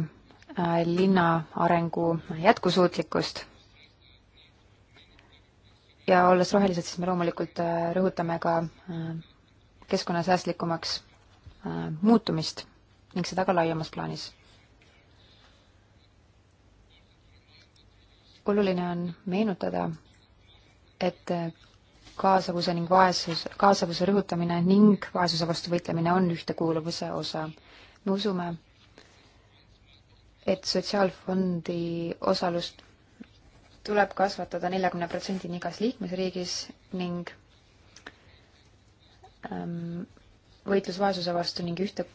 linna arengu jätkusuutlikkust. ja olles rohelised, siis me loomulikult rõhutame ka keskkonnasäästlikumaks muutumist ning seda ka laiemas plaanis. oluline on meenutada, et kaasavuse ning vaesus, kaasavuse rõhutamine ning vaesuse vastu võitlemine on ühtekuuluvuse osa. me usume, et sotsiaalfondi osalust tuleb kasvatada neljakümne protsendini igas liikmesriigis ning ähm, võitlus vaesuse vastu ning ühte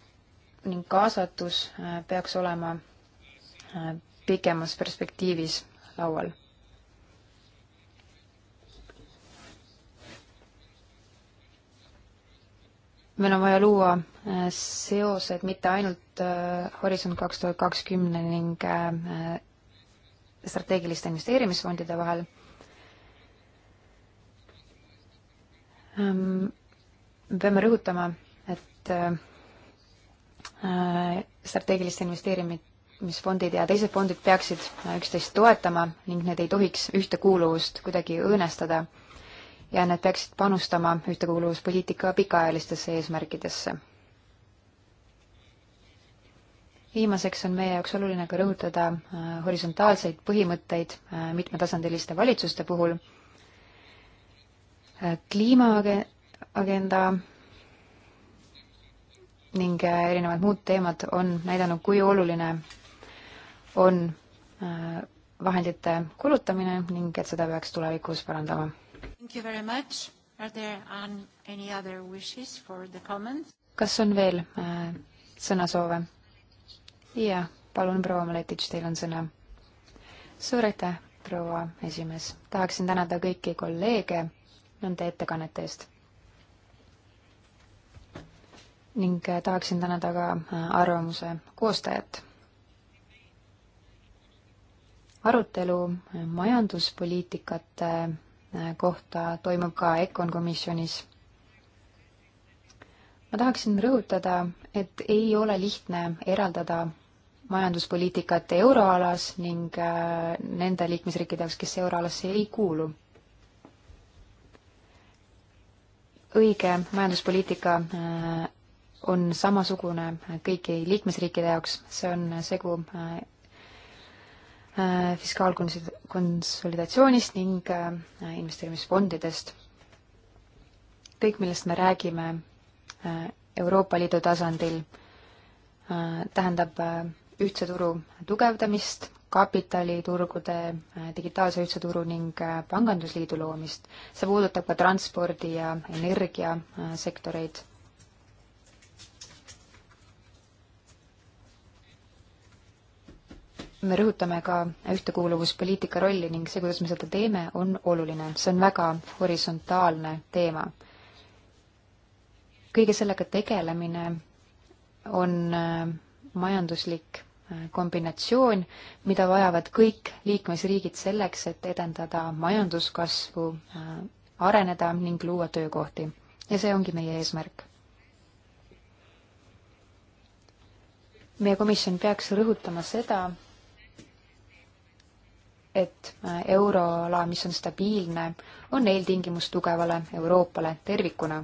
ning kaasatus äh, peaks olema äh, pikemas perspektiivis laual meil on vaja luua äh, seosed mitte ainult äh, Horisont kaks tuhat kakskümmend ning äh, strateegiliste investeerimisfondide vahel, me ähm, peame rõhutama, et strateegiliste investeerimisfondid ja teised fondid peaksid üksteist toetama ning need ei tohiks ühtekuuluvust kuidagi õõnestada ja need peaksid panustama ühtekuuluvuspoliitika pikaajalistesse eesmärkidesse. viimaseks on meie jaoks oluline ka rõhutada äh, horisontaalseid põhimõtteid äh, mitmetasandiliste valitsuste puhul. Äh, kliimaagenda ning erinevad muud teemad on näidanud, kui oluline on vahendite kulutamine ning et seda peaks tulevikus parandama Thank you very much. Are there any other wishes for the comments? kas on veel äh, sõnasoove? jaa, palun, proua Maletitš, teil on sõna. suur aitäh, proua esimees. tahaksin tänada kõiki kolleege nende ettekannete eest. ning äh, tahaksin tänada ka äh, arvamuse koostajat. arutelu majanduspoliitikate äh, äh kohta toimub ka EKON komisjonis. ma tahaksin rõhutada, et ei ole lihtne eraldada majanduspoliitikat euroalas ning äh, nende liikmesriikide jaoks, kes euroalasse ei kuulu. õige majanduspoliitika äh, on samasugune kõigi liikmesriikide jaoks, see on segu äh, Äh, fiskaalkonsolidatsioonist ning äh, investeerimisfondidest. kõik, millest me räägime äh, Euroopa Liidu tasandil, tähendab ühtse turu tugevdamist, kapitaliturgude digitaalse ühtse turu ning pangandusliidu loomist. see puudutab ka transpordi ja energiasektoreid me rõhutame ka ühtekuuluvuspoliitika rolli ning see, kuidas me seda teeme, on oluline. see on väga horisontaalne teema. kõige sellega tegelemine on äh, majanduslik äh, kombinatsioon, mida vajavad kõik liikmesriigid selleks, et edendada majanduskasvu, äh, areneda ning luua töökohti. ja see ongi meie eesmärk meie komisjon peaks rõhutama seda, et äh, euroala, mis on stabiilne, on eeltingimus tugevale Euroopale tervikuna.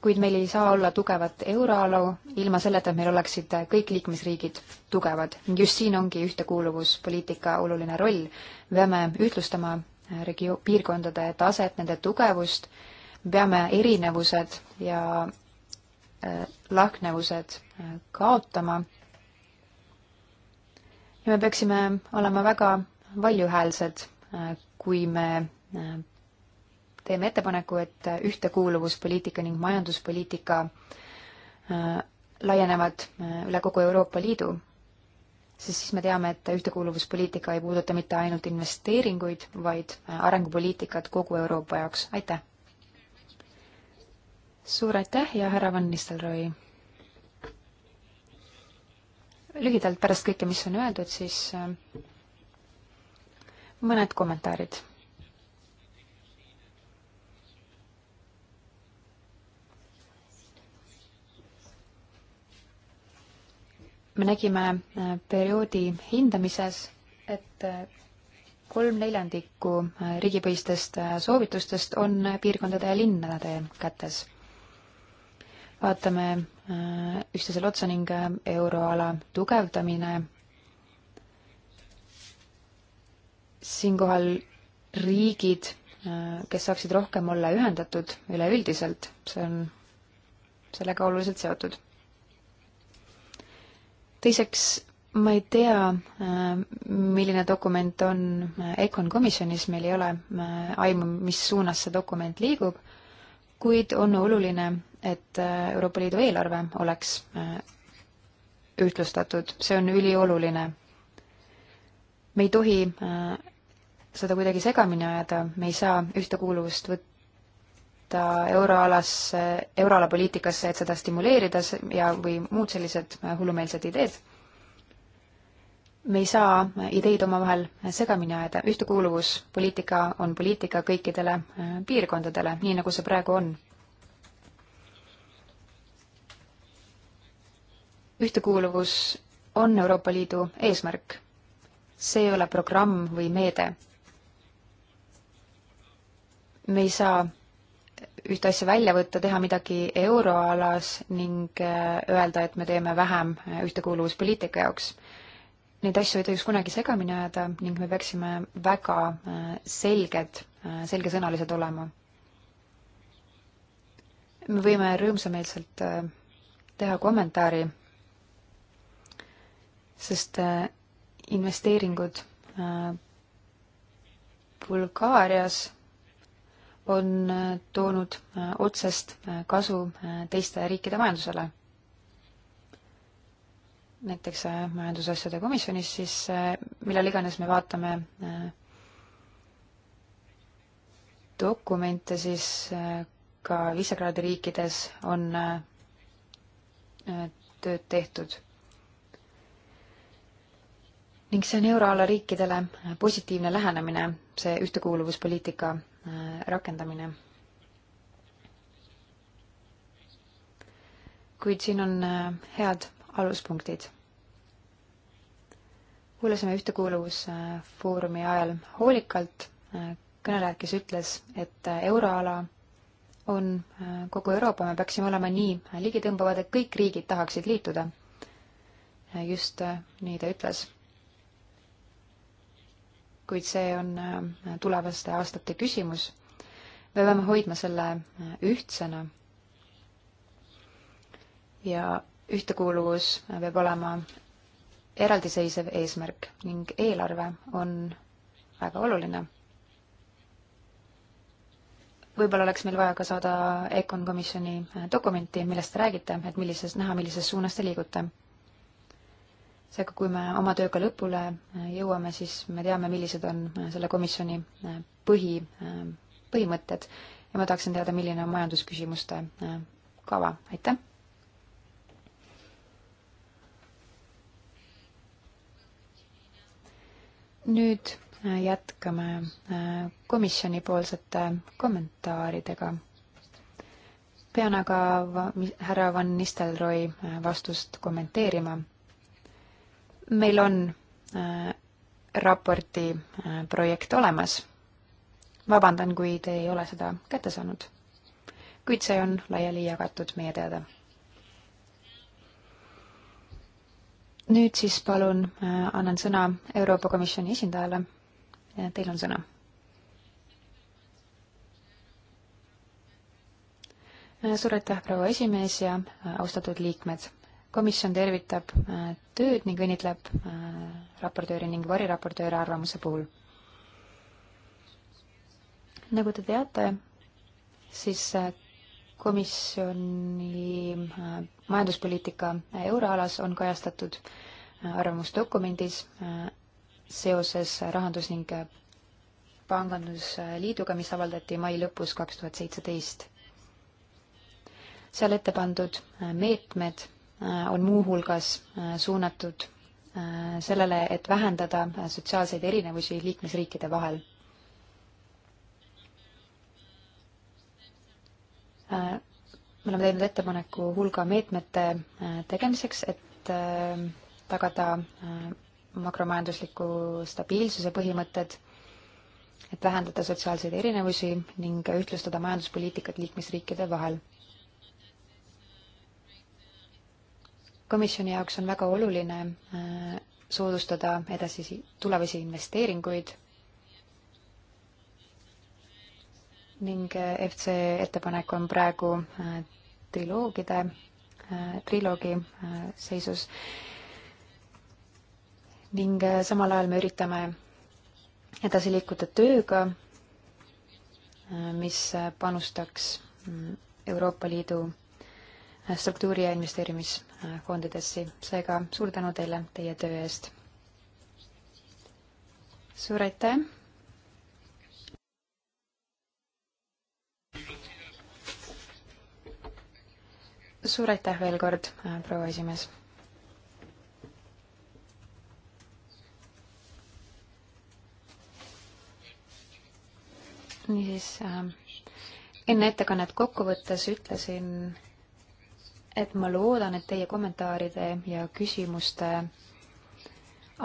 kuid meil ei saa olla tugevat euroala ilma selleta, et meil oleksid äh, kõik liikmesriigid tugevad ning just siin ongi ühtekuuluvuspoliitika oluline roll. me peame ühtlustama äh, regio-, piirkondade taset, nende tugevust, me peame erinevused ja lahknevused kaotama ja me peaksime olema väga valjuhäälsed, äh, kui me äh, teeme ettepaneku, et ühtekuuluvuspoliitika ning majanduspoliitika äh, laienevad üle kogu Euroopa Liidu, sest siis me teame, et ühtekuuluvuspoliitika ei puuduta mitte ainult investeeringuid, vaid arengupoliitikat kogu Euroopa jaoks, aitäh! suur aitäh ja härra Van Nistelrooy! lühidalt pärast kõike, mis on öeldud, siis äh, mõned kommentaarid. me nägime äh, perioodi hindamises, et äh, kolm neljandikku riigipõhistest soovitustest on piirkondade ja linnade kätes. vaatame Äh, üksteisele otsa ning äh, euroala tugevdamine. siinkohal riigid, äh, kes saaksid rohkem olla ühendatud üleüldiselt, see on sellega oluliselt seotud. teiseks, ma ei tea, milline dokument on EKON komisjonis, meil ei ole aimu, mis suunas see dokument liigub, kuid on oluline et äh, Euroopa Liidu eelarve oleks äh, ühtlustatud, see on ülioluline. me ei tohi äh, seda kuidagi segamini ajada, me ei saa ühtekuuluvust võtta euroalasse, euroala poliitikasse, et seda stimuleerida ja, või muud sellised hullumeelsed ideed. me ei saa ideid omavahel segamini ajada, ühtekuuluvuspoliitika on poliitika kõikidele piirkondadele, nii nagu see praegu on ühtekuuluvus on Euroopa Liidu eesmärk. see ei ole programm või meede. me ei saa ühte asja välja võtta, teha midagi euroalas ning äh, öelda, et me teeme vähem äh, ühtekuuluvuspoliitika jaoks. Neid asju ei tohiks kunagi segamini ajada ning me peaksime väga äh, selged, selgesõnalised olema. me võime rõõmsameelselt teha kommentaari sest äh, investeeringud äh, Bulgaarias on äh, toonud otsest kasu teiste riikide majandusele. näiteks majandusasjade komisjonis siis, millal iganes me vaatame dokumente, siis ka Visegradi riikides on tööd tehtud ning see on euroala riikidele positiivne lähenemine, see ühtekuuluvuspoliitika äh, rakendamine. kuid siin on äh, head aluspunktid. kuulasime Ühtekuuluvusfoorumi ajal hoolikalt äh, kõnelejat, kes ütles, et euroala on kogu Euroopa, me peaksime olema nii ligitõmbavad, et kõik riigid tahaksid liituda. just nii ta ütles kuid see on äh, tulevaste aastate küsimus. me peame hoidma selle äh, ühtsena. ja ühtekuuluvus peab olema eraldiseisev eesmärk ning eelarve on väga oluline. võib-olla oleks meil vaja ka saada EKON komisjoni äh, dokumenti, millest te räägite, et millises, näha, millises suunas te liigute seega, kui me oma tööga lõpule äh, jõuame, siis me teame, millised on äh, selle komisjoni äh, põhi, põhimõtted ja ma tahaksin teada, milline on majandusküsimuste kava, aitäh! nüüd jätkame komisjonipoolsete kommentaaridega. pean aga härra Van Nistelrooy vastust kommenteerima meil on äh, raporti äh, projekt olemas. vabandan, kui te ei ole seda kätte saanud. kuid see on laiali jagatud meie teada. nüüd siis palun äh, annan sõna Euroopa Komisjoni esindajale. Teil on sõna. suur aitäh, proua esimees ja austatud liikmed komisjon tervitab äh, tööd ning õnnitleb äh, raportööri ning variraportööri arvamuse puhul. nagu te teate, siis äh, komisjoni majanduspoliitika euroalas on kajastatud arvamusdokumendis seoses Rahandus- ning Pangandusliiduga, mis avaldati mai lõpus kaks tuhat seitseteist. seal ette pandud meetmed Äh, on muuhulgas äh, suunatud äh, sellele, et vähendada sotsiaalseid erinevusi liikmesriikide vahel. me oleme teinud ettepaneku hulga meetmete tegemiseks, et tagada makromajandusliku stabiilsuse põhimõtted, et vähendada sotsiaalseid erinevusi ning ühtlustada majanduspoliitikat liikmesriikide vahel komisjoni jaoks on väga oluline äh, soodustada edasisi tulevasi investeeringuid ning äh, FC ettepanek on praegu äh, triloogide, triloogi seisus. ning samal ajal me üritame edasi liikuda tööga, mis panustaks mm, Euroopa Liidu struktuuri- ja investeerimisfondidesse, seega suur tänu teile teie töö eest. suur aitäh! suur aitäh veel kord, äh, proua esimees! niisiis äh,, enne ettekannet kokkuvõttes ütlesin et ma loodan, et teie kommentaaride ja küsimuste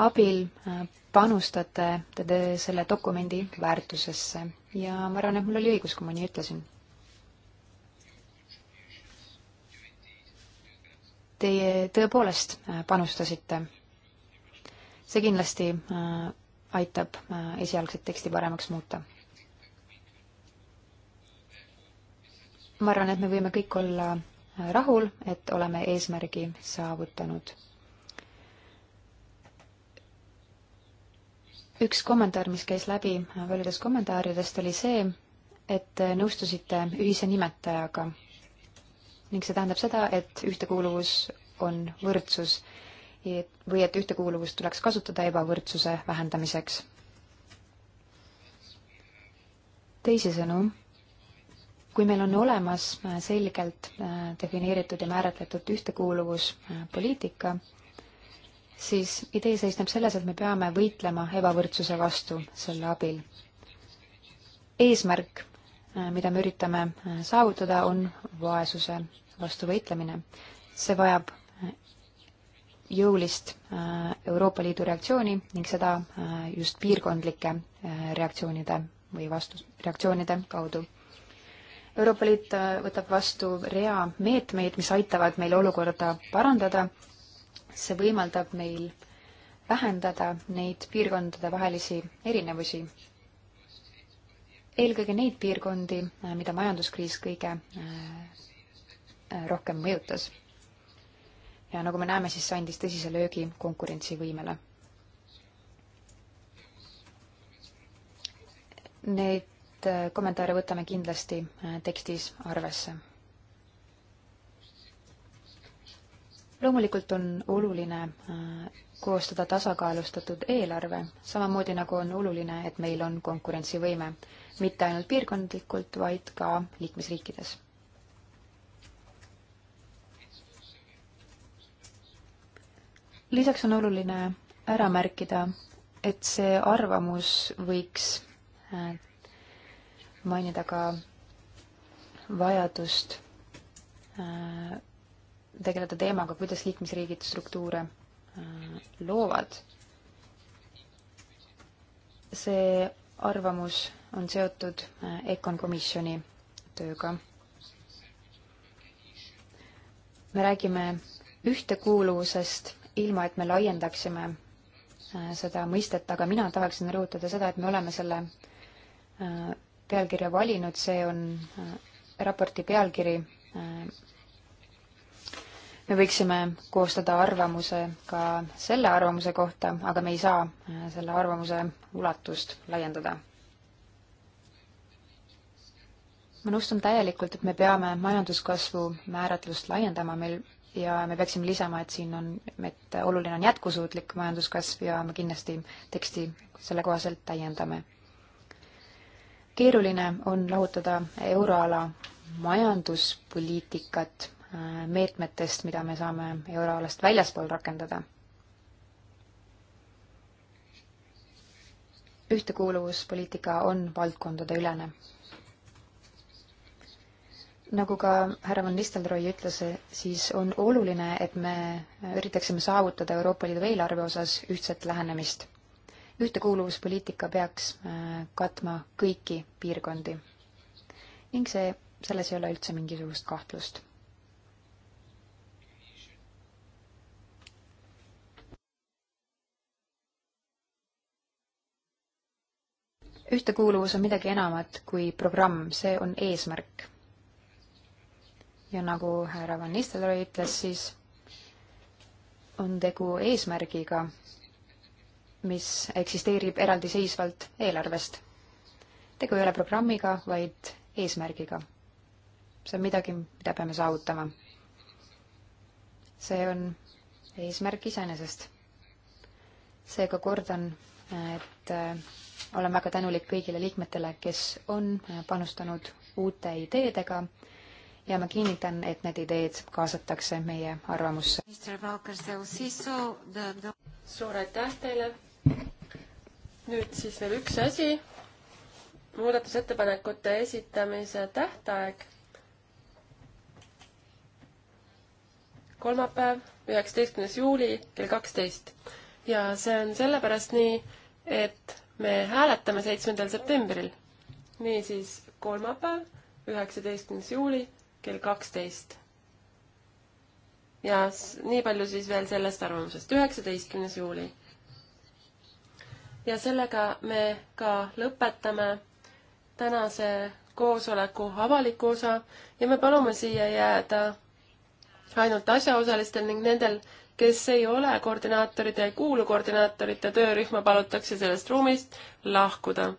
abil äh, panustate te, te selle dokumendi väärtusesse ja ma arvan, et mul oli õigus, kui ma nii ütlesin teie tõepoolest äh, panustasite. see kindlasti äh, aitab esialgset teksti paremaks muuta. ma arvan, et me võime kõik olla rahul, et oleme eesmärgi saavutanud. üks kommentaar, mis käis läbi paljudest kommentaaridest, oli see, et nõustusite ühise nimetajaga. ning see tähendab seda, et ühtekuuluvus on võrdsus või et ühtekuuluvust tuleks kasutada ebavõrdsuse vähendamiseks. teisisõnu kui meil on olemas äh, selgelt äh, defineeritud ja määratletud ühtekuuluvuspoliitika, siis idee seisneb selles, et me peame võitlema ebavõrdsuse vastu selle abil. eesmärk, äh, mida me üritame saavutada, on vaesuse vastu võitlemine. see vajab jõulist Euroopa Liidu reaktsiooni ning seda just piirkondlike reaktsioonide või vastu, reaktsioonide kaudu Euroopa Liit äh, võtab vastu rea meetmeid, mis aitavad meil olukorda parandada. see võimaldab meil vähendada neid piirkondade vahelisi erinevusi. eelkõige neid piirkondi, äh, mida majanduskriis kõige äh, rohkem mõjutas. ja nagu me näeme, siis see andis tõsise löögi konkurentsivõimele. Need et äh, kommentaare võtame kindlasti äh, tekstis arvesse. loomulikult on oluline äh, koostada tasakaalustatud eelarve, samamoodi nagu on oluline, et meil on konkurentsivõime, mitte ainult piirkondlikult, vaid ka liikmesriikides. lisaks on oluline ära märkida, et see arvamus võiks mainida ka vajadust äh, tegeleda teemaga, kuidas liikmesriigid struktuure äh, loovad. see arvamus on seotud äh, EKON komisjoni tööga. me räägime ühtekuuluvusest, ilma et me laiendaksime seda mõistet, aga mina tahaksin rõhutada seda, et me oleme selle pealkirja valinud, see on äh, raporti pealkiri. Äh, me võiksime koostada arvamuse ka selle arvamuse kohta, aga me ei saa äh, selle arvamuse ulatust laiendada. ma nõustun täielikult, et me peame majanduskasvu määratlust laiendama, meil ja me peaksime lisama, et siin on, et oluline on jätkusuutlik majanduskasv ja me kindlasti teksti selle kohaselt täiendame keeruline on lahutada euroala majanduspoliitikat äh, meetmetest, mida me saame euroalast väljaspool rakendada. ühtekuuluvuspoliitika on valdkondadeülene. nagu ka härra Van Nistelrooy ütles, siis on oluline, et me üritaksime saavutada Euroopa Liidu eelarve osas ühtset lähenemist ühtekuuluvuspoliitika peaks äh, katma kõiki piirkondi. ning see, selles ei ole üldse mingisugust kahtlust. ühtekuuluvus on midagi enamat kui programm, see on eesmärk. ja nagu härra Van Nistelrooy ütles, siis on tegu eesmärgiga, mis eksisteerib eraldiseisvalt eelarvest. tegu ei ole programmiga, vaid eesmärgiga. see on midagi, mida peame saavutama. see on eesmärk iseenesest. seega kordan, et äh, olen väga tänulik kõigile liikmetele, kes on äh, panustanud uute ideedega ja ma kinnitan, et need ideed kaasatakse meie arvamusse. suur aitäh teile, nüüd siis veel üks asi. muudatusettepanekute esitamise tähtaeg. kolmapäev, üheksateistkümnes juuli kell kaksteist ja see on sellepärast nii, et me hääletame seitsmendal septembril. niisiis kolmapäev, üheksateistkümnes juuli kell kaksteist ja nii palju siis veel sellest arvamusest. üheksateistkümnes juuli ja sellega me ka lõpetame tänase koosoleku avaliku osa ja me palume siia jääda ainult asjaosalistel ning nendel, kes ei ole koordinaatorid ja ei kuulu koordinaatorite töörühma, palutakse sellest ruumist lahkuda